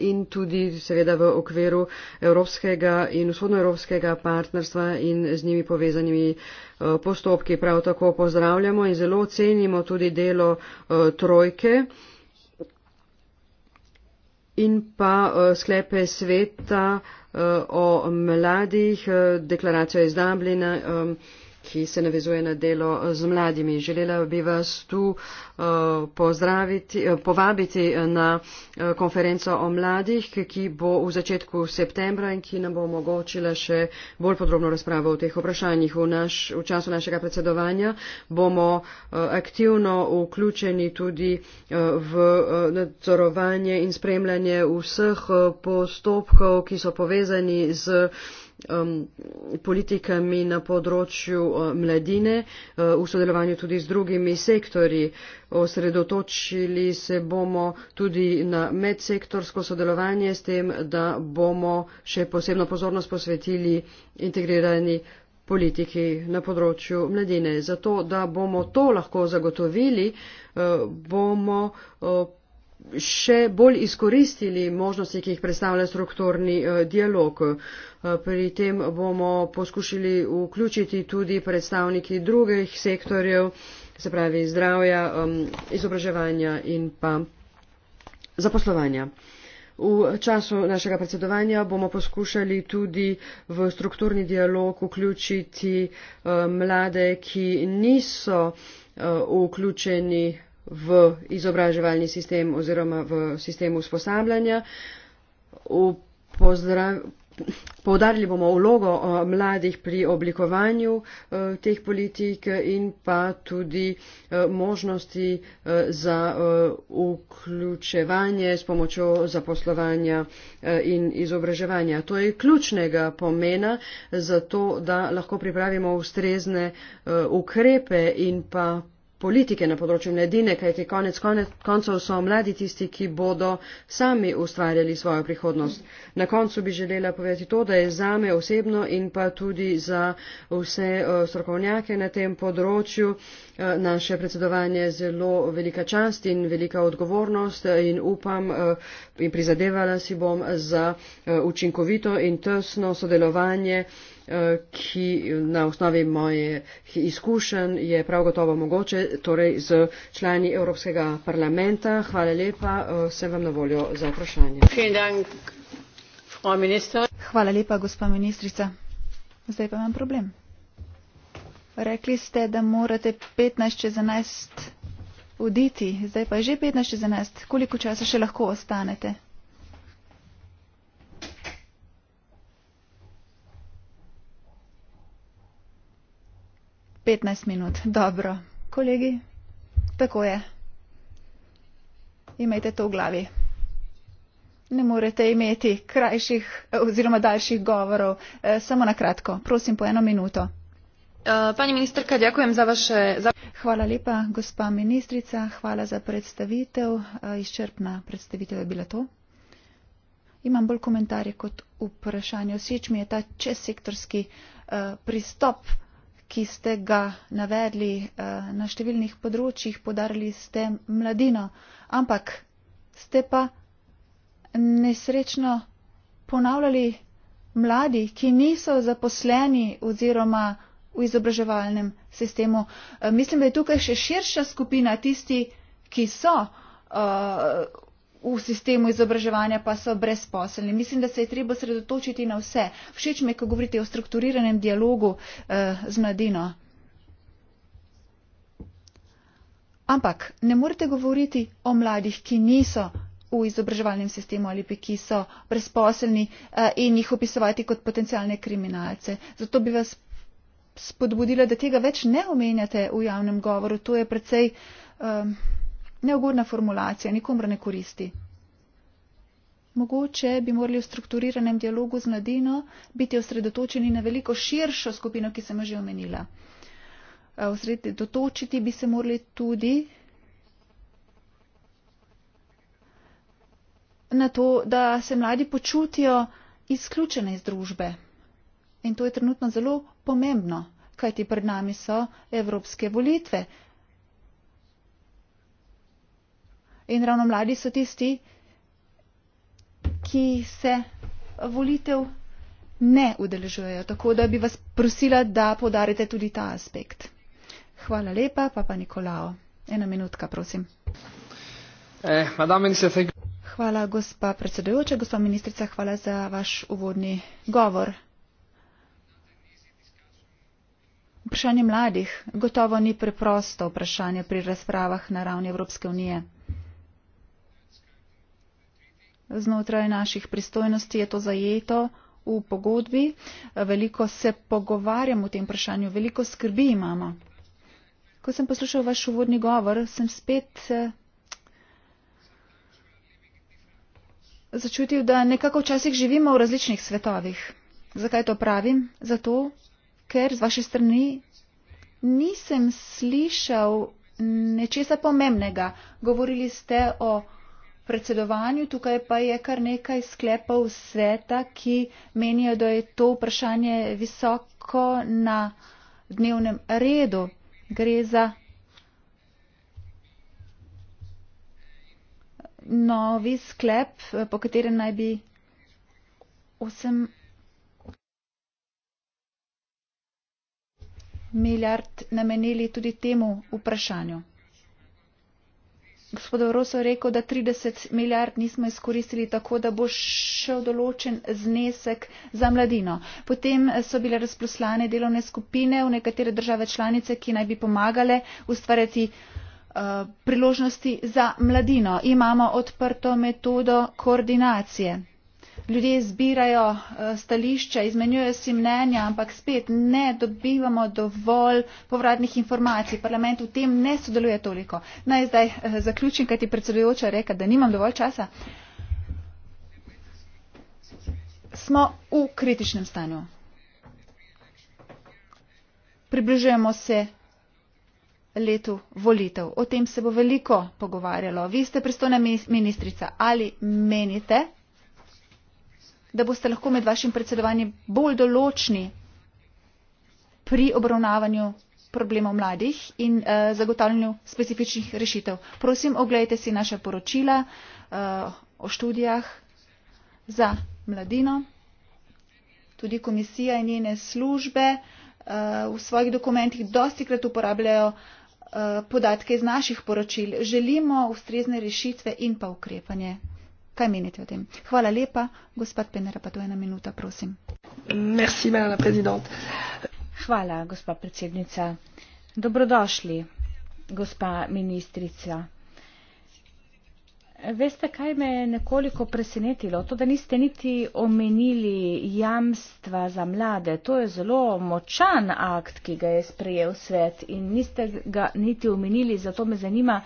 In tudi seveda v okviru evropskega in vzhodnoevropskega partnerstva in z njimi povezanimi postopki prav tako pozdravljamo in zelo cenimo tudi delo trojke in pa eh, sklepe sveta eh, o mladih, eh, deklaracijo iz Dublina ki se navezuje na delo z mladimi. Želela bi vas tu eh, eh, povabiti eh, na konferenco o mladih, ki bo v začetku septembra in ki nam bo omogočila še bolj podrobno razpravo o teh vprašanjih. V, naš, v času našega predsedovanja bomo aktivno vključeni tudi v nadzorovanje in spremljanje vseh postopkov, ki so povezani z um, politikami na področju uh, mladine, uh, v sodelovanju tudi z drugimi sektori. Osredotočili se bomo tudi na medsektorsko sodelovanje s tem, da bomo še posebno pozornost posvetili integrirani politiki na področju mladine. Zato, da bomo to lahko zagotovili, uh, bomo uh, še bolj izkoristili možnosti, ki jih predstavlja strukturni eh, dialog. Eh, pri tem bomo poskušali vključiti tudi predstavniki drugih sektorjev, se pravi zdravja, izobraževanja in pa zaposlovanja. V času našega predsedovanja bomo poskušali tudi v strukturni dialog vključiti eh, mlade, ki niso vključeni v izobraževalni sistem oziroma v sistem usposabljanja. Povdarili bomo vlogo eh, mladih pri oblikovanju eh, teh politik in pa tudi eh, možnosti za vključevanje s pomočjo zaposlovanja in izobraževanja. To je ključnega pomena za to, da lahko pripravimo ustrezne ukrepe in pa politike na področju mladine, kajti konec, konec koncev so mladi tisti, ki bodo sami ustvarjali svojo prihodnost. Na koncu bi želela povedati to, da je zame osebno in pa tudi za vse eh, strokovnjake na tem področju eh, naše predsedovanje zelo velika čast in velika odgovornost eh, in upam in prizadevala si bom za učinkovito in tesno sodelovanje Eh, ki na osnovi mojih izkušenj je prav gotovo mogoče, torej z člani Evropskega parlamenta. Hvala lepa, eh, se vam na voljo za vprašanje. Hvala lepa, gospa ministrica. Zdaj pa imam problem. Rekli ste, da morate 15 čez 11 oditi, zdaj pa je že 15 čez 11. Koliko časa še lahko ostanete? 15 minut. Dobro. Kolegi, tako je. Imajte to v glavi. Ne morete imeti krajših oziroma daljših govorov, eh, samo na kratko. Prosim, po eno minuto. Eh, pani ministrka, ďakujem za vaše. Hvala lepa, gospa ministrica. Hvala za predstavitev. Eh, izčrpna predstavitev je bila to. Imam bolj komentarje kot vprašanje. Vseč mi je ta česektorski pristop ki ste ga navedli eh, na številnih področjih, podarili ste mladino, ampak ste pa nesrečno ponavljali mladi, ki niso zaposleni oziroma v izobraževalnem sistemu. Eh, mislim, da je tukaj še širša skupina tisti, ki so eh, v sistemu izobraževanja pa so brezposelni. Mislim, da se je treba sredotočiti na vse. Všeč mi je, ko govorite o strukturiranem dialogu eh, z mladino. Ampak ne morete govoriti o mladih, ki niso v izobraževalnem sistemu ali pa ki so brezposelni eh, in jih opisovati kot potencijalne kriminalce. Zato bi vas spodbudila, da tega več ne omenjate v javnem govoru. To je precej. Eh, neugodna formulacija, nikomor ne koristi. Mogoče bi morali v strukturiranem dialogu z mladino biti osredotočeni na veliko širšo skupino, ki sem jo že omenila. Eh, osredotočiti bi se morali tudi na to, da se mladi počutijo izključene iz družbe. In to je trenutno zelo pomembno, kajti pred nami so evropske volitve, in ravno mladi so tisti, ki se volitev ne udeležujejo. Tako da bi vas prosila, da podarite tudi ta aspekt. Hvala lepa, papa Nikolao. Ena minutka, prosim. Eh, hvala, gospa predsedujoča, gospa ministrica, hvala za vaš uvodni govor. Vprašanje mladih gotovo ni preprosto vprašanje pri razpravah na ravni Evropske unije znotraj naših pristojnosti je to zajeto v pogodbi, veliko se pogovarjam o tem vprašanju, veliko skrbi imamo. Ko sem poslušal vaš uvodni govor, sem spet eh, začutil, da nekako včasih živimo v različnih svetovih. Zakaj to pravim? Zato, ker z vaše strani nisem slišal nečesa pomembnega. Govorili ste o predsedovanju, tukaj pa je kar nekaj sklepov sveta, ki menijo, da je to vprašanje visoko na dnevnem redu. Gre za novi sklep, po katerem naj bi osem. milijard namenili tudi temu vprašanju gospod Vroso rekel, da 30 milijard nismo izkoristili tako, da bo šel določen znesek za mladino. Potem so bile razposlane delovne skupine v nekatere države članice, ki naj bi pomagale ustvarjati eh, priložnosti za mladino. Imamo odprto metodo koordinacije ljudje zbirajo eh, stališča, izmenjujejo si mnenja, ampak spet ne dobivamo dovolj povratnih informacij. Parlament v tem ne sodeluje toliko. Naj zdaj eh, zaključim, kaj ti predsedujoča reka, da nimam dovolj časa. Smo v kritičnem stanju. Približujemo se letu volitev. O tem se bo veliko pogovarjalo. Vi ste pristojna ministrica. Ali menite, da boste lahko med vašim predsedovanjem bolj določni pri obravnavanju problemov mladih in uh, zagotavljanju specifičnih rešitev. Prosim, oglejte si naše poročila uh, o študijah za mladino. Tudi komisija in njene službe uh, v svojih dokumentih dosti krat uporabljajo uh, podatke iz naših poročil. Želimo ustrezne rešitve in pa ukrepanje. Kaj menite o tem? Hvala lepa, gospod Penera, pa to je ena minuta, prosim. Merci, Hvala, gospa predsednica. Dobrodošli, gospa ministrica. Veste, kaj me je nekoliko presenetilo? To, da niste niti omenili jamstva za mlade. To je zelo močan akt, ki ga je sprejel svet in niste ga niti omenili. Zato me zanima,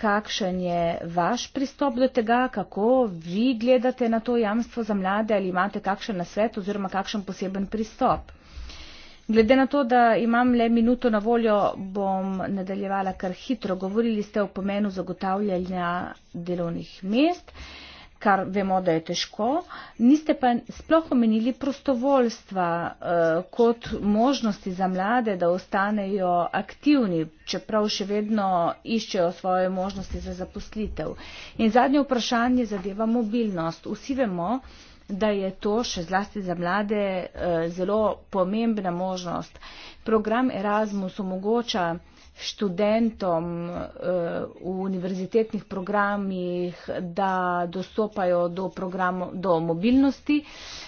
kakšen je vaš pristop do tega, kako vi gledate na to jamstvo za mlade ali imate kakšen nasvet oziroma kakšen poseben pristop. Glede na to, da imam le minuto na voljo, bom nadaljevala kar hitro. Govorili ste o pomenu zagotavljanja delovnih mest. Uh, kar vemo, da je težko. Niste pa sploh omenili prostovoljstva eh, kot možnosti za mlade, da ostanejo aktivni, čeprav še vedno iščejo svoje možnosti za zaposlitev. In zadnje vprašanje zadeva mobilnost. Vsi vemo, da je to še zlasti za mlade eh, zelo pomembna možnost. Program Erasmus omogoča študentom eh, v univerzitetnih programih, da dostopajo do, programu, do mobilnosti,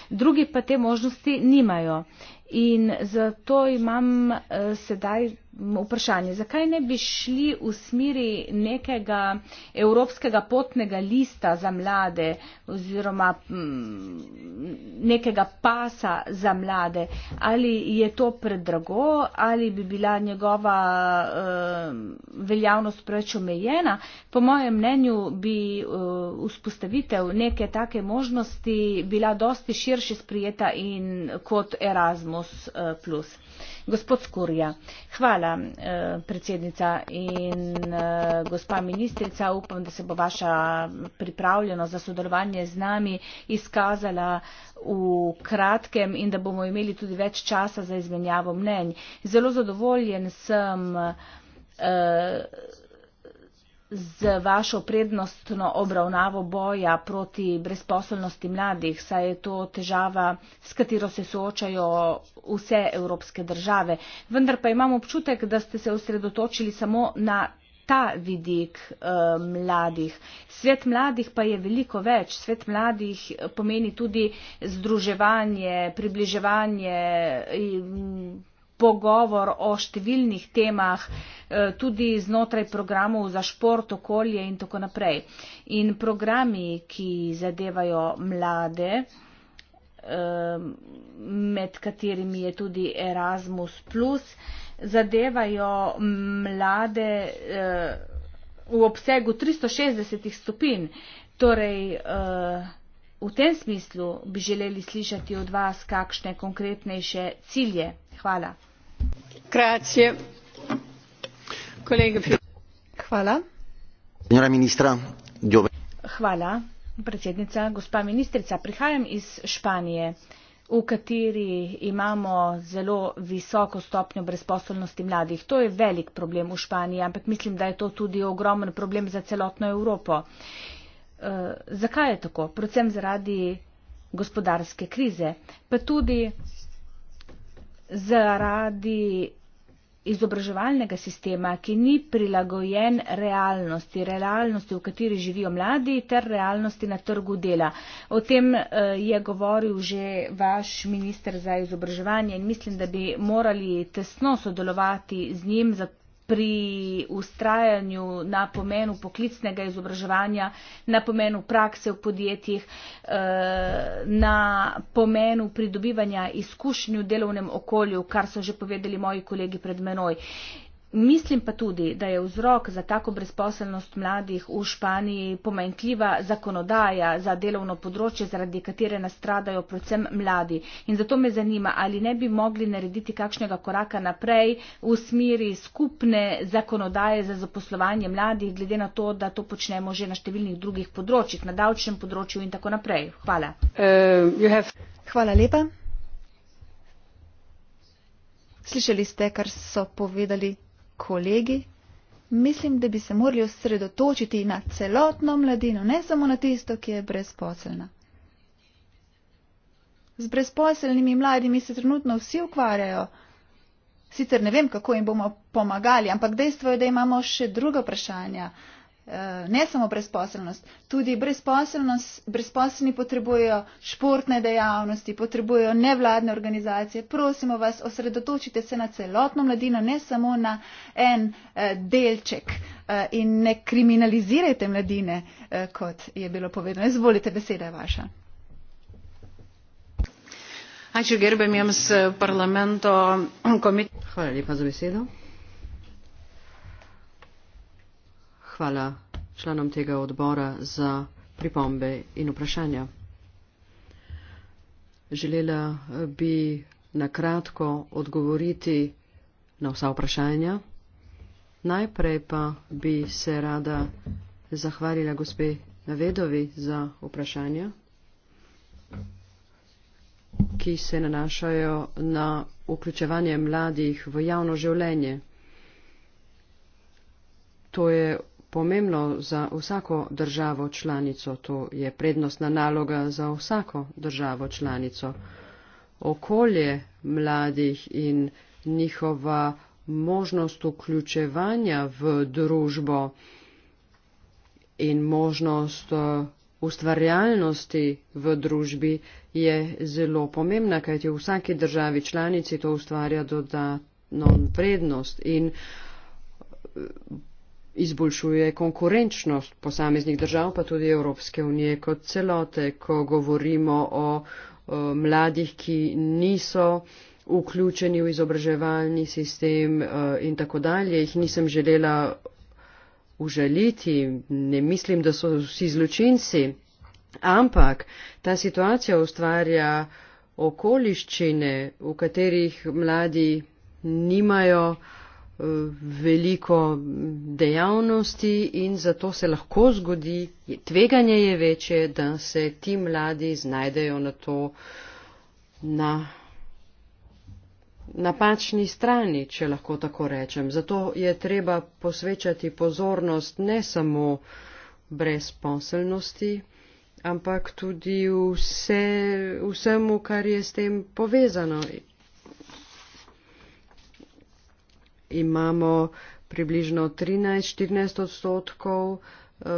drugi pa te možnosti nimajo. In zato imam eh, sedaj vprašanje. Zakaj ne bi šli v smeri nekega evropskega potnega lista za mlade oziroma mm, nekega pasa za mlade? Ali je to predrago, ali bi bila njegova uh, veljavnost preveč omejena? Po mojem mnenju bi uh, vzpostavitev neke take možnosti bila dosti širše sprijeta in kot Erasmus. Uh, Gospod Skurja, hvala eh, predsednica in eh, gospa ministrica. Upam, da se bo vaša pripravljenost za sodelovanje z nami izkazala v kratkem in da bomo imeli tudi več časa za izmenjavo mnenj. Zelo zadovoljen sem. Uh, z vašo prednostno obravnavo boja proti brezposelnosti mladih, saj je to težava, s katero se soočajo vse evropske države. Vendar pa imam občutek, da ste se osredotočili samo na ta vidik e, mladih. Svet mladih pa je veliko več. Svet mladih pomeni tudi združevanje, približevanje. E, pogovor o številnih temah, eh, tudi znotraj programov za šport, okolje in tako naprej. In programi, ki zadevajo mlade, ehm, med katerimi je tudi Erasmus, zadevajo mlade eh, v obsegu 360 stopinj. Torej, eh, v tem smislu bi želeli slišati od vas kakšne konkretnejše cilje. Hvala prihajam iz španije v kateri imamo zelo visoko stopnjo brezposelnosti mladih. To je velik problem v Španiji, ampak mislim, da je to tudi ogromen problem za celotno Evropo. E, zakaj je tako? Predvsem zaradi gospodarske krize, pa tudi zaradi izobraževalnega sistema, ki ni prilagojen realnosti, realnosti, v kateri živijo mladi, ter realnosti na trgu dela. O tem eh, je govoril že vaš minister za izobraževanje in mislim, da bi morali tesno sodelovati z njim, pri ustrajanju na pomenu poklicnega izobraževanja, na pomenu prakse v podjetjih, eh, na pomenu pridobivanja izkušnj v delovnem okolju, kar so že povedali moji kolegi pred menoj. Mislim pa tudi, da je vzrok za tako brezposelnost mladih v Španiji pomenkljiva zakonodaja za delovno področje, zaradi katere nastradajo predvsem mladi. In zato me zanima, ali ne bi mogli narediti kakšnega koraka naprej v smeri skupne zakonodaje za zaposlovanje mladih, glede na to, da to počnemo že na številnih drugih področjih, na davčnem področju in tako naprej. Hvala. Uh, have... Hvala lepa. Slišali ste, kar so povedali kolegi, mislim, da bi se morali osredotočiti na celotno mladino, ne samo na tisto, ki je brezposelna. Z brezposelnimi mladimi se trenutno vsi ukvarjajo. Sicer ne vem, kako jim bomo pomagali, ampak dejstvo je, da imamo še druga vprašanja. Uh, Eh, ne samo brezposelnost, tudi brezposelni potrebujejo športne dejavnosti, potrebujejo nevladne organizacije. Prosimo vas, osredotočite se na celotno mladino, ne samo na en eh, delček eh, in ne kriminalizirajte mladine, kot je bilo povedano. Izvolite, beseda je vaša. Ačiū gerbėmiems parlamento komitetui. Hvala lepa za besedo. hvala članom tega odbora za pripombe in vprašanja. Želela bi nakratko odgovoriti na vsa vprašanja. Najprej pa bi se rada zahvalila gospe Navedovi za vprašanja, ki se nanašajo na vključevanje mladih v javno življenje. To je pomembno za vsako državo članico, to je prednostna naloga za vsako državo članico. Okolje mladih in njihova možnost vključevanja v družbo in možnost uh, ustvarjalnosti v družbi je zelo pomembna, kajti v vsaki državi članici to ustvarja dodatno vrednost in izboljšuje konkurenčnost posameznih držav, pa tudi Evropske unije kot celote, ko govorimo o, o mladih, ki niso vključeni v izobraževalni sistem o, e, in tako dalje. Jih nisem želela užaliti, ne mislim, da so vsi zločinci, ampak ta situacija ustvarja okoliščine, v katerih mladi nimajo veliko dejavnosti in zato se lahko zgodi, tveganje je večje, da se ti mladi znajdejo na to na napačni strani, če lahko tako rečem. Zato je treba posvečati pozornost ne samo brezposelnosti, ampak tudi vse, vsemu, kar je s tem povezano. imamo približno 13-14 odstotkov eh,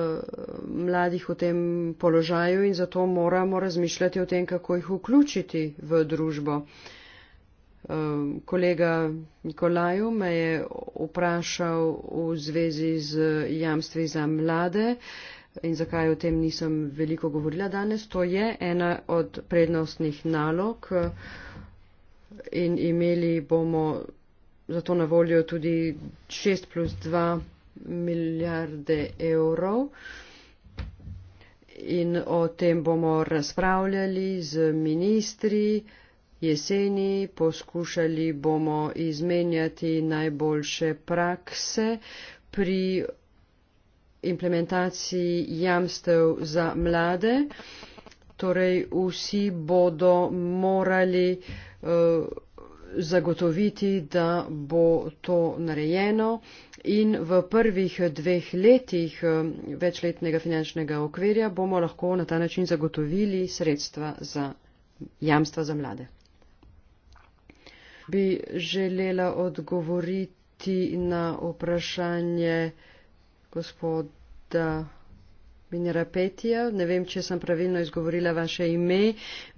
mladih v tem položaju in zato moramo razmišljati o tem, kako jih vključiti v družbo. Eh, kolega Nikolaju me je vprašal v zvezi z jamstvi za mlade in zakaj o tem nisem veliko govorila danes. To je ena od prednostnih nalog eh, in imeli bomo zato na voljo tudi 6 plus 2 milijarde evrov. In o tem bomo razpravljali z ministri. Jeseni poskušali bomo izmenjati najboljše prakse pri implementaciji jamstev za mlade. Torej, vsi bodo morali uh, zagotoviti, da bo to narejeno in v prvih dveh letih um, večletnega finančnega okvirja bomo lahko na ta način zagotovili sredstva za jamstva za mlade. Bi želela odgovoriti na vprašanje gospoda Minerapetija, ne vem, če sem pravilno izgovorila vaše ime,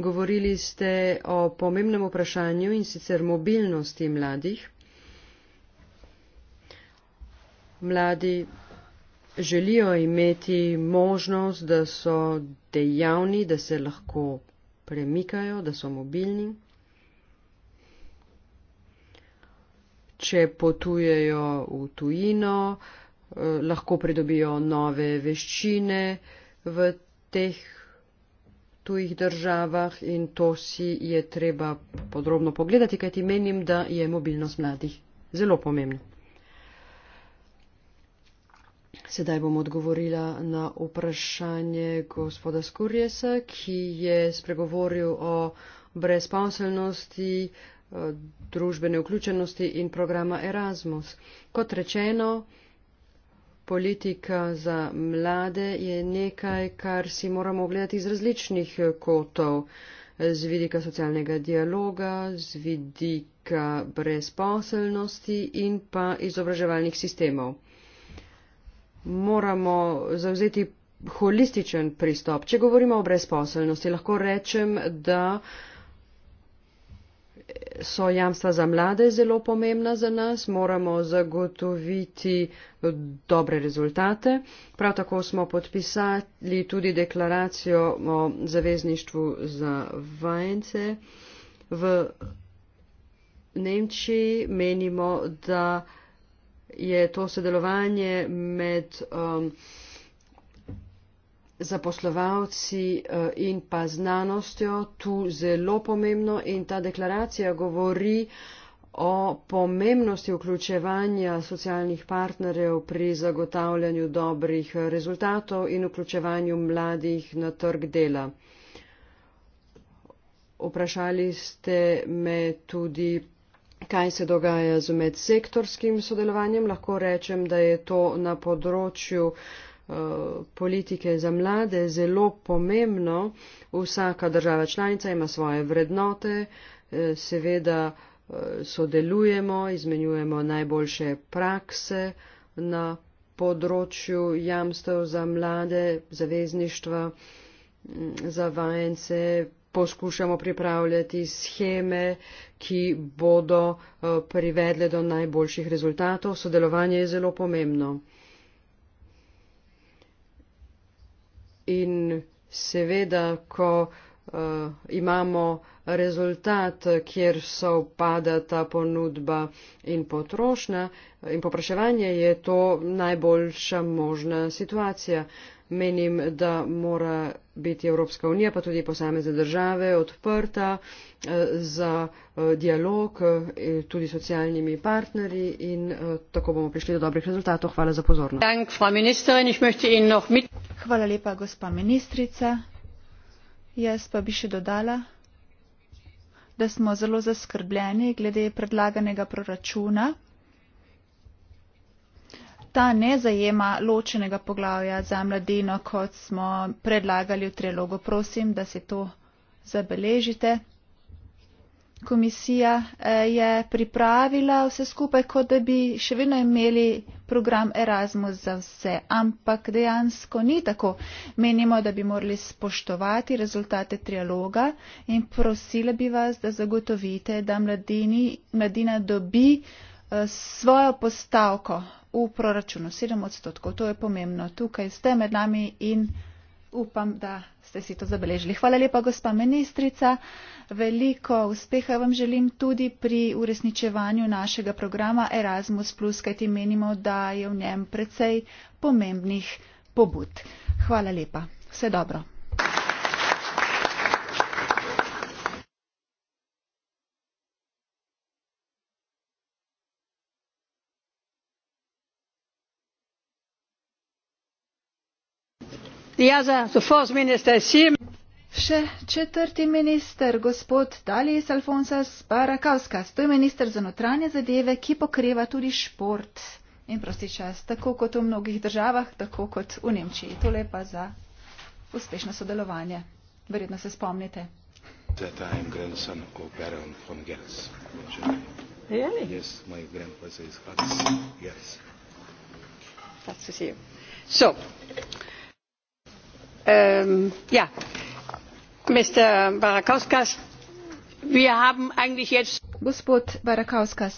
govorili ste o pomembnem vprašanju in sicer mobilnosti mladih. Mladi želijo imeti možnost, da so dejavni, da se lahko premikajo, da so mobilni. Če potujejo v tujino, uh, Eh, lahko pridobijo nove veščine v teh tujih državah in to si je treba podrobno pogledati, kajti menim, da je mobilnost mladih zelo pomembna. Sedaj bom odgovorila na vprašanje gospoda Skurjesa, ki je spregovoril o brezposelnosti, eh, družbene vključenosti in programa Erasmus. Kot rečeno, politika za mlade je nekaj, kar si moramo ogledati iz različnih kotov, z vidika socialnega dialoga, z vidika brezposelnosti in pa izobraževalnih sistemov. Moramo zavzeti holističen pristop. Če govorimo o brezposelnosti, lahko rečem, da uh, so jamstva za mlade zelo pomembna za nas, moramo zagotoviti dobre rezultate. Prav tako smo podpisali tudi deklaracijo o zavezništvu za vajence. V Nemčiji menimo, da je to sodelovanje med. Um, zaposlovalci eh, in pa znanostjo tu zelo pomembno in ta deklaracija govori o pomembnosti vključevanja socialnih partnerjev pri zagotavljanju dobrih eh, rezultatov in vključevanju mladih na trg dela. Vprašali ste me tudi, kaj se dogaja z medsektorskim sodelovanjem. Lahko rečem, da je to na področju uh, Eh, politike za mlade zelo pomembno. Vsaka država članica ima svoje vrednote, eh, seveda eh, sodelujemo, izmenjujemo najboljše prakse na področju jamstev za mlade, zavezništva, mm, za vajence, poskušamo pripravljati scheme, ki bodo privedle do najboljših rezultatov. Sodelovanje je zelo pomembno. in seveda, ko uh, imamo rezultat, kjer so upada ta ponudba in potrošnja in popraševanje, je to najboljša možna situacija. Uh, menim, da mora biti Evropska unija, pa tudi posamezne države, odprta eh, za eh, dialog eh, tudi socialnimi partnerji in tako bomo prišli do dobrih rezultatov. Hvala za pozornost. Hvala lepa, gospa ministrica. Jaz pa bi še dodala, da smo zelo zaskrbljeni glede predlaganega proračuna ta ne zajema ločenega poglavja za mladino, kot smo predlagali v trilogu. Prosim, da se to zabeležite. Komisija eh, je pripravila vse skupaj, kot da bi še vedno imeli program Erasmus za vse, ampak dejansko ni tako. Menimo, da bi morali spoštovati rezultate trialoga in prosila bi vas, da zagotovite, da mladini, mladina dobi eh, svojo postavko v proračunu sedem odstotkov. To je pomembno. Tukaj ste med nami in upam, da ste si to zabeležili. Hvala lepa, gospa ministrica. Veliko uspeha vam želim tudi pri uresničevanju našega programa Erasmus, plus, kajti menimo, da je v njem precej pomembnih pobud. Hvala lepa. Vse dobro. Še četrti minister, gospod Dalijs Alfonsas Barakauskas, to je minister za notranje zadeve, ki pokriva tudi šport in prosti čas, tako kot v mnogih državah, tako kot v Nemčiji. To je pa za uspešno sodelovanje. Verjetno se spomnite. Really? Yes, Ähm, ja. mister barackauskas wir haben eigentlich jetzt. gospod barackauskas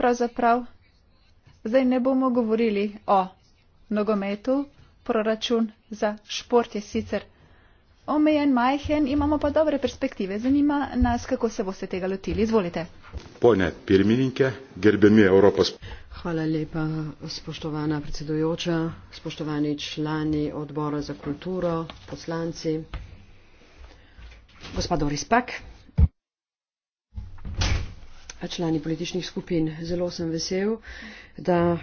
pravzaprav zdaj ne bomo govorili o nogometu proračun za šport je sicer zelo pomemben omejen, majhen, imamo pa dobre perspektive. Zanima nas, kako se boste tega lotili. Izvolite. Pojne pirmininke, gerbeni Evropa. Hvala lepa, spoštovana predsedujoča, spoštovani člani odbora za kulturo, poslanci. Gospod Doris Pak, člani političnih skupin, zelo sem vesel, da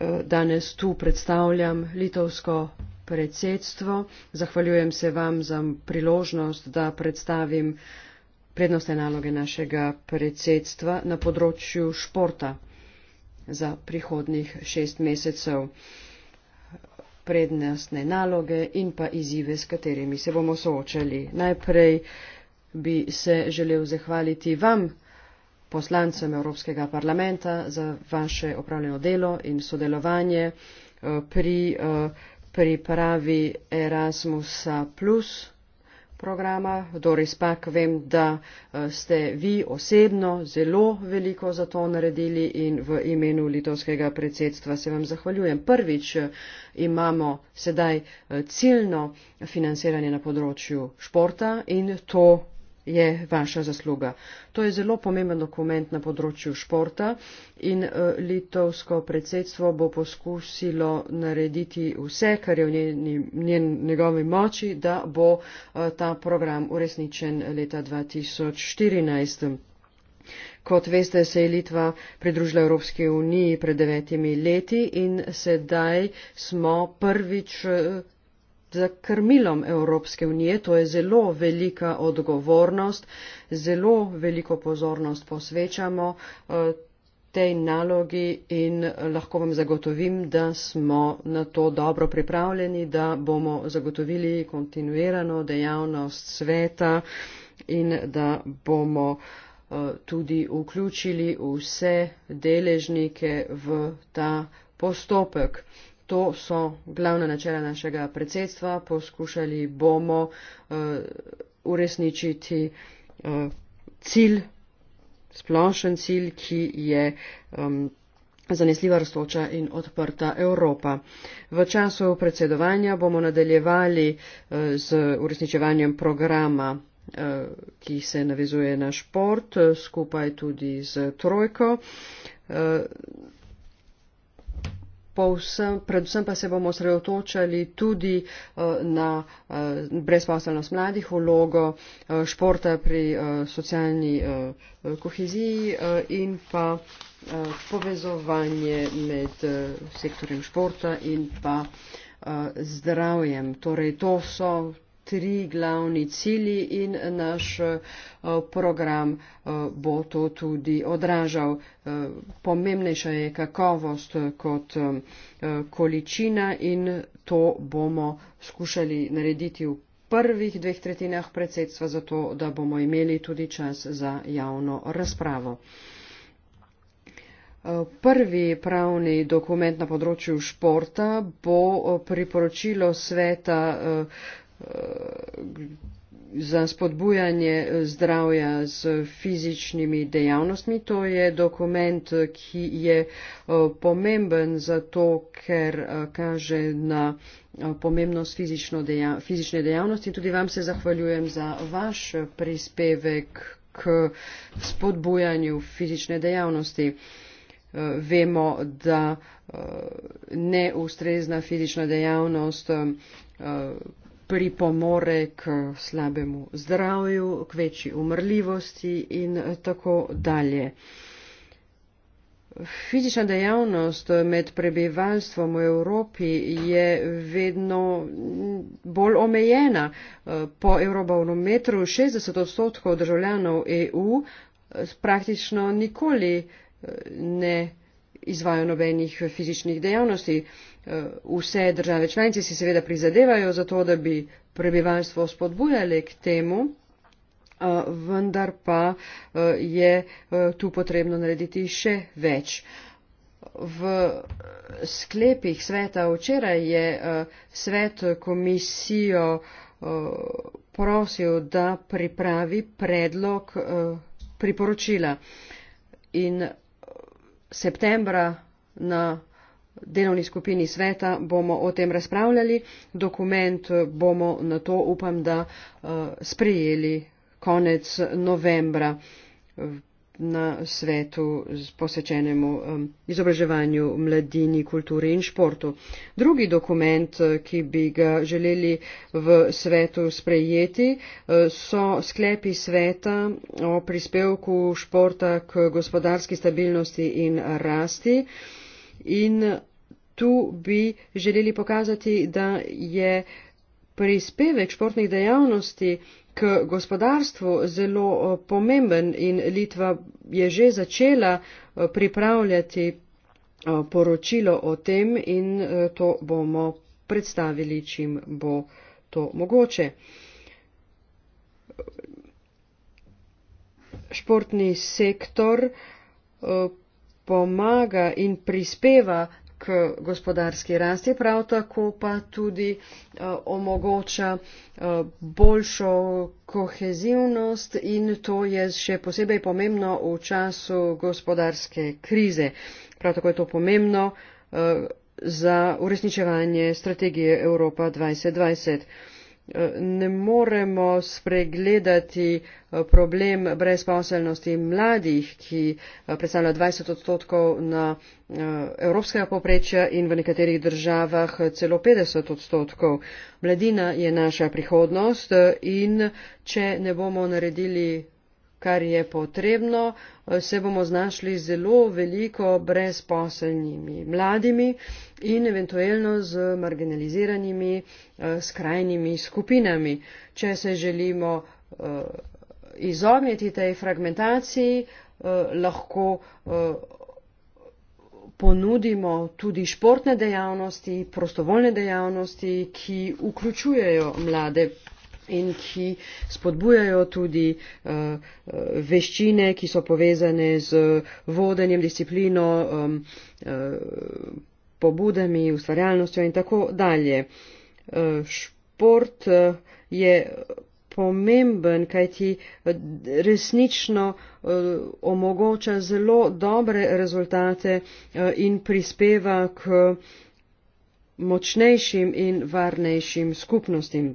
eh, danes tu predstavljam litovsko predsedstvo. Zahvaljujem se vam za priložnost, da predstavim prednostne naloge našega predsedstva na področju športa za prihodnih šest mesecev. Prednostne naloge in pa izzive, s katerimi se bomo soočali. Najprej bi se želel zahvaliti vam, poslancem Evropskega parlamenta, za vaše opravljeno delo in sodelovanje eh, pri eh, pripravi Erasmusa plus programa. Doris Pak, vem, da eh, ste vi osebno zelo veliko za to naredili in v imenu litovskega predsedstva se vam zahvaljujem. Prvič eh, imamo sedaj eh, ciljno financiranje na področju športa in to je vaša zasluga. To je zelo pomemben dokument na področju športa in eh, litovsko predsedstvo bo poskusilo narediti vse, kar je v njegovi moči, da bo eh, ta program uresničen leta 2014. Kot veste, se je Litva pridružila Evropski uniji pred devetimi leti in sedaj smo prvič eh, za krmilom Evropske unije. To je zelo velika odgovornost, zelo veliko pozornost posvečamo eh, tej nalogi in lahko vam zagotovim, da smo na to dobro pripravljeni, da bomo zagotovili kontinuirano dejavnost sveta in da bomo eh, tudi vključili vse deležnike v ta postopek. To so glavna načela našega predsedstva. Poskušali bomo uh, uresničiti uh, cilj, splošen cilj, ki je um, zanesljiva, rastoča in odprta Evropa. V času predsedovanja bomo nadaljevali uh, z uresničevanjem programa ki se navezuje na šport, skupaj tudi z trojko povsem, predvsem pa se bomo sredotočali tudi eh, na eh, brezposelnost mladih, vlogo eh, športa pri socialni koheziji in pa povezovanje med sektorjem športa in pa zdravjem. Torej, to so tri glavni cilji in naš eh, program eh, bo to tudi odražal. Eh, pomembnejša je kakovost kot količina in to bomo skušali narediti v prvih dveh tretjinah predsedstva, zato da bomo imeli tudi čas za javno razpravo. Prvi pravni dokument na področju športa bo priporočilo sveta Eh, za spodbujanje zdravja z fizičnimi dejavnostmi. To je dokument, ki je eh, pomemben zato, ker eh, kaže na pomembnost dejav fizične dejavnosti. Tudi vam se zahvaljujem za vaš prispevek k spodbujanju fizične dejavnosti. Vemo, da neustrezna fizična dejavnost pripomore k slabemu zdravju, k večji umrljivosti in tako dalje. Fizična dejavnost med prebivalstvom v Evropi je vedno bolj omejena. Po eurobavnometru 60 odstotkov državljanov EU praktično nikoli eh, ne izvajo nobenih fizičnih dejavnosti. Eh, vse države članice si seveda prizadevajo za to, da bi prebivalstvo spodbujali k temu, eh, vendar pa eh, je tu potrebno narediti še več. V sklepih sveta včeraj je svet komisijo prosil, da pripravi predlog priporočila. In septembra na delovni skupini sveta bomo o tem razpravljali. Dokument eh, bomo na to, upam, da eh, sprejeli konec novembra. Eh, na svetu posvečenemu um, izobraževanju, mladini, kulturi in športu. Drugi dokument, uh, ki bi ga želeli v svetu sprejeti, uh, so sklepi sveta o prispevku športa k gospodarski stabilnosti in rasti. In tu bi želeli pokazati, da je prispevek športnih dejavnosti k gospodarstvu zelo eh, pomemben in Litva je že začela eh, pripravljati eh, poročilo o tem in to bomo predstavili, čim bo to mogoče. Športni sektor pomaga in prispeva k gospodarski rasti, prav tako pa tudi eh, omogoča eh, boljšo kohezivnost in to je še posebej pomembno v času gospodarske krize. Prav tako je to pomembno eh, za uresničevanje strategije Evropa 2020. Eh, ne moremo spregledati eh, problem brezposelnosti mladih, ki eh, predstavlja 20 odstotkov na evropskega poprečja in v nekaterih državah celo 50 odstotkov. Mladina je naša prihodnost in če ne bomo naredili kar je potrebno, se bomo znašli zelo veliko brezposelnimi mladimi in eventuelno z marginaliziranimi eh, skrajnimi skupinami. Če se želimo eh, izogniti tej fragmentaciji, eh, lahko ponudimo tudi športne dejavnosti, prostovoljne dejavnosti, ki vključujejo mlade in ki spodbujajo tudi uh, veščine, ki so povezane z vodenjem, disciplino, um, uh, pobudami, ustvarjalnostjo in tako dalje. Uh, šport uh, je pomemben, kaj ti resnično uh, omogoča zelo dobre rezultate uh, in prispeva k močnejšim in varnejšim skupnostim.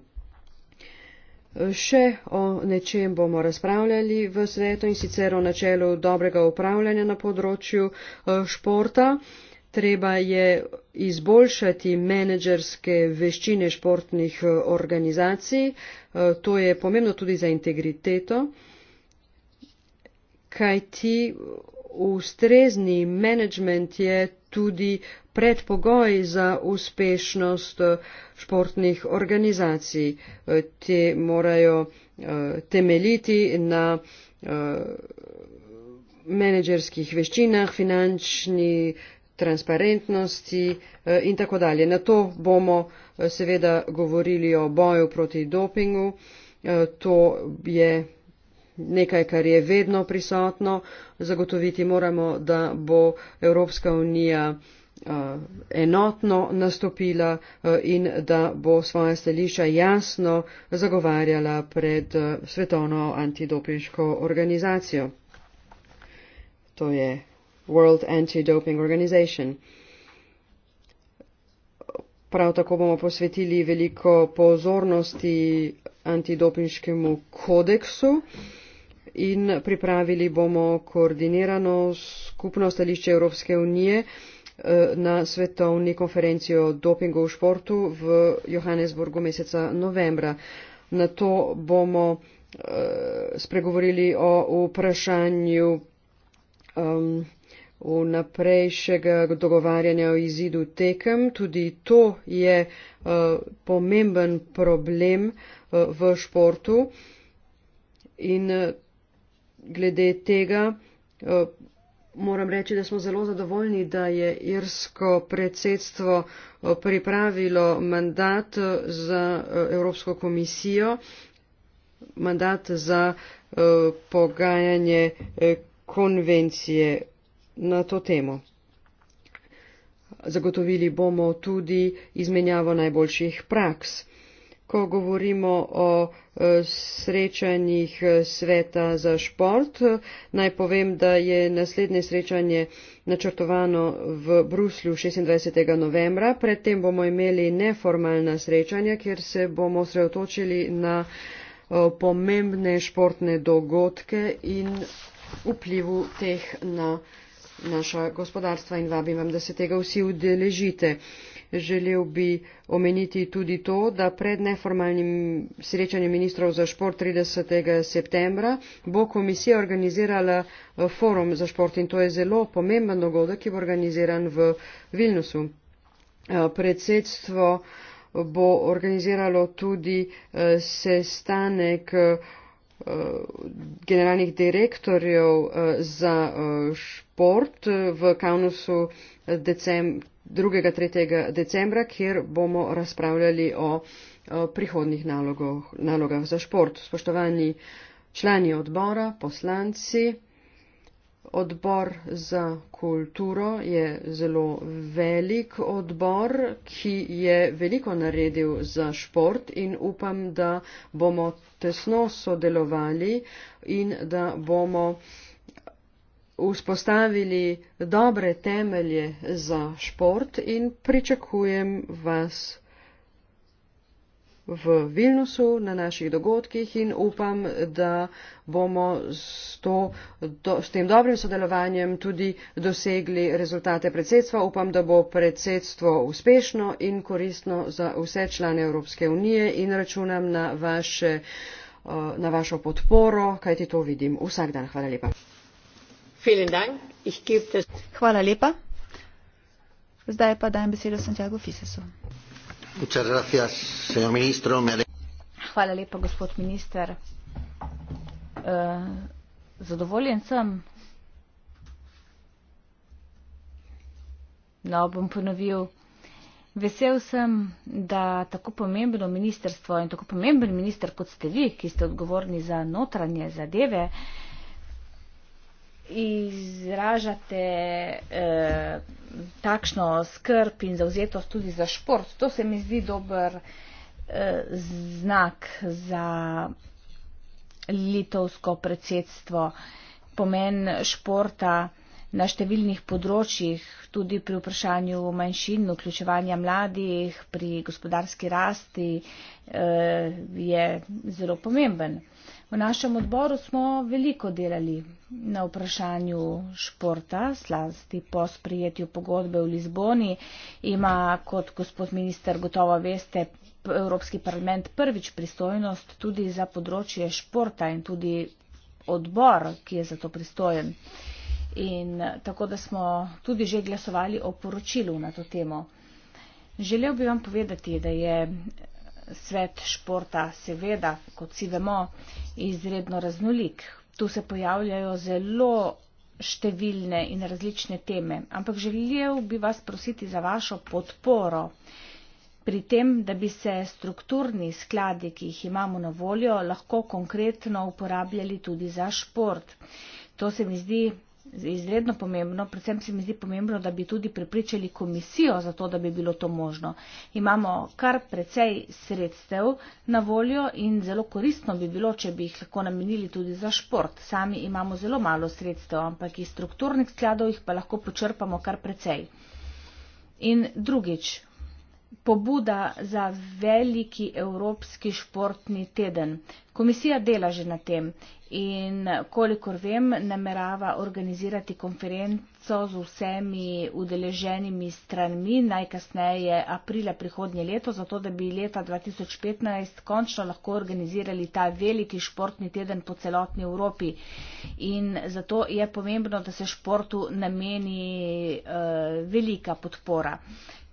Še o nečem bomo razpravljali v svetu in sicer o načelu dobrega upravljanja na področju eh, športa. Treba je izboljšati menedžerske veščine športnih eh, organizacij. Eh, to je pomembno tudi za integriteto, kaj ti ustrezni menedžment je tudi uh, predpogoj za uspešnost eh, športnih organizacij. Eh, te morajo eh, temeljiti na menedžerskih veščinah, finančni transparentnosti in tako dalje. Na to bomo seveda govorili o boju proti dopingu. To je nekaj, kar je vedno prisotno. Zagotoviti moramo, da bo Evropska unija uh, Eh, enotno nastopila eh, in da bo svoje stališča jasno zagovarjala pred eh, svetovno antidopiško organizacijo. To je World Anti-Doping Organization. Prav tako bomo posvetili veliko pozornosti antidopinškemu kodeksu in pripravili bomo koordinirano skupno stališče Evropske unije, Eh, na svetovni konferenci o dopingu v športu v Johannesburgu meseca novembra. Na to bomo eh, spregovorili o vprašanju um, vnaprejšega dogovarjanja o izidu tekem. Tudi to je uh, pomemben problem uh, v športu in uh, glede tega uh, Moram reči, da smo zelo zadovoljni, da je irsko predsedstvo eh, pripravilo mandat eh, za eh, Evropsko komisijo, mandat za pogajanje konvencije na to temo. Zagotovili bomo tudi izmenjavo najboljših praks ko govorimo o e, srečanjih e, sveta za šport. Naj povem, da je naslednje srečanje načrtovano v Bruslju 26. novembra. Predtem bomo imeli neformalna srečanja, kjer se bomo sreotočili na pomembne športne dogodke in vplivu teh na naša gospodarstva in vabim vam, da se tega vsi udeležite. Želel bi omeniti tudi to, da pred neformalnim srečanjem ministrov za šport 30. septembra bo komisija organizirala eh, forum za šport in to je zelo pomemben dogodek, ki bo organiziran v Vilnusu. Eh, predsedstvo eh, bo organiziralo tudi sestanek generalnih direktorjev za šport Port eh, v Kaunusu 2.3. Eh, decem decembra, kjer bomo razpravljali o prihodnih nalogoh, nalogah za šport. Spoštovani člani odbora, poslanci, odbor za kulturo je zelo velik odbor, ki je veliko naredil za šport in upam, da bomo tesno sodelovali in da bomo vzpostavili dobre temelje za šport in pričakujem vas v Vilnusu na naših dogodkih in upam, da bomo s, to, do, s tem dobrim sodelovanjem tudi dosegli rezultate predsedstva. Upam, da bo predsedstvo uspešno in koristno za vse člane Evropske unije in računam na, vaše, eh, na vašo podporo, kajti to vidim vsak dan. Hvala lepa. Hvala lepa. Zdaj pa dajem besedo Santiago Fisesu. Hvala lepa, gospod minister. Eh, zadovoljen sem. No, bom ponovil. Vesel sem, da tako pomembno ministerstvo in tako pomemben minister, kot ste vi, ki ste odgovorni za notranje zadeve, izražate eh, takšno skrb in zauzetost tudi za šport. To se mi zdi dober eh, znak za litovsko predsedstvo. Pomen športa na številnih področjih, tudi pri vprašanju manjšin, vključevanja mladih, pri gospodarski rasti, eh, je zelo pomemben. Eh, V našem odboru smo veliko delali na vprašanju športa, slasti po sprijetju pogodbe v Lizboni. Ima, kot gospod minister, gotovo veste, Evropski parlament prvič pristojnost tudi za področje športa in tudi odbor, ki je za to pristojen. In tako da smo tudi že glasovali o poročilu na to temo. Želel bi vam povedati, da je svet športa, seveda, kot si vemo, izredno raznolik. Tu se pojavljajo zelo številne in različne teme, ampak želel bi vas prositi za vašo podporo pri tem, da bi se strukturni skladi, ki jih imamo na voljo, lahko konkretno uporabljali tudi za šport. To se mi zdi izredno pomembno, predvsem se mi zdi pomembno, da bi tudi prepričali komisijo za to, da bi bilo to možno. Imamo kar precej sredstev na voljo in zelo koristno bi bilo, če bi jih lahko namenili tudi za šport. Sami imamo zelo malo sredstev, ampak iz strukturnih skladov jih pa lahko počrpamo kar precej. In drugič, pobuda za veliki evropski športni teden. Komisija dela že na tem in kolikor vem, namerava organizirati konferenco z vsemi udeleženimi stranmi najkasneje aprila prihodnje leto, zato da bi leta 2015 končno lahko organizirali ta veliki športni teden po celotni Evropi. In zato je pomembno, da se športu nameni uh, velika podpora.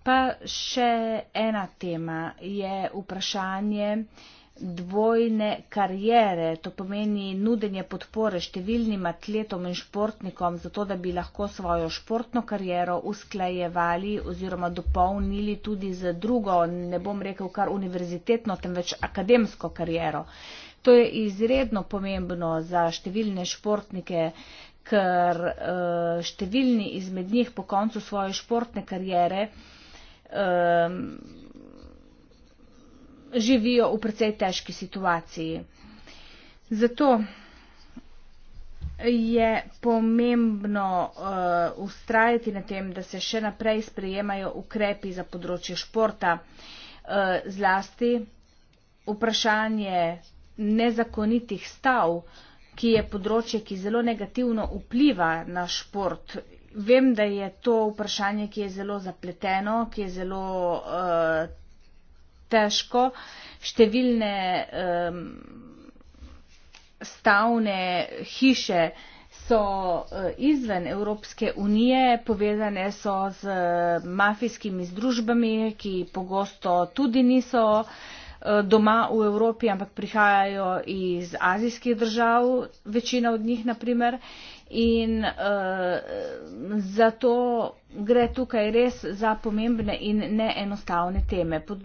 Pa še ena tema je vprašanje, uh, dvojne karijere, to pomeni nudenje podpore številnim atletom in športnikom, zato da bi lahko svojo športno karijero usklajevali oziroma dopolnili tudi z drugo, ne bom rekel kar univerzitetno, temveč akademsko karijero. To je izredno pomembno za številne športnike, ker eh, številni izmed njih po koncu svoje športne karijere um, eh, živijo v precej težki situaciji. Zato je pomembno uh, ustrajati na tem, da se še naprej sprejemajo ukrepi za področje športa, uh, zlasti vprašanje nezakonitih stav, ki je področje, ki zelo negativno vpliva na šport. Vem, da je to vprašanje, ki je zelo zapleteno, ki je zelo uh, težko, številne um, stavne hiše so eh, izven Evropske unije, povezane so z eh, mafijskimi združbami, ki pogosto tudi niso eh, doma v Evropi, ampak prihajajo iz azijskih držav, večina od njih naprimer in uh, zato gre tukaj res za pomembne in neenostavne teme. Pod,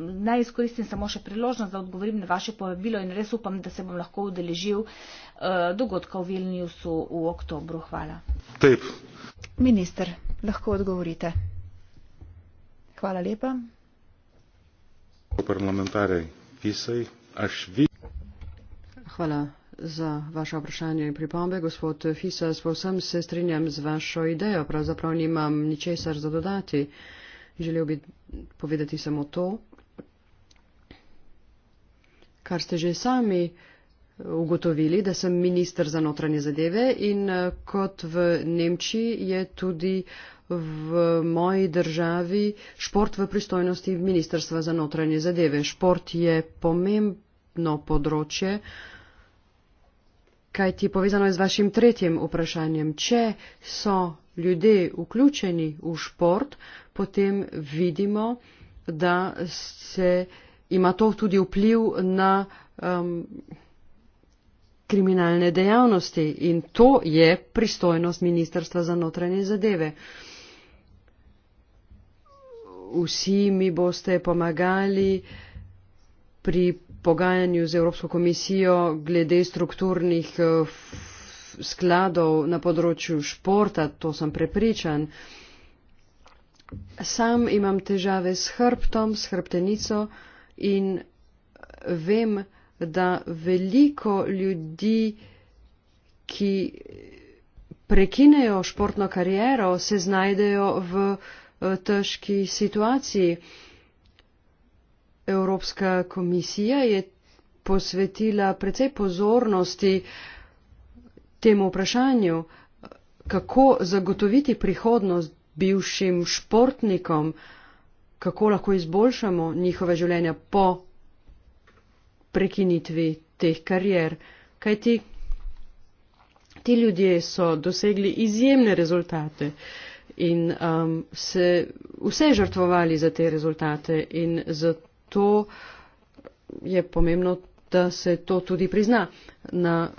naj izkoristim samo še priložnost, da odgovorim na vaše povabilo in res upam, da se bom lahko udeležil uh, dogodka v Vilniusu v oktobru. Hvala. Tep. Minister, lahko odgovorite. Hvala lepa. Hvala, za vaše vprašanje in pripombe. Gospod Fisas, povsem se strinjam z vašo idejo, pravzaprav nimam ničesar za dodati. Želel bi povedati samo to, kar ste že sami ugotovili, da sem minister za notranje zadeve in eh, kot v Nemčiji je tudi v moji državi šport v pristojnosti Ministrstva za notranje zadeve. Šport je pomembno področje, uh, kaj ti povezano je z vašim tretjim vprašanjem. Če so ljudje vključeni v šport, potem vidimo, da se ima to tudi vpliv na um, kriminalne dejavnosti in to je pristojnost Ministrstva za notranje zadeve. Vsi mi boste pomagali pri pogajanju z Evropsko komisijo glede strukturnih eh, skladov na področju športa, to sem prepričan. Sam imam težave s hrbtom, s hrbtenico in vem, da veliko ljudi, ki prekinejo športno kariero, se znajdejo v eh, težki situaciji. Evropska komisija je posvetila precej pozornosti temu vprašanju, kako zagotoviti prihodnost bivšim športnikom, kako lahko izboljšamo njihove življenja po prekinitvi teh karier. Kaj ti? Ti ljudje so dosegli izjemne rezultate in um, se vse žrtvovali za te rezultate in zato to je pomembno, da se to tudi prizna. Na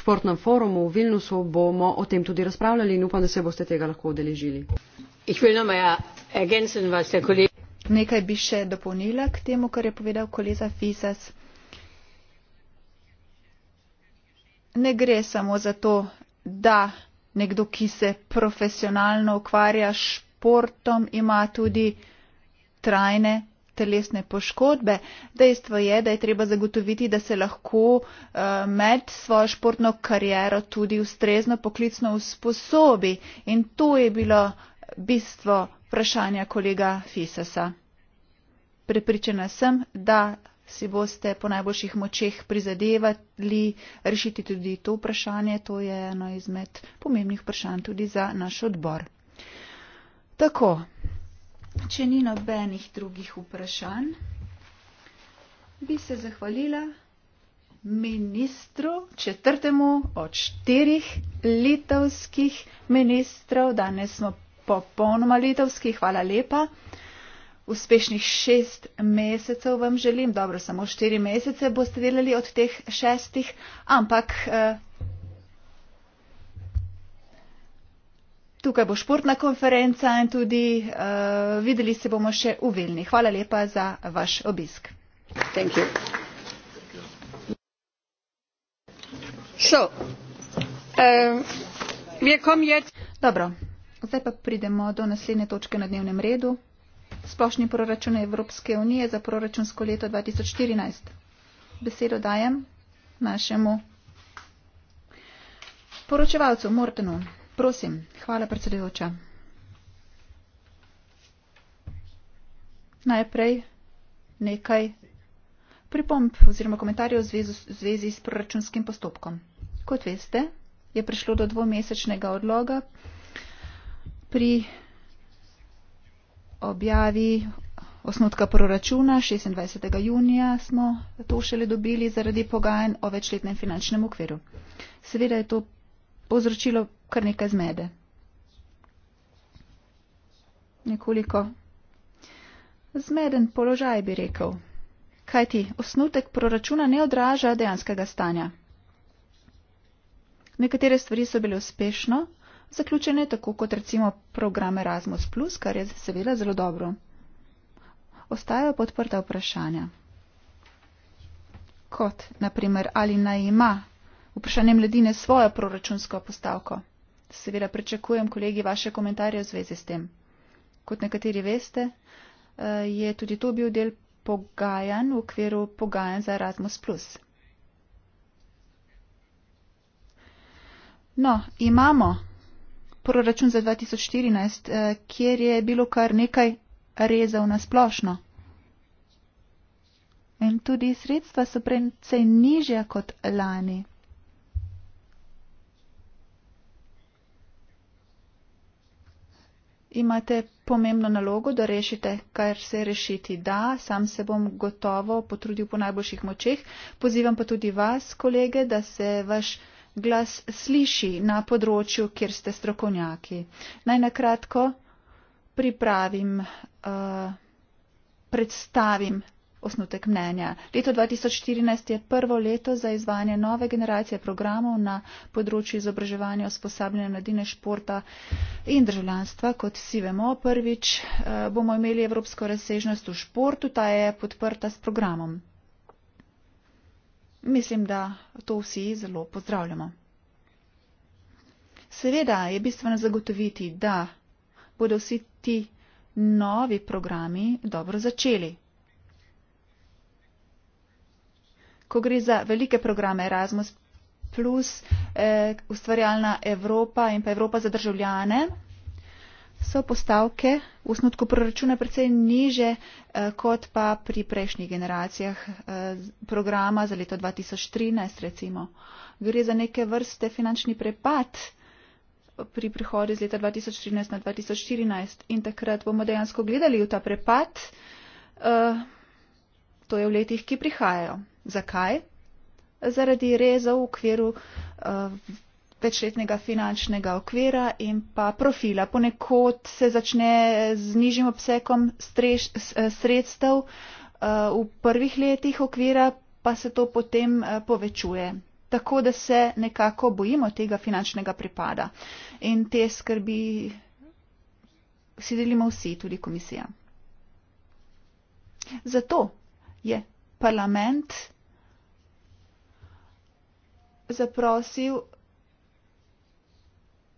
športnem forumu v Vilnusu bomo o tem tudi razpravljali in upam, da se boste tega lahko odeležili. Nekaj bi še dopolnila k temu, kar je povedal kolega Fizas. Ne gre samo za to, da nekdo, ki se profesionalno ukvarja s športom, ima tudi trajne telesne poškodbe. Dejstvo je, da je treba zagotoviti, da se lahko eh, med svojo športno kariero tudi ustrezno poklicno usposobi. In to je bilo bistvo vprašanja kolega Fisasa. Prepričana sem, da si boste po najboljših močeh prizadevali rešiti tudi to vprašanje. To je eno izmed pomembnih vprašanj tudi za naš odbor. Tako, Če ni nobenih drugih vprašanj, bi se zahvalila ministru, četrtemu od štirih litovskih ministrov. Danes smo popolnoma litovski, hvala lepa. Uspešnih šest mesecev vam želim, dobro, samo štiri mesece boste delali od teh šestih, ampak. Eh, Tukaj bo športna konferenca in tudi uh, videli se bomo še v Vilni. Hvala lepa za vaš obisk. So, um, eh, yet... Dobro, zdaj pa pridemo do naslednje točke na dnevnem redu. Splošni proračun Evropske unije za proračunsko leto 2014. Besedo dajem našemu poročevalcu Mortenu. Prosim, hvala predsedujoča. Najprej nekaj pripomb oziroma komentarjev v zvezi, v zvezi s proračunskim postopkom. Kot veste, je prišlo do dvomesečnega odloga pri objavi osnutka proračuna 26. junija smo to šele dobili zaradi pogajanj o večletnem finančnem okviru. Seveda je to povzročilo kar nekaj zmede. Nekoliko zmeden položaj bi rekel, kajti osnutek proračuna ne odraža dejanskega stanja. Nekatere stvari so bile uspešno zaključene, tako kot recimo program Erasmus, kar je seveda zelo dobro. Ostajajo podprta vprašanja. Kot, naprimer, ali naj ima vprašanje mladine svojo proračunsko postavko. Seveda prečakujem kolegi vaše komentarje v zvezi s tem. Kot nekateri veste, eh, je tudi to bil del pogajanj v okviru pogajanj za Erasmus. No, imamo proračun za 2014, eh, kjer je bilo kar nekaj rezov na splošno. In tudi sredstva so precej nižja kot lani. imate pomembno nalogo, da rešite, kar se rešiti da. Sam se bom gotovo potrudil po najboljših močeh. Pozivam pa tudi vas, kolege, da se vaš glas sliši na področju, kjer ste strokovnjaki. Naj nakratko pripravim, uh, predstavim osnutek mnenja. Leto 2014 je prvo leto za izvajanje nove generacije programov na področju izobraževanja, usposabljanja mladine, športa in državljanstva. Kot vsi vemo, prvič eh, bomo imeli evropsko razsežnost v športu, ta je podprta s programom. Mislim, da to vsi zelo pozdravljamo. Seveda je bistveno zagotoviti, da bodo vsi ti novi programi dobro začeli. ko gre za velike programe Erasmus, plus, eh, ustvarjalna Evropa in pa Evropa za državljane, so postavke v osnutku proračuna precej niže eh, kot pa pri prejšnjih generacijah eh, programa za leto 2013, recimo. Gre za neke vrste finančni prepad pri prihodu iz leta 2013 na 2014 in takrat bomo dejansko gledali v ta prepad, eh, to je v letih, ki prihajajo. Zakaj? Zaradi reza v okviru uh, večletnega finančnega okvira in pa profila. Ponekod se začne z nižjim obsekom streš, eh, sredstev uh, v prvih letih okvira, pa se to potem uh, povečuje. Tako da se nekako bojimo tega finančnega pripada in te skrbi si delimo vsi, tudi komisija. Zato je parlament zaprosil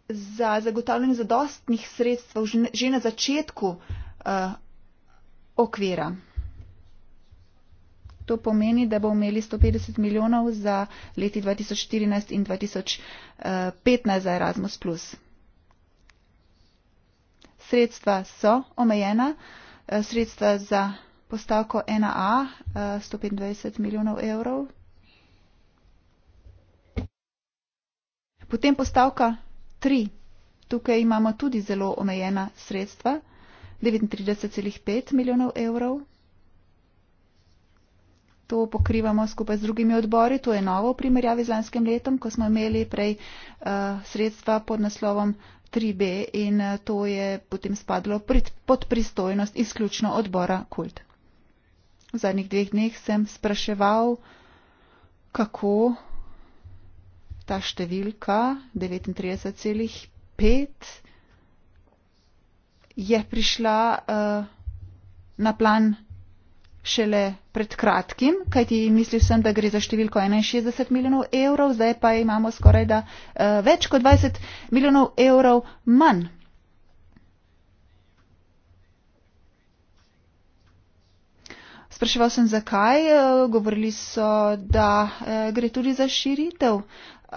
za zagotavljanje zadostnih sredstv že na začetku uh, okvira. To pomeni, da bo imeli 150 milijonov za leti 2014 in 2015 eh, za Erasmus. Sredstva so omejena, eh, sredstva za postavko 1A 125 milijonov evrov, Potem postavka 3. Tukaj imamo tudi zelo omejena sredstva, 39,5 milijonov evrov. To pokrivamo skupaj z drugimi odbori, to je novo v primerjavi z lanskim letom, ko smo imeli prej uh, sredstva pod naslovom 3B in uh, to je potem spadlo prid, pod pristojnost izključno odbora Kult. V zadnjih dveh dneh sem spraševal, kako ta številka 39,5 je prišla uh, na plan šele pred kratkim, kajti mislil sem, da gre za številko 61 milijonov evrov, zdaj pa imamo skoraj da uh, eh, več kot 20 milijonov evrov manj. Spraševal sem, zakaj. Eh, govorili so, da eh, gre tudi za širitev eh,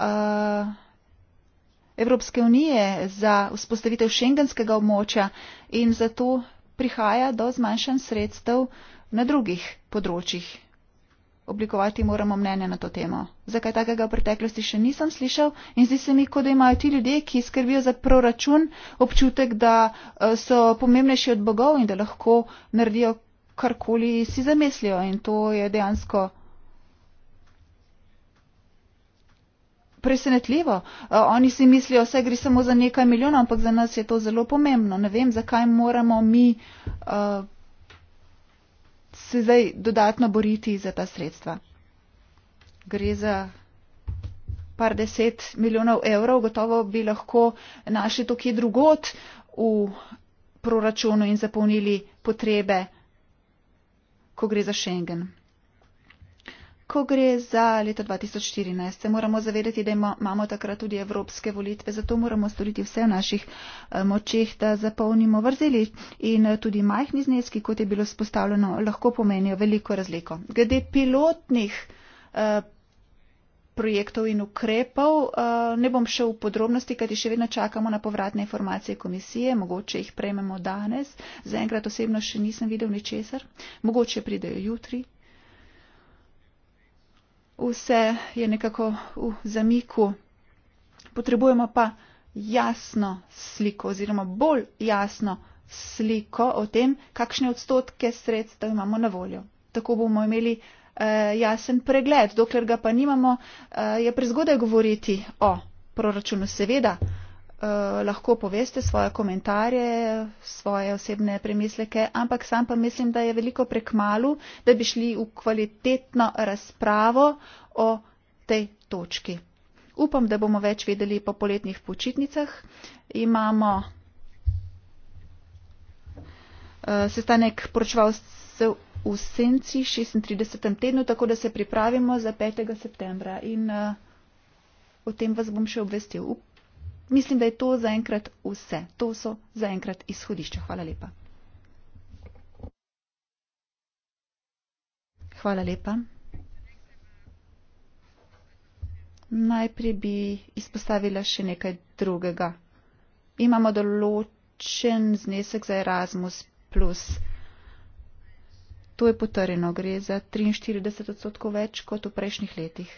Evropske unije, za vzpostavitev šengenskega območja in zato prihaja do zmanjšanj sredstev na drugih področjih. Oblikovati moramo mnenje na to temo. Zakaj takega v preteklosti še nisem slišal in zdi se mi, kot da imajo ti ljudje, ki skrbijo za proračun, občutek, da so pomembnejši od bogov in da lahko naredijo karkoli si zamislijo in to je dejansko presenetljivo. Eh, oni si mislijo, vse gre samo za nekaj milijonov, ampak za nas je to zelo pomembno. Ne vem, zakaj moramo mi uh, se zdaj dodatno boriti za ta sredstva. Gre za par deset milijonov evrov, gotovo bi lahko našli tukaj drugot v proračunu in zapolnili potrebe ko gre za Schengen. Ko gre za leto 2014, se moramo zavedati, da imamo takrat tudi evropske volitve, zato moramo storiti vse v naših eh, močeh, da zapolnimo vrzeli in eh, tudi majhni zneski, kot je bilo spostavljeno, lahko pomenijo veliko razliko. Glede pilotnih eh, projektov in ukrepov. Eh, ne bom šel v podrobnosti, kajti še vedno čakamo na povratne informacije komisije, mogoče jih prejmemo danes. Zaenkrat osebno še nisem videl ničesar, mogoče pridejo jutri. Vse je nekako v zamiku. Potrebujemo pa jasno sliko oziroma bolj jasno sliko o tem, kakšne odstotke sredstev imamo na voljo. Tako bomo imeli Eh, jasen pregled. Dokler ga pa nimamo, eh, je prezgodaj govoriti o proračunu. Seveda eh, lahko poveste svoje komentarje, svoje osebne premisleke, ampak sam pa mislim, da je veliko prekmalu, da bi šli v kvalitetno razpravo o tej točki. Upam, da bomo več vedeli po poletnih počitnicah. Imamo uh, sestanek poročevalcev v senci 36. tednu, tako da se pripravimo za 5. septembra in uh, o tem vas bom še obvestil. Up Mislim, da je to zaenkrat vse. To so zaenkrat izhodišča. Hvala lepa. Hvala lepa. Najprej bi izpostavila še nekaj drugega. Imamo določen znesek za Erasmus. Plus. To je potrjeno, gre za 43 odstotkov več kot v prejšnjih letih.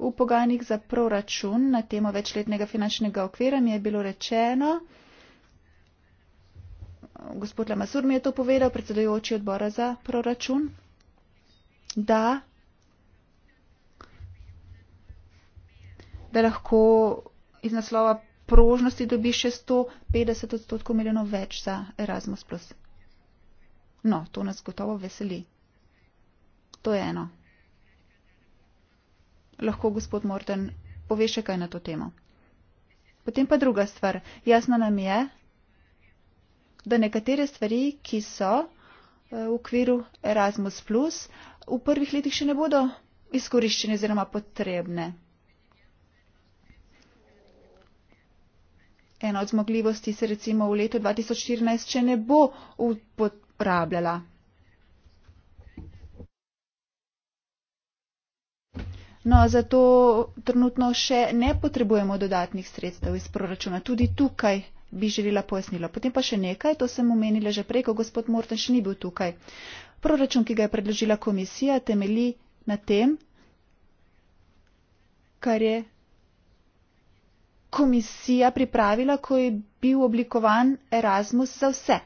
V pogajanjih za proračun na temo večletnega finančnega okvira mi je bilo rečeno, gospod Lamasur mi je to povedal, predsedujoči odbora za proračun, da, da lahko iz naslova prožnosti dobi še 150 odstotkov milijonov več za Erasmus. No, to nas gotovo veseli. To je eno. Lahko, gospod Morten, pove še kaj na to temo. Potem pa druga stvar. Jasno nam je, da nekatere stvari, ki so eh, v okviru Erasmus, plus, v prvih letih še ne bodo izkoriščene oziroma potrebne. Ena od zmogljivosti se recimo v letu 2014 še ne bo v, pot, uporabljala. No, zato trenutno še ne potrebujemo dodatnih sredstev iz proračuna. Tudi tukaj bi želela pojasnilo. Potem pa še nekaj, to sem omenila že prej, ko gospod Morten še ni bil tukaj. Proračun, ki ga je predložila komisija, temeli na tem, kar je komisija pripravila, ko je bil oblikovan Erasmus za vse.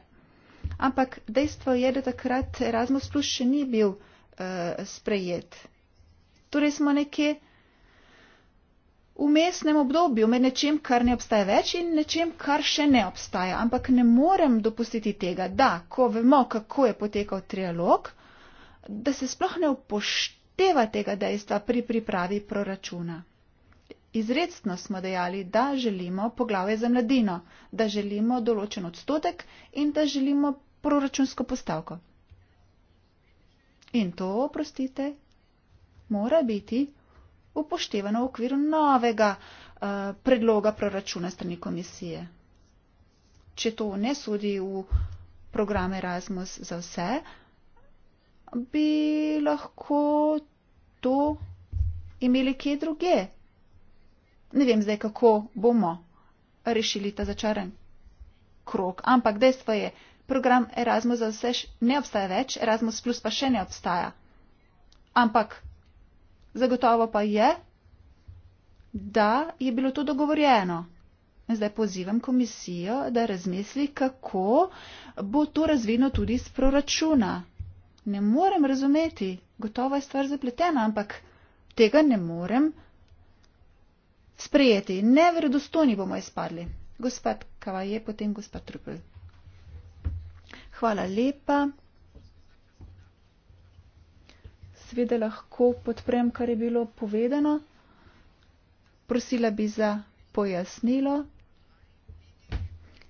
Ampak dejstvo je, da takrat Erasmus Plus še ni bil uh, sprejet. Torej smo nekje v mestnem obdobju med nečem, kar ne obstaja več in nečem, kar še ne obstaja. Ampak ne morem dopustiti tega, da ko vemo, kako je potekal trialog, da se sploh ne upošteva tega dejstva pri pripravi proračuna. Izredno smo dejali, da želimo poglavje za mladino, da želimo določen odstotek in da želimo proračunsko postavko. In to, oprostite, mora biti upoštevano v okviru novega uh, predloga proračuna strani komisije. Če to ne sodi v programe Erasmus za vse, bi lahko to imeli kje druge. Ne vem zdaj, kako bomo rešili ta začaren krok, ampak dejstvo je, da program Erasmus za vse ne obstaja več, Erasmus Plus pa še ne obstaja. Ampak zagotovo pa je, da je bilo to dogovorjeno. In zdaj pozivam komisijo, da razmisli, kako bo to razvidno tudi iz proračuna. Ne morem razumeti, gotovo je stvar zapletena, ampak tega ne morem sprejeti. Neverodostojni bomo izpadli. Gospod Kavaje, potem gospod Trupel. Hvala lepa. Seveda lahko podprem, kar je bilo povedano. Prosila bi za pojasnilo.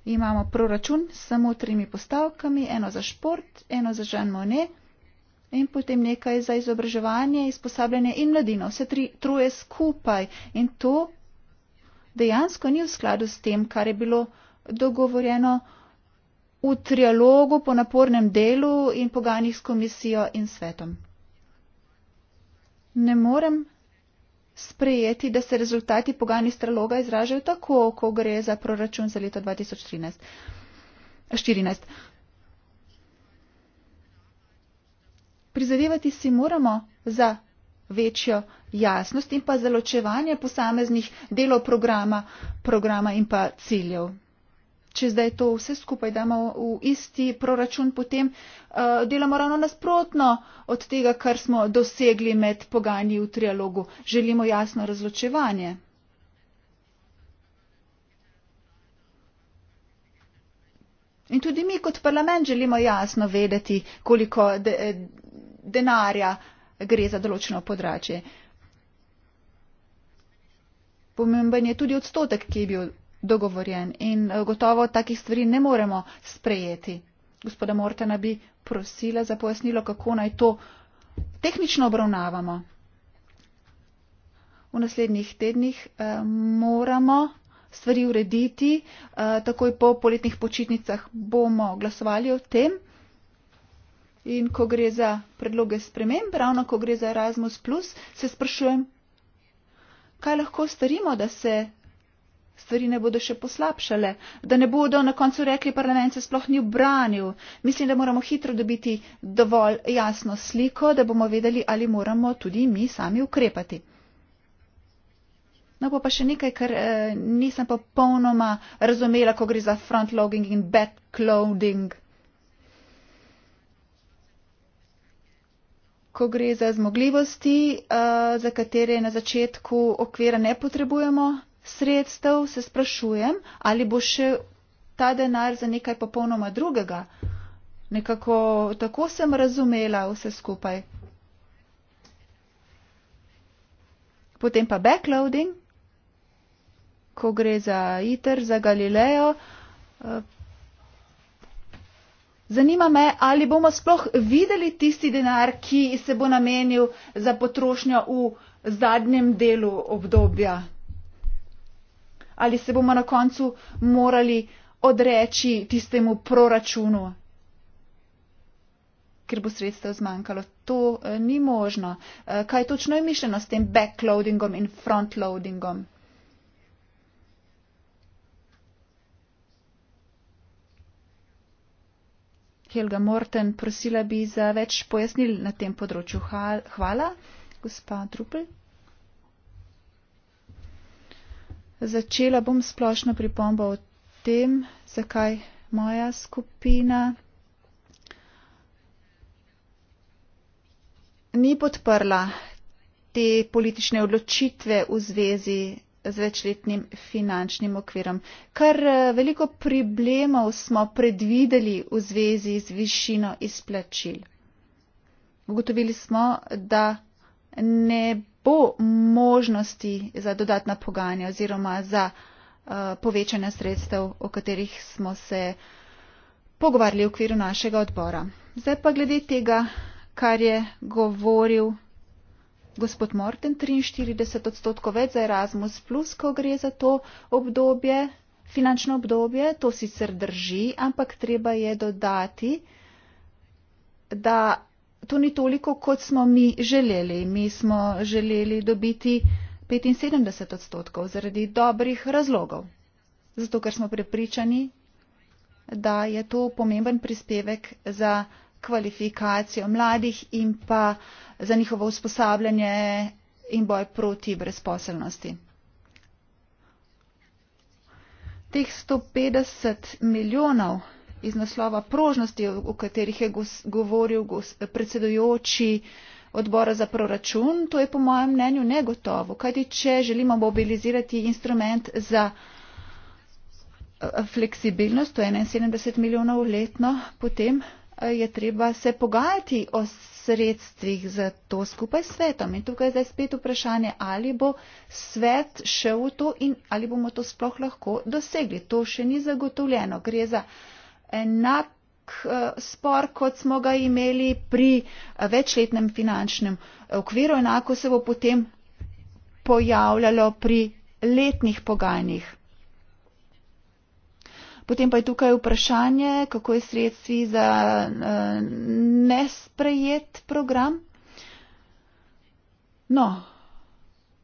Imamo proračun s samo tremi postavkami, eno za šport, eno za Jean Monnet in potem nekaj za izobraževanje, izposabljanje in mladino. Vse tri, troje skupaj in to dejansko ni v skladu s tem, kar je bilo dogovorjeno v trialogu po napornem delu in pogajanjih s komisijo in svetom. Ne morem sprejeti, da se rezultati pogajanj iz traloga izražajo tako, ko gre za proračun za leto 2014. Prizadevati si moramo za večjo jasnost in pa zaločevanje posameznih delov programa, programa in pa ciljev če zdaj to vse skupaj damo v isti proračun, potem uh, delamo ravno nasprotno od tega, kar smo dosegli med pogajanji v trialogu. Želimo jasno razločevanje. In tudi mi kot parlament želimo jasno vedeti, koliko de, eh, denarja gre za določeno področje. Pomemben je tudi odstotek, ki je bil dogovorjen in eh, gotovo takih stvari ne moremo sprejeti. Gospoda Mortena bi prosila za pojasnilo, kako naj to tehnično obravnavamo. V naslednjih tednih eh, moramo stvari urediti, eh, takoj po poletnih počitnicah bomo glasovali o tem. In ko gre za predloge sprememb, ravno ko gre za Erasmus, se sprašujem, kaj lahko storimo, da se stvari ne bodo še poslabšale, da ne bodo na koncu rekli, parlament se sploh ni obranil. Mislim, da moramo hitro dobiti dovolj jasno sliko, da bomo vedeli, ali moramo tudi mi sami ukrepati. No, pa še nekaj, kar eh, nisem popolnoma razumela, ko gre za frontloading in backloading. Ko gre za zmogljivosti, eh, za katere na začetku okvira ne potrebujemo, sredstev, se sprašujem, ali bo še ta denar za nekaj popolnoma drugega. Nekako tako sem razumela vse skupaj. Potem pa backloading, ko gre za ITER, za Galileo. Eh, zanima me, ali bomo sploh videli tisti denar, ki se bo namenil za potrošnjo v zadnjem delu obdobja ali se bomo na koncu morali odreči tistemu proračunu, ker bo sredstev zmanjkalo. To eh, ni možno. Eh, kaj točno je mišljeno s tem backloadingom in frontloadingom? Helga Morten, prosila bi za več pojasnil na tem področju. Hvala, gospa Trupel. Začela bom splošno pripombo o tem, zakaj moja skupina ni podprla te politične odločitve v zvezi z večletnim finančnim okvirom. Kar eh, veliko problemov smo predvideli v zvezi z višino izplačil. Ugotovili smo, da ne bo možnosti za dodatna pogajanja oziroma za uh, povečanje sredstev, o katerih smo se pogovarjali v okviru našega odbora. Zdaj pa glede tega, kar je govoril gospod Morten, 43 odstotkov več za Erasmus, plus, ko gre za to obdobje, finančno obdobje, to sicer drži, ampak treba je dodati, da to ni toliko, kot smo mi želeli. Mi smo želeli dobiti 75 odstotkov zaradi dobrih razlogov. Zato, ker smo prepričani, da je to pomemben prispevek za kvalifikacijo mladih in pa za njihovo usposabljanje in boj proti brezposelnosti. Teh 150 milijonov iz naslova prožnosti, o katerih je govoril predsedujoči odbora za proračun, to je po mojem mnenju negotovo. Kajti, če želimo mobilizirati instrument za eh, fleksibilnost, to je 71 milijonov letno, potem eh, je treba se pogajati o sredstvih za to skupaj s svetom. In tukaj je zdaj spet vprašanje, ali bo svet šel v to in ali bomo to sploh lahko dosegli. To še ni zagotovljeno. Gre za enak eh, spor, kot smo ga imeli pri eh, večletnem finančnem okviru, enako se bo potem pojavljalo pri letnih pogajanjih. Potem pa je tukaj vprašanje, kako je sredstvi za eh, nesprejet program. No,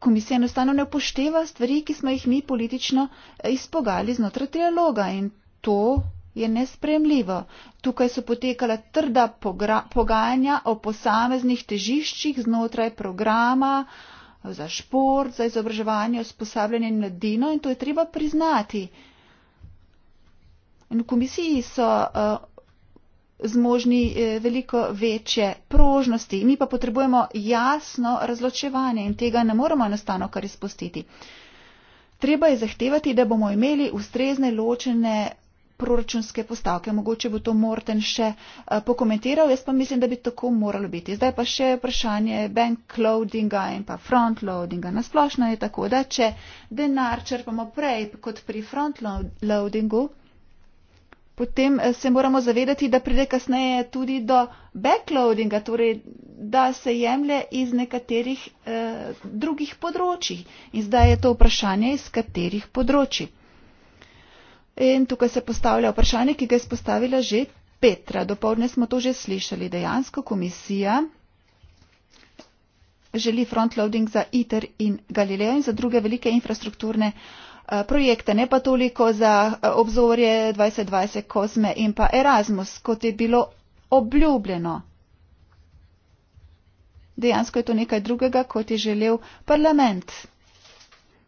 komisija enostavno ne upošteva stvari, ki smo jih mi politično izpogali znotraj trialoga in to je nespremljivo. Tukaj so potekala trda pogajanja o posameznih težiščih znotraj programa eh, za šport, za izobraževanje, usposabljanje in mladino in to je treba priznati. In v komisiji so uh, zmožni uh, veliko večje prožnosti, mi pa potrebujemo jasno razločevanje in tega ne moremo enostavno kar izpustiti. Treba je zahtevati, da bomo imeli ustrezne ločene proračunske postavke. Mogoče bo to Morten še eh, pokomentiral, jaz pa mislim, da bi tako moralo biti. Zdaj pa še vprašanje bank loadinga in pa front loadinga. Nasplošno je tako, da če denar črpamo prej kot pri front loadingu, potem eh, se moramo zavedati, da pride kasneje tudi do backloadinga, torej da se jemlje iz nekaterih eh, drugih področji. In zdaj je to vprašanje, iz katerih področji. In tukaj se postavlja vprašanje, ki ga je spostavila že Petra. Dopovdne smo to že slišali. Dejansko komisija želi frontloading za ITER in Galileo in za druge velike infrastrukturne eh, projekte, ne pa toliko za eh, obzorje 2020, Kozme in pa Erasmus, kot je bilo obljubljeno. Dejansko je to nekaj drugega, kot je želel parlament.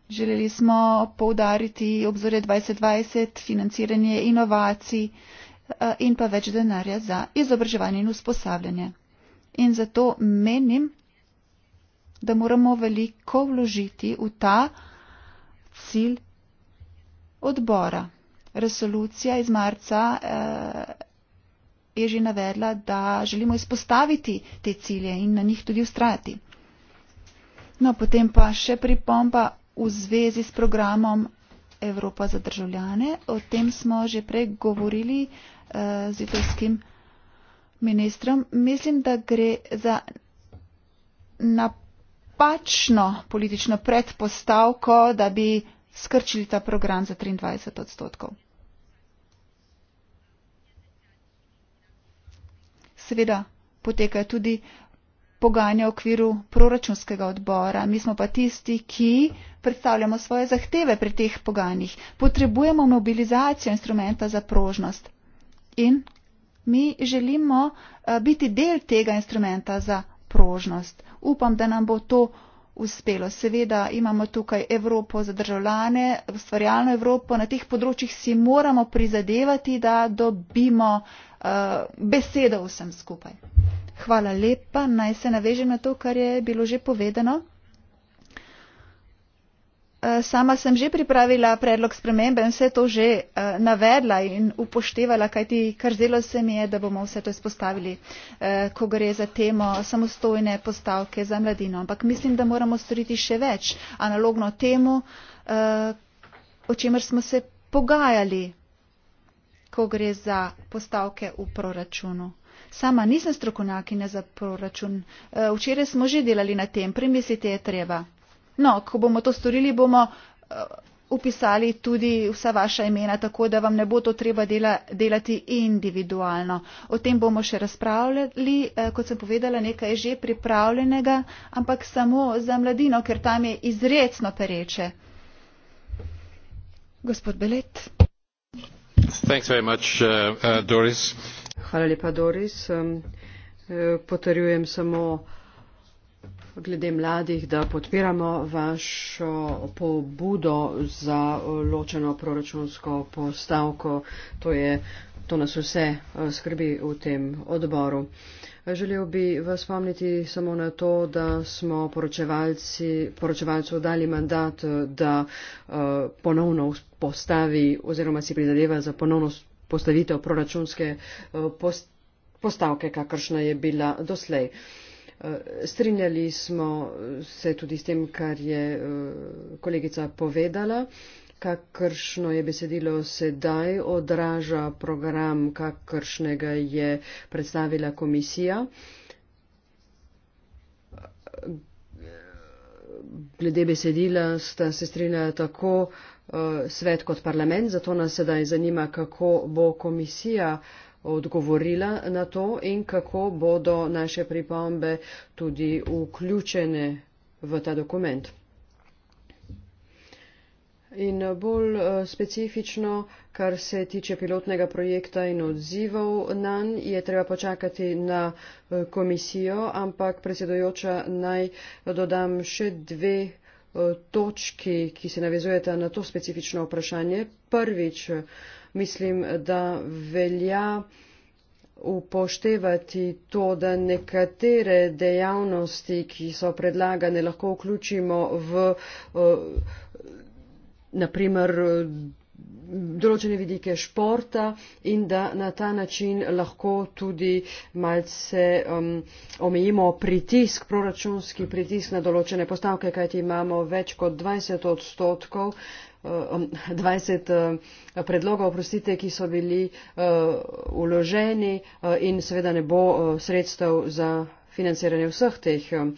Želeli smo poudariti obzore 2020, financiranje inovacij eh, in pa več denarja za izobraževanje in usposabljanje. In zato menim, da moramo veliko vložiti v ta cilj odbora. Resolucija iz marca eh, je že navedla, da želimo izpostaviti te cilje in na njih tudi ustrajati. No, potem pa še pripomba v zvezi s programom Evropa za državljane. O tem smo že prej govorili eh, z italijskim ministrom. Mislim, da gre za napačno politično predpostavko, da bi skrčili ta program za 23 odstotkov. Seveda potekajo tudi poganja v okviru proračunskega odbora. Mi smo pa tisti, ki predstavljamo svoje zahteve pri teh poganjih. Potrebujemo mobilizacijo instrumenta za prožnost in mi želimo eh, biti del tega instrumenta za prožnost. Upam, da nam bo to uspelo. Seveda imamo tukaj Evropo za državljane, ustvarjalno Evropo. Na teh področjih si moramo prizadevati, da dobimo uh, besedo vsem skupaj. Hvala lepa. Naj se navežem na to, kar je bilo že povedano. E, sama sem že pripravila predlog spremembe in vse to že e, navedla in upoštevala, kajti kar zelo se mi je, da bomo vse to izpostavili, e, ko gre za temo samostojne postavke za mladino. Ampak mislim, da moramo storiti še več analogno temu, o čemer smo se pogajali, ko gre za postavke v proračunu. Sama nisem strokovnjakinja za proračun. E, včeraj smo že delali na tem, premisliti je treba. No, ko bomo to storili, bomo e, upisali tudi vsa vaša imena, tako da vam ne bo to treba dela, delati individualno. O tem bomo še razpravljali, e, kot sem povedala, nekaj že pripravljenega, ampak samo za mladino, ker tam je izredno pereče. Gospod Belet. Thanks very much, uh, uh, Doris. Hvala lepa, Doris. E, potrjujem samo glede mladih, da podpiramo vašo pobudo za ločeno proračunsko postavko. To, je, to nas vse e, skrbi v tem odboru. Želel bi vas spomniti samo na to, da smo poročevalcu dali mandat, da e, ponovno postavi oziroma si prizadeva za ponovno postavitev proračunske eh, postavke, kakršna je bila doslej. Eh, strinjali smo se tudi s tem, kar je eh, kolegica povedala, kakršno je besedilo sedaj odraža program, kakršnega je predstavila komisija. Glede besedila sta se strinjala tako, Eh, svet kot parlament, zato nas sedaj zanima, kako bo komisija odgovorila na to in kako bodo naše pripombe tudi vključene v ta dokument. In eh, bolj eh, specifično, kar se tiče pilotnega projekta in odzivov na nj, je treba počakati na komisijo, ampak predsedojoča naj dodam še dve Eh, točki, ki se navezujeta na to specifično vprašanje. Prvič, mislim, da velja upoštevati to, da nekatere dejavnosti, ki so predlagane, lahko vključimo v, eh, naprimer, določene vidike športa in da na ta način lahko tudi malce um, omejimo pritisk, proračunski pritisk na določene postavke, kajti imamo več kot 20 odstotkov. 20 uh, um, uh, predlogov, prostite, ki so bili uloženi uh, in seveda ne bo sredstev za financiranje vseh teh um,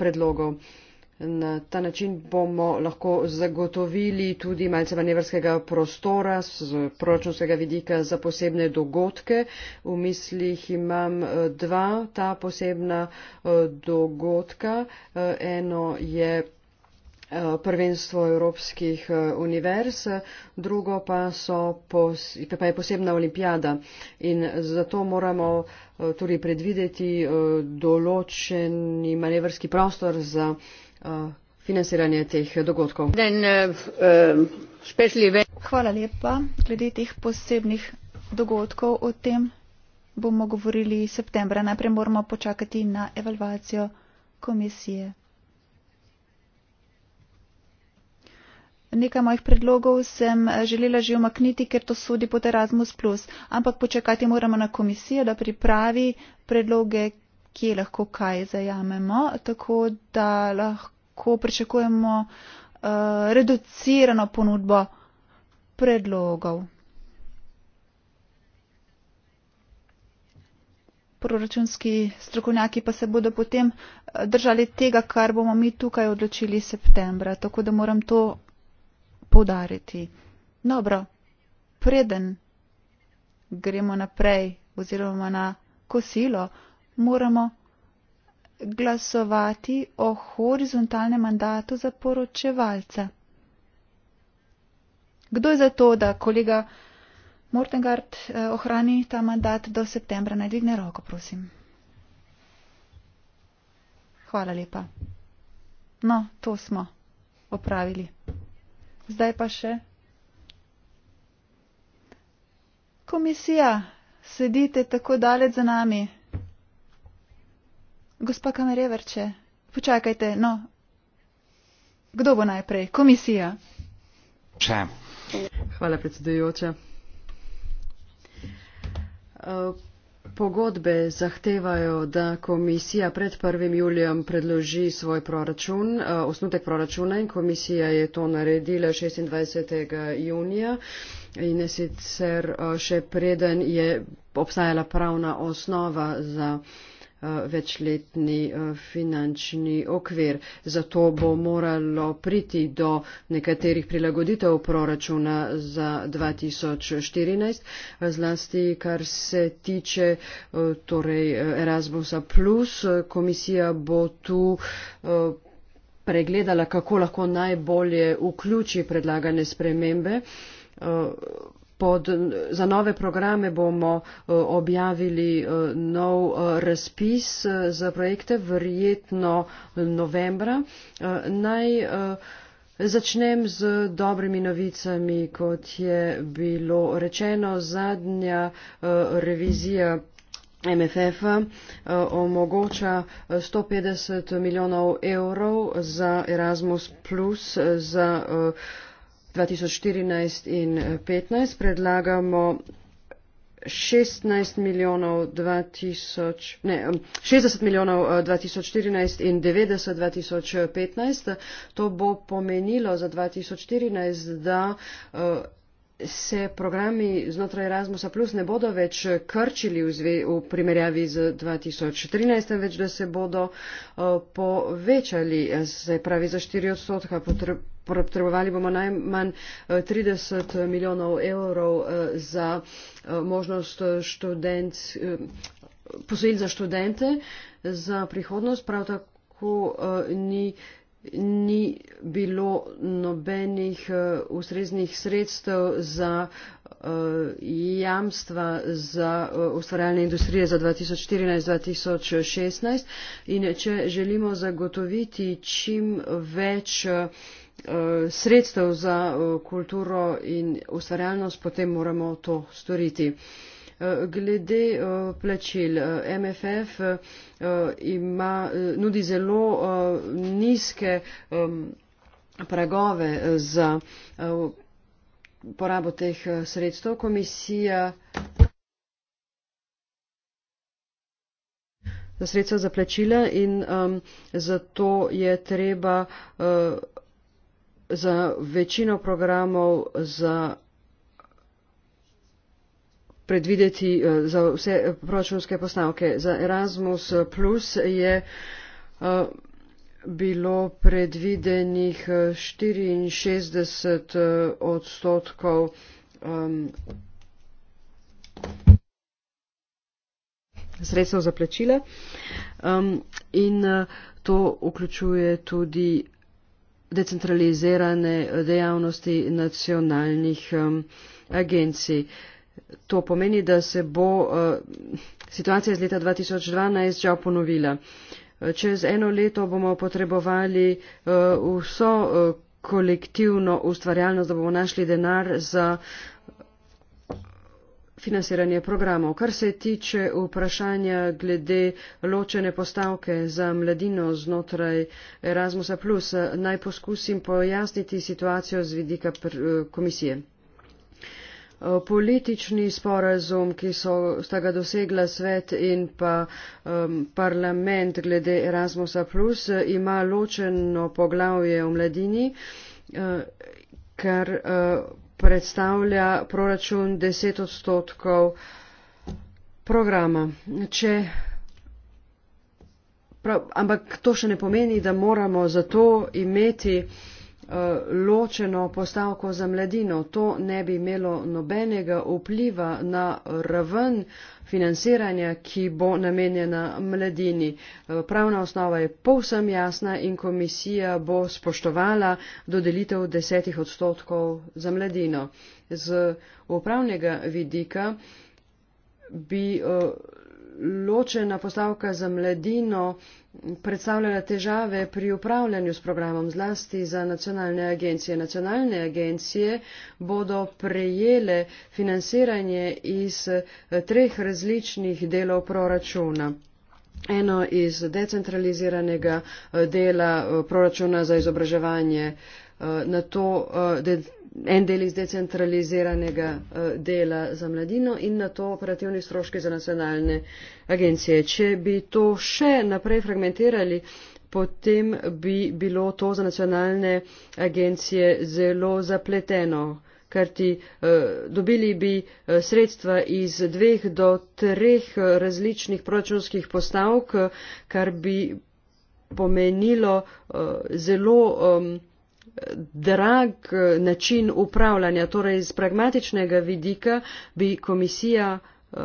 predlogov. Na ta način bomo lahko zagotovili tudi malce manevrskega prostora z proračunskega vidika za posebne dogodke. V mislih imam eh, dva ta posebna eh, dogodka. Eh, eno je prvenstvo evropskih univerz, drugo pa, so, pa je posebna olimpijada. In zato moramo tudi predvideti določen manevrski prostor za Eh, financiranje teh dogodkov. Eh, eh, Hvala lepa. Glede teh posebnih dogodkov o tem bomo govorili septembra. Najprej moramo počakati na evalvacijo komisije. Nekaj mojih predlogov sem želela že omakniti, ker to sodi pod Erasmus, ampak počakati moramo na komisijo, da pripravi predloge, kje lahko kaj zajamemo, tako da lahko lahko pričakujemo uh, reducirano ponudbo predlogov. Proračunski strokovnjaki pa se bodo potem eh, držali tega, kar bomo mi tukaj odločili septembra, tako da moram to podariti. Dobro, preden gremo naprej oziroma na kosilo, moramo glasovati o horizontalnem mandatu za poročevalca. Kdo je za to, da kolega Mortengard eh, ohrani ta mandat do septembra? Naj dvigne roko, prosim. Hvala lepa. No, to smo opravili. Zdaj pa še. Komisija, sedite tako daleč za nami. Gospa Kamereverče, počakajte, no. Kdo bo najprej? Komisija. Še. Hvala, predsedujoča. E, pogodbe zahtevajo, da komisija pred 1. julijem predloži svoj proračun, e, osnutek proračuna in komisija je to naredila 26. junija in sicer e, še preden je obstajala pravna osnova za. Eh, večletni eh, finančni okvir. Zato bo moralo priti do nekaterih prilagoditev proračuna za 2014, eh, zlasti kar se tiče torej Erasmusa. Komisija bo tu pregledala, kako lahko najbolje vključi predlagane spremembe. Pod, za nove programe bomo eh, objavili eh, nov eh, razpis za projekte, verjetno novembra. Naj začnem z dobrimi novicami, kot je bilo rečeno, zadnja revizija. MFF omogoča 150 milijonov evrov za Erasmus, za uh, 2014 in 2015 eh, predlagamo 16 milijonov 2000, ne, 60 um, milijonov 2014 eh, in 90 2015. Eh, to bo pomenilo za 2014, da se programi znotraj Erasmusa Plus ne bodo več krčili v, zve, v primerjavi z 2013, več da se bodo povečali, se pravi za 4 odstotka potrebno potrebovali bomo najmanj 30 eh, milijonov evrov eh, za eh, možnost študent, posojil za študente za prihodnost. Prav tako ni, ni bilo nobenih ustreznih sredstev za jamstva za ustvarjalne industrije za 2014-2016 in če želimo zagotoviti čim več Eh, sredstev za eh, kulturo in ustvarjalnost, potem moramo to storiti. Eh, glede plačil, MFF ima, nudi zelo nizke pragove za porabo teh sredstev. Komisija za sredstva za plačila in um, zato je treba uh, za večino programov, za predvideti eh, za vse proračunske postavke. Za Erasmus Plus je eh, bilo predvidenih 64 eh, odstotkov sredstev za plačila in to vključuje tudi decentralizirane eh, dejavnosti nacionalnih um, agencij. To pomeni, da se bo uh, situacija iz leta 2012 žal ponovila. Eh, čez eno leto bomo potrebovali uh, vso uh, kolektivno ustvarjalnost, da bomo našli denar za uh, financiranje programov. Kar se tiče vprašanja glede ločene postavke za mladino znotraj Erasmusa, naj poskusim pojasniti situacijo z vidika komisije. Politični sporazum, ki so, sta ga dosegla svet in pa um, parlament glede Erasmusa, ima ločeno poglavje o mladini, uh, kar uh, predstavlja proračun 10 odstotkov programa. Če, prav, ampak to še ne pomeni, da moramo zato imeti eh, ločeno postavko za mladino. To ne bi imelo nobenega vpliva na raven financiranja, ki bo namenjena mladini. Eh, pravna osnova je povsem jasna in komisija bo spoštovala dodelitev desetih odstotkov za mladino. Z upravnega vidika bi eh, ločena postavka za mladino predstavljala težave pri upravljanju s programom zlasti za nacionalne agencije. Nacionalne agencije bodo prejele financiranje iz eh, treh različnih delov proračuna. Eno iz decentraliziranega eh, dela eh, proračuna za izobraževanje Eh, na to, eh, da en del iz decentraliziranega eh, dela za mladino in na to operativni stroški za nacionalne agencije. Če bi to še naprej fragmentirali, potem bi bilo to za nacionalne agencije zelo zapleteno, ker ti dobili bi sredstva iz dveh do treh različnih proračunskih postavk, kar bi pomenilo zelo drag način upravljanja. Torej, iz pragmatičnega vidika bi komisija eh,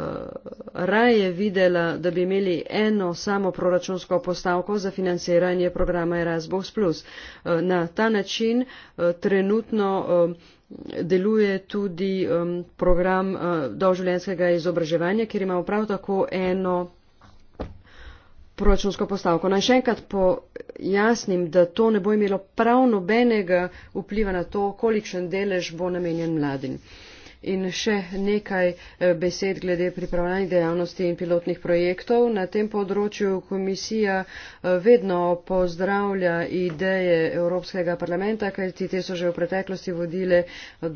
raje videla, da bi imeli eno samo proračunsko postavko za financiranje programa Erasmus. Eh, na ta način eh, trenutno deluje tudi program doživljenjskega izobraževanja, kjer imamo prav tako eno proračunsko postavko. Naj še enkrat pojasnim, da to ne bo imelo prav nobenega vpliva na to, kolikšen delež bo namenjen mladim. In še nekaj eh, besed glede pripravljanja dejavnosti in pilotnih projektov. Na tem področju komisija eh, vedno pozdravlja ideje Evropskega parlamenta, kajti te so že v preteklosti vodile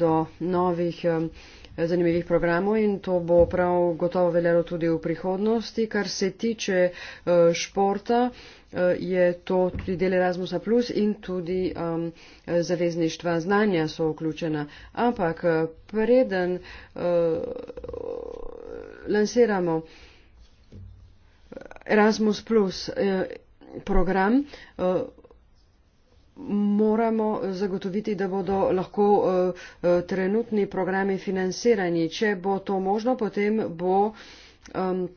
do novih eh, zanimivih programov in to bo prav gotovo veljalo tudi v prihodnosti. Kar se tiče eh, športa, eh, je to tudi del Erasmusa Plus in tudi um, zavezništva znanja so vključena. Ampak eh, preden uh, lansiramo Erasmus Plus uh, program, uh, moramo zagotoviti, da bodo lahko uh, trenutni programi financirani. Če bo to možno, potem bo. Um,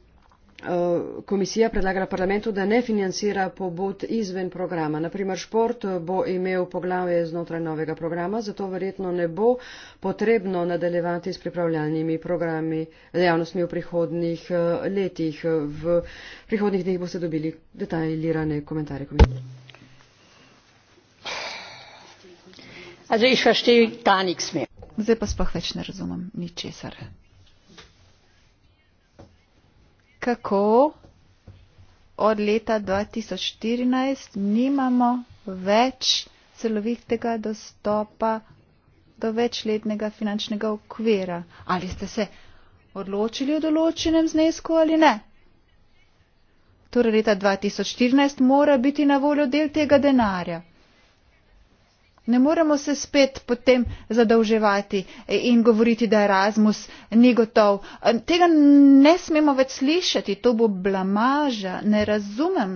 Komisija predlagala parlamentu, da ne financira pobud izven programa. Naprimer, šport bo imel poglavje znotraj novega programa, zato verjetno ne bo potrebno nadaljevati s pripravljalnimi programi dejavnostmi v prihodnih letih. V prihodnih dneh boste dobili detaljirane komentarje komisije. Zdaj pa sploh več ne razumem ničesar. Kako od leta 2014 nimamo več celovitega dostopa do večletnega finančnega okvira? Ali ste se odločili v določenem znesku ali ne? Torej leta 2014 mora biti na voljo del tega denarja. Ne moremo se spet potem zadolževati in govoriti, da Erasmus ni gotov. Tega ne smemo več slišati, to bo blamaža. Ne razumem,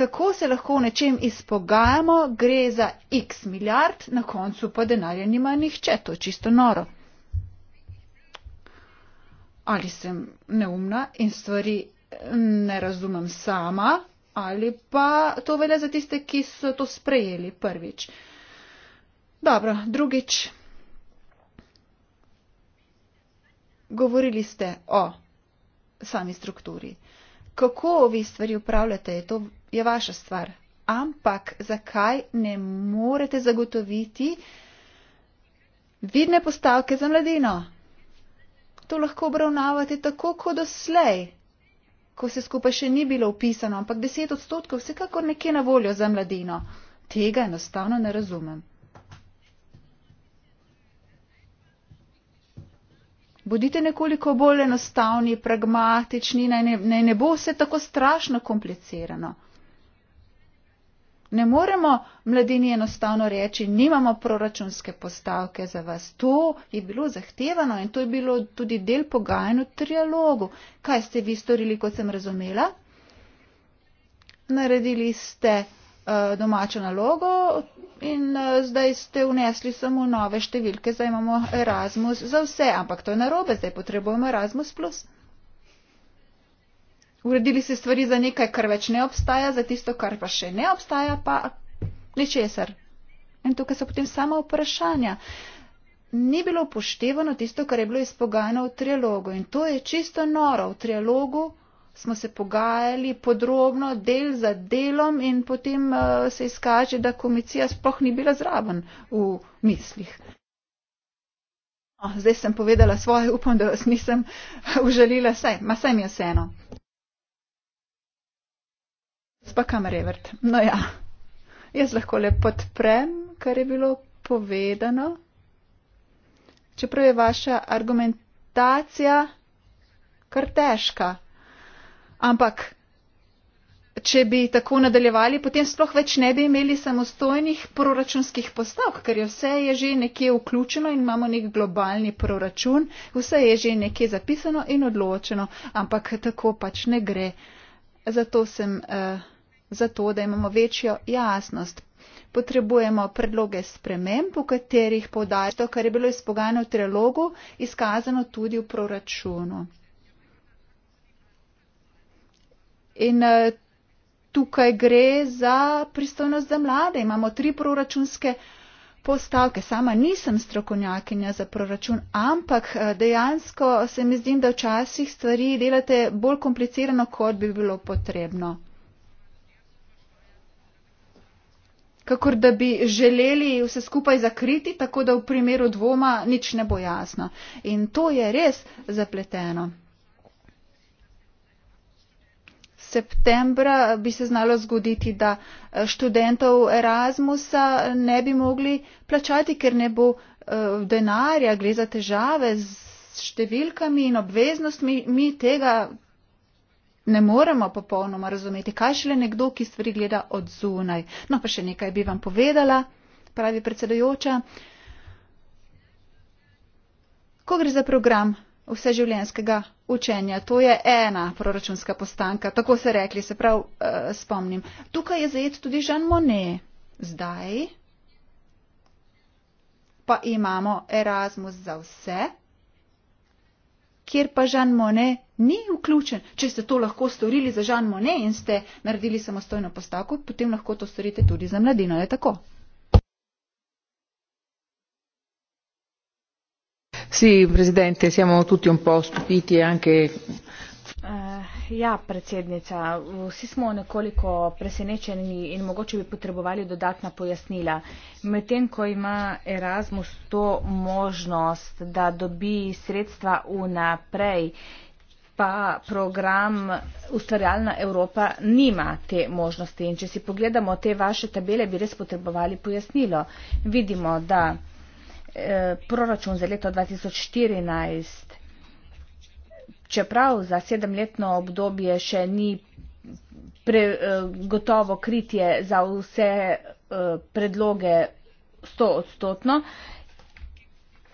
kako se lahko v nečem izpogajamo, gre za x milijard, na koncu pa denarja nima nihče, to je čisto noro. Ali sem neumna in stvari mm, ne razumem sama, ali pa to velja za tiste, ki so to sprejeli prvič. Dobro, drugič. Govorili ste o sami strukturi. Kako vi stvari upravljate, to je vaša stvar. Ampak zakaj ne morete zagotoviti vidne postavke za mladino? To lahko obravnavate tako, kot doslej, ko se skupaj še ni bilo upisano, ampak deset odstotkov vsekakor nekje na voljo za mladino. Tega enostavno ne razumem. Bodite nekoliko bolj enostavni, pragmatični, naj ne, naj ne bo vse tako strašno komplicirano. Ne moremo mladini enostavno reči, nimamo proračunske postavke za vas. To je bilo zahtevano in to je bilo tudi del pogajanja v trialogu. Kaj ste vi storili, kot sem razumela? Naredili ste. Eh, domačo nalogo in eh, zdaj ste vnesli samo nove številke, zdaj imamo Erasmus za vse, ampak to je narobe, zdaj potrebujemo Erasmus. Uredili ste stvari za nekaj, kar več ne obstaja, za tisto, kar pa še ne obstaja, pa ničesar. In tukaj so potem samo vprašanja. Ni bilo upoštevano tisto, kar je bilo izpogajano v trialogu in to je čisto noro v trialogu smo se pogajali podrobno, del za delom in potem uh, se izkaže, da komisija sploh ni bila zraven v mislih. No, zdaj sem povedala svoje, upam, da vas nisem eh, užalila, saj, ma saj mi je vseeno. Spakam revert. No ja, jaz lahko le podprem, kar je bilo povedano. Čeprav je vaša argumentacija kar težka. Ampak, če bi tako nadaljevali, potem sploh več ne bi imeli samostojnih proračunskih postavk, ker je vse je že nekje vključeno in imamo nek globalni proračun, vse je že nekje zapisano in odločeno, ampak tako pač ne gre. Zato sem uh, za to, da imamo večjo jasnost. Potrebujemo predloge sprememb, v katerih povdarjamo to, kar je bilo izpogajano v trilogu, izkazano tudi v proračunu. In eh, tukaj gre za pristojnost za mlade. Imamo tri proračunske postavke. Sama nisem strokovnjakinja za proračun, ampak eh, dejansko se mi zdi, da včasih stvari delate bolj komplicirano, kot bi bilo potrebno. Kakor da bi želeli vse skupaj zakriti, tako da v primeru dvoma nič ne bo jasno. In to je res zapleteno septembra bi se znalo zgoditi, da eh, študentov Erasmusa ne bi mogli plačati, ker ne bo eh, denarja, gre za težave z številkami in obveznostmi. Mi tega ne moremo popolnoma razumeti. Kaj šele nekdo, ki stvari gleda od zunaj. No pa še nekaj bi vam povedala, pravi predsedojoča. Ko gre za program vseživljenskega učenja. To je ena proračunska postanka, tako se rekli, se prav uh, spomnim. Tukaj je zajet tudi Jean Monnet. Zdaj pa imamo Erasmus za vse, kjer pa Jean Monnet ni vključen. Če ste to lahko storili za Jean Monnet in ste naredili samostojno postavko, potem lahko to storite tudi za mladino. Je tako? presidente siamo tutti un po' stupiti e anche. Eh, ja, predsednica, vsi smo nekoliko presenečeni in mogoče bi potrebovali dodatna pojasnila. Medtem, ko ima Erasmus to možnost, da dobi sredstva vnaprej, pa program Ustvarjalna Evropa nima te možnosti. In če si pogledamo te vaše tabele, bi res potrebovali pojasnilo. Vidimo, da Eh, proračun za leto 2014, čeprav za sedemletno obdobje še ni pre, eh, gotovo kritje za vse eh, predloge stoodstotno,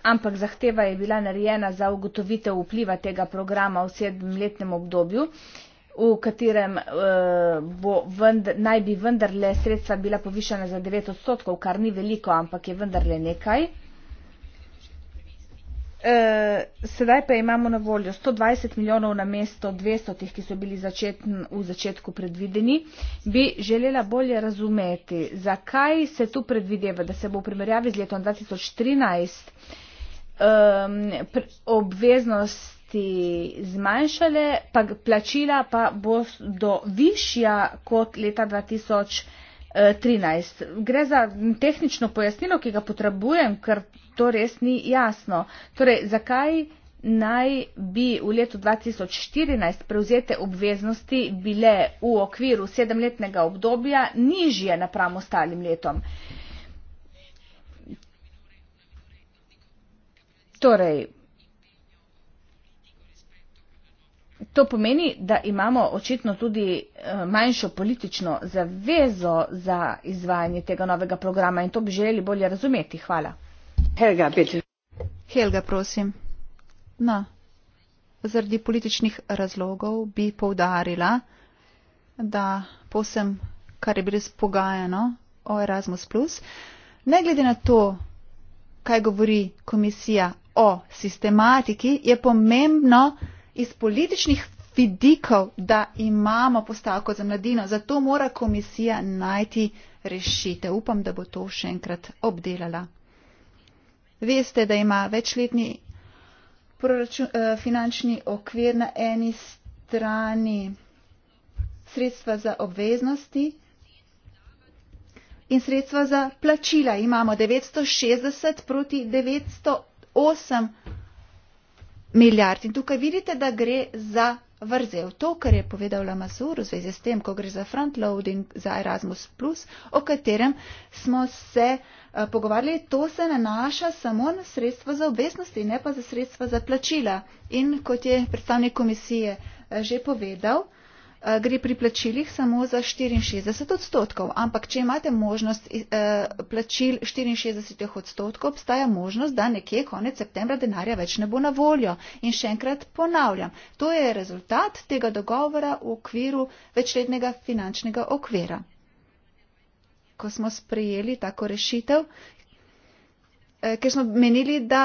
ampak zahteva je bila narejena za ugotovitev vpliva tega programa v sedemletnem obdobju v katerem uh, bo vend, naj bi vendarle sredstva bila povišana za 9 odstotkov, kar ni veliko, ampak je vendarle nekaj. Eh, sedaj pa imamo na voljo 120 milijonov na mesto 200, ki so bili začetn, v začetku predvideni. Bi želela bolje razumeti, zakaj se tu predvideva, da se bo v primerjavi z letom 2013 um, ehm, obveznosti zmanjšale, pa plačila pa bo do višja kot leta 2013. 13. Gre za tehnično pojasnilo, ki ga potrebujem, ker to res ni jasno. Torej, zakaj naj bi v letu 2014 prevzete obveznosti bile v okviru sedemletnega obdobja nižje napram ostalim letom? Torej, To pomeni, da imamo očitno tudi eh, manjšo politično zavezo za izvajanje tega novega programa in to bi želeli bolje razumeti. Hvala. Helga, Helga prosim. No, zaradi političnih razlogov bi povdarila, da posem, kar je bilo spogajano o Erasmus, ne glede na to, kaj govori komisija o sistematiki, je pomembno, iz političnih vidikov, da imamo postavko za mladino. Zato mora komisija najti rešite. Upam, da bo to še enkrat obdelala. Veste, da ima večletni proračun, eh, finančni okvir na eni strani sredstva za obveznosti in sredstva za plačila. Imamo 960 proti 908 milijard. In tukaj vidite, da gre za vrzel. To, kar je povedal Lamazur v zvezi s tem, ko gre za frontloading za Erasmus, o katerem smo se uh, pogovarjali, to se nanaša samo na sredstva za obveznosti, ne pa za sredstva za plačila. In kot je predstavnik komisije uh, že povedal, uh, Eh, gre pri plačilih samo za 64 odstotkov, ampak če imate možnost eh, plačil 64 odstotkov, obstaja možnost, da nekje konec septembra denarja več ne bo na voljo. In še enkrat ponavljam, to je rezultat tega dogovora v okviru večletnega finančnega okvira. Ko smo sprejeli tako rešitev, Eh, ker smo menili, da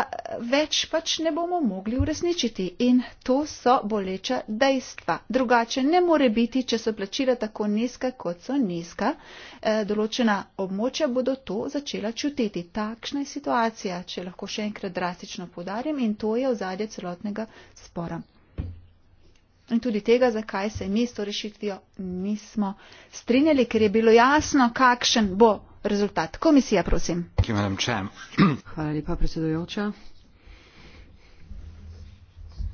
več pač ne bomo mogli uresničiti. In to so boleča dejstva. Drugače ne more biti, če so plačila tako nizka, kot so nizka. Eh, določena območja bodo to začela čutiti. Takšna je situacija, če lahko še enkrat drastično podarim, in to je ozadje celotnega spora. In tudi tega, zakaj se mi s to rešitvijo nismo strinjali, ker je bilo jasno, kakšen bo rezultat. Komisija, prosim. Hvala lepa, predsedujoča.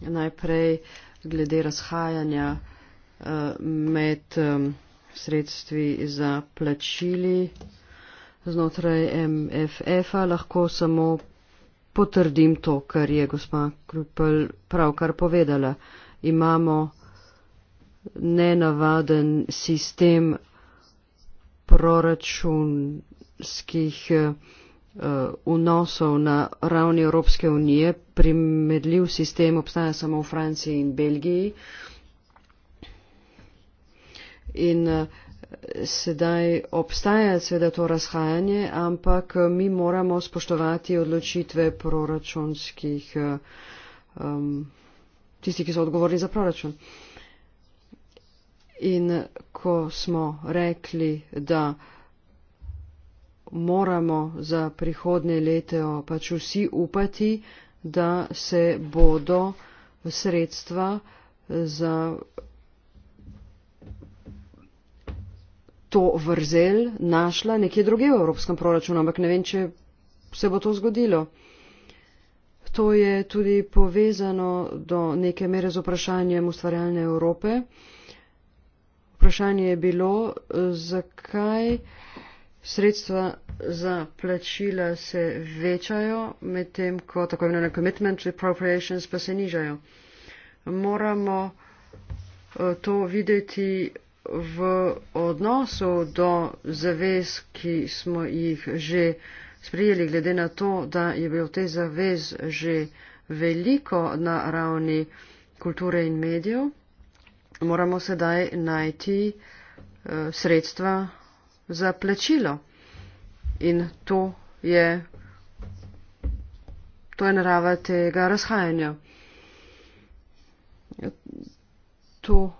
Najprej glede razhajanja eh, med eh, sredstvi za plačili znotraj MFF-a lahko samo potrdim to, kar je gospa Krupel pravkar povedala. Imamo nenavaden sistem proračunskih eh, eh, vnosov na ravni Evropske unije. Primedljiv sistem obstaja samo v Franciji in Belgiji. In eh, sedaj obstaja seveda to razhajanje, ampak mi moramo spoštovati odločitve proračunskih, um, tistih, ki so odgovorni za proračun. Um, In ko smo rekli, da moramo za prihodnje leto pač vsi upati, da se bodo sredstva za to vrzel našla nekje druge v evropskem proračunu, ampak ne vem, če se bo to zgodilo. To je tudi povezano do neke mere z vprašanjem ustvarjalne Evrope vprašanje je bilo, zakaj sredstva za plačila se večajo, medtem ko tako imenovane commitment appropriations pa se nižajo. Moramo eh, to videti v odnosu do zavez, ki smo jih že sprijeli, glede na to, da je bil te zavez že veliko na ravni kulture in medijev moramo sedaj najti uh, sredstva za plačilo. In to je, to je narava tega razhajanja. To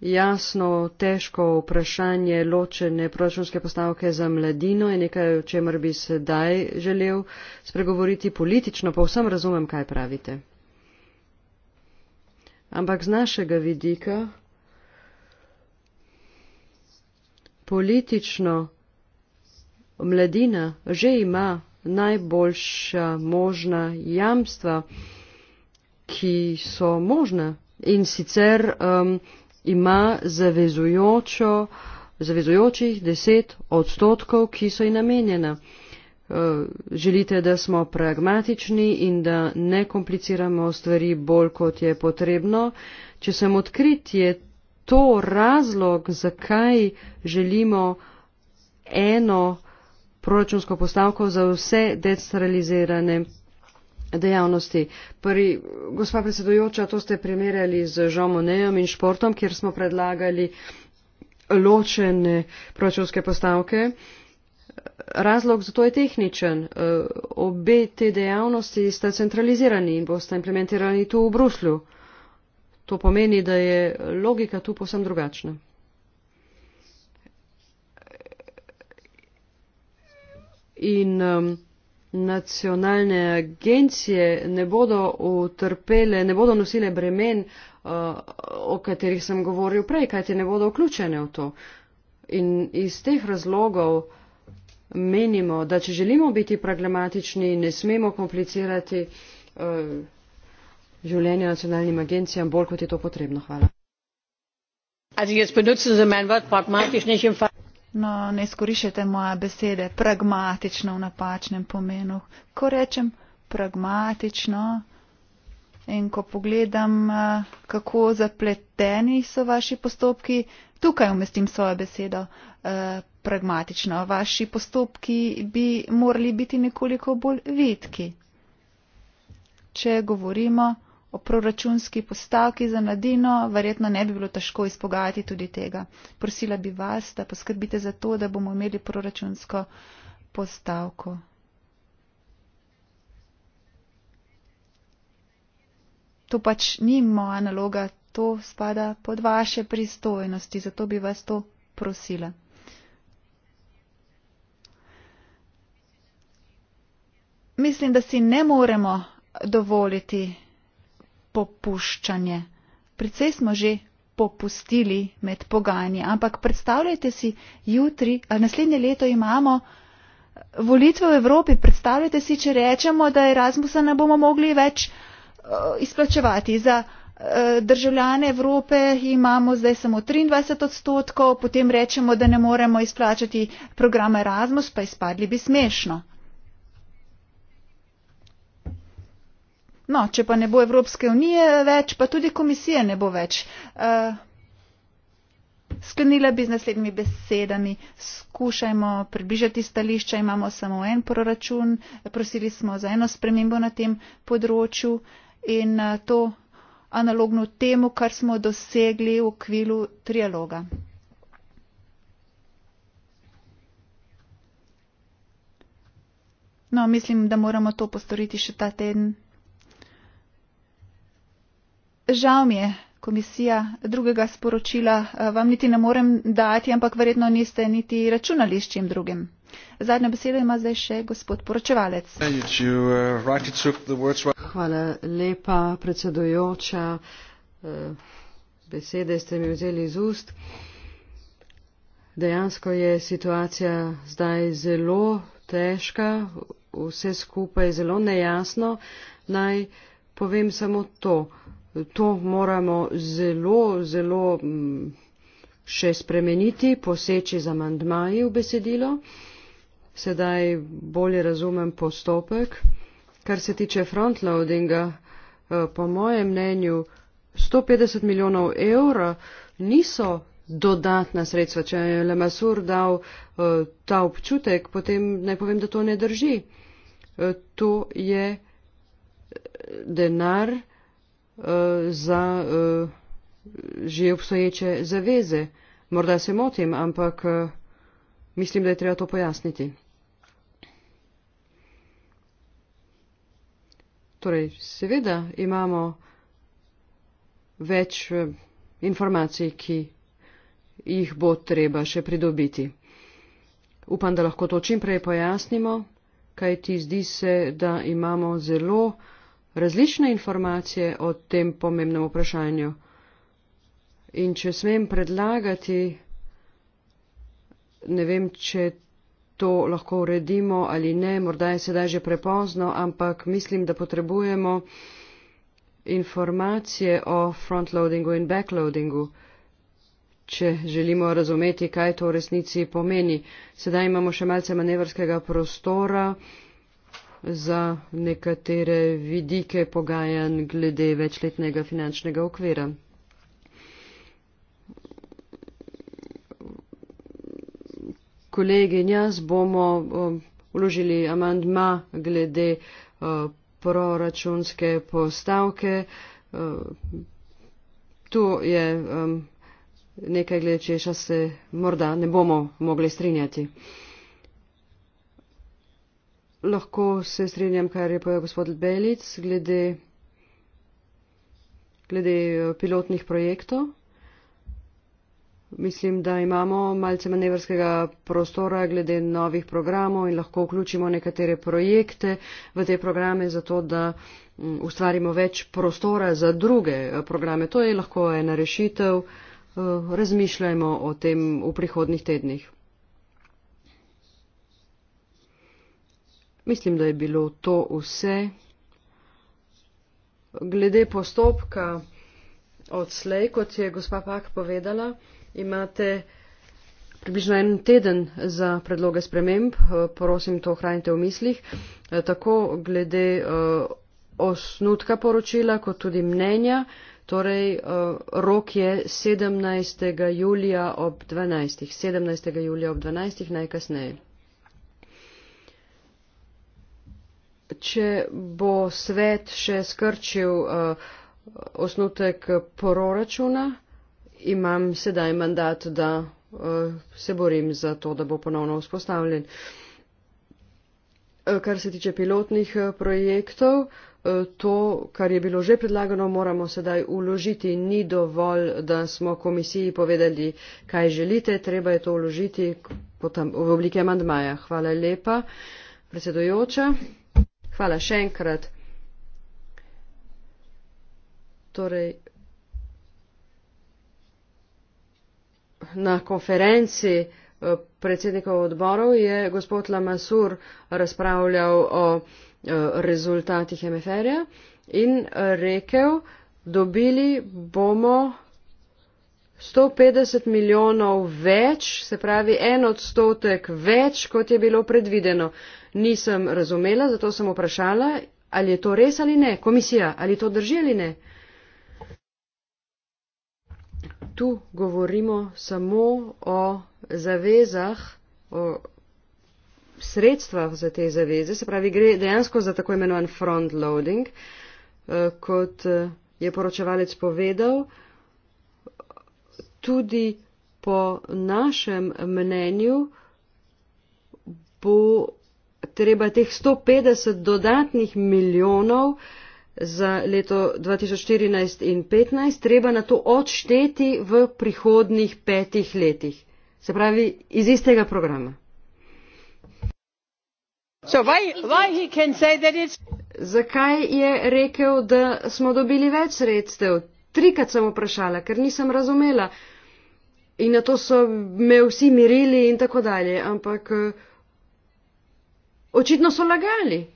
jasno, težko vprašanje ločene proračunske postavke za mladino je nekaj, o čemer bi sedaj želel spregovoriti politično, pa vsem razumem, kaj pravite ampak z našega vidika politično mladina že ima najboljša možna jamstva, ki so možna in sicer um, ima zavezujočo, zavezujočih deset odstotkov, ki so ji namenjena. Eh, želite, da smo pragmatični in da ne kompliciramo stvari bolj, kot je potrebno. Če sem odkrit, je to razlog, zakaj želimo eno proračunsko postavko za vse decentralizirane dejavnosti. Pri, gospa predsedujoča, to ste primerjali z žomonejem in športom, kjer smo predlagali ločene proračunske postavke. Uh, razlog za to je tehničen. E, obe te dejavnosti sta centralizirani in bosta implementirani tu v Bruslju. To pomeni, da je logika tu posem drugačna. In um, nacionalne agencije ne bodo utrpele, ne bodo nosile bremen, uh, o katerih sem govoril prej, kajti ne bodo vključene v to. In iz teh razlogov uh, menimo, da če želimo biti pragmatični, ne smemo komplicirati uh, eh, življenja nacionalnim agencijam bolj, kot je to potrebno. Hvala. No, ne izkoriščate moje besede pragmatično v napačnem pomenu. Ko rečem pragmatično, In ko pogledam, eh, kako zapleteni so vaši postopki, tukaj umestim svojo besedo eh, pragmatično. Vaši postopki bi morali biti nekoliko bolj vidki. Če govorimo o proračunski postavki za mladino, verjetno ne bi bilo težko izpogajati tudi tega. Prosila bi vas, da poskrbite za to, da bomo imeli proračunsko postavko. to pač ni moja naloga, to spada pod vaše pristojnosti, zato bi vas to prosila. Mislim, da si ne moremo dovoliti popuščanje. Precej smo že popustili med pogajanji, ampak predstavljajte si, jutri ali naslednje leto imamo volitve v Evropi. Predstavljajte si, če rečemo, da Erasmusa ne bomo mogli več Eh, izplačevati. Za eh, državljane Evrope imamo zdaj samo 23 odstotkov, potem rečemo, da ne moremo izplačati programa Erasmus, pa izpadli bi smešno. No, če pa ne bo Evropske unije več, pa tudi komisije ne bo več. Eh, sklenila bi z naslednjimi besedami, skušajmo približati stališča, imamo samo en proračun, prosili smo za eno spremembo na tem področju. Uh, in eh, to analogno temu, kar smo dosegli v okviru trialoga. No, mislim, da moramo to postoriti še ta teden. Žal mi je, komisija, drugega sporočila eh, vam niti ne morem dati, ampak verjetno niste niti računali s čim drugim. Zadnjo besedo ima zdaj še gospod poročevalec. Hvala lepa, predsedujoča. Eh, besede ste mi vzeli iz ust. Dejansko je situacija zdaj zelo težka, vse skupaj je zelo nejasno. Naj povem samo to. To moramo zelo, zelo mm, še spremeniti, poseči z amandmaji v besedilo sedaj bolje razumem postopek. Kar se tiče frontloadinga, eh, po mojem mnenju 150 milijonov evra niso dodatna sredstva. Če je Lemasur dal eh, ta občutek, potem naj povem, da to ne drži. Eh, to je denar za že obstoječe zaveze. Morda se motim, ampak mislim, da je treba to pojasniti. Torej, seveda imamo več eh, informacij, ki jih bo treba še pridobiti. Upam, da lahko to čimprej pojasnimo, kaj ti zdi se, da imamo zelo različne informacije o tem pomembnem vprašanju. In če smem predlagati, ne vem, če to lahko uredimo ali ne, morda je sedaj že prepozno, ampak mislim, da potrebujemo informacije o frontloadingu in backloadingu, če želimo razumeti, kaj to v resnici pomeni. Sedaj imamo še malce manevrskega prostora za nekatere vidike pogajanj glede večletnega finančnega okvira. kolegi in jaz bomo uložili um, amandma glede uh, proračunske postavke. Uh, tu je um, nekaj, glede češa se morda ne bomo mogli strinjati. Lahko se strinjam, kar je povedal gospod Belic, glede, glede uh, pilotnih projektov. Mislim, da imamo malce manevrskega prostora glede novih programov in lahko vključimo nekatere projekte v te programe, zato da mm, ustvarimo več prostora za druge eh, programe. To je lahko ena rešitev. Eh, razmišljajmo o tem v prihodnih tednih. Mislim, da je bilo to vse. Glede postopka odslej, kot je gospa Pak povedala, Imate približno en teden za predloge sprememb, eh, prosim, to hranite v mislih, eh, tako glede eh, osnutka poročila, kot tudi mnenja. Torej, rok je 17. julija ob 12. 17. julija ob 12. najkasneje. Če bo svet še skrčil uh, osnutek proračuna, imam sedaj mandat, da eh, se borim za to, da bo ponovno vzpostavljen. Eh, kar se tiče pilotnih eh, projektov, to, kar je bilo že predlagano, moramo sedaj uložiti. Ni dovolj, da smo komisiji povedali, kaj želite, treba je to uložiti v obliki amandmaja. Hvala lepa, predsedojoča. Hvala še enkrat. Torej, na konferenci eh, predsednikov odborov je gospod Lamasur razpravljal o eh, rezultatih MFR-ja in rekel, dobili bomo 150 milijonov več, se pravi en odstotek več, kot je bilo predvideno. Nisem razumela, zato sem vprašala, ali je to res ali ne, komisija, ali to drži ali ne tu govorimo samo o zavezah, o sredstvah za te zaveze, se pravi, gre dejansko za tako imenovan front loading, eh, kot eh, je poročevalec povedal. Tudi po našem mnenju bo treba teh 150 dodatnih milijonov, za leto 2014 in 2015 treba na to odšteti v prihodnih petih letih. Se pravi, iz istega programa. Why, why Zakaj je rekel, da smo dobili več sredstev? Trikrat sem vprašala, ker nisem razumela. In na to so me vsi mirili in tako dalje. Ampak eh, očitno so lagali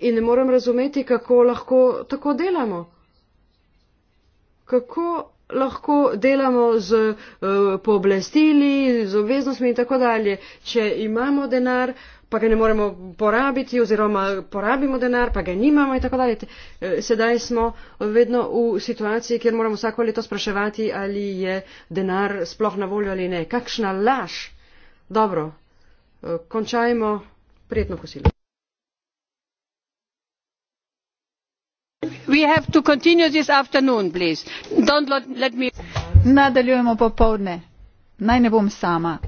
in ne morem razumeti, kako lahko tako delamo. Kako lahko delamo z uh, pooblastili, z obveznostmi in tako dalje, če imamo denar, pa ga ne moremo porabiti oziroma porabimo denar, pa ga nimamo in tako dalje. Eh, sedaj smo vedno v situaciji, kjer moramo vsako leto spraševati, ali je denar sploh na voljo ali ne. Kakšna laž. Dobro, uh, končajmo. Prijetno kosilo. we have to continue this afternoon please don't let me nadaljujemo popovdne naj ne bom sama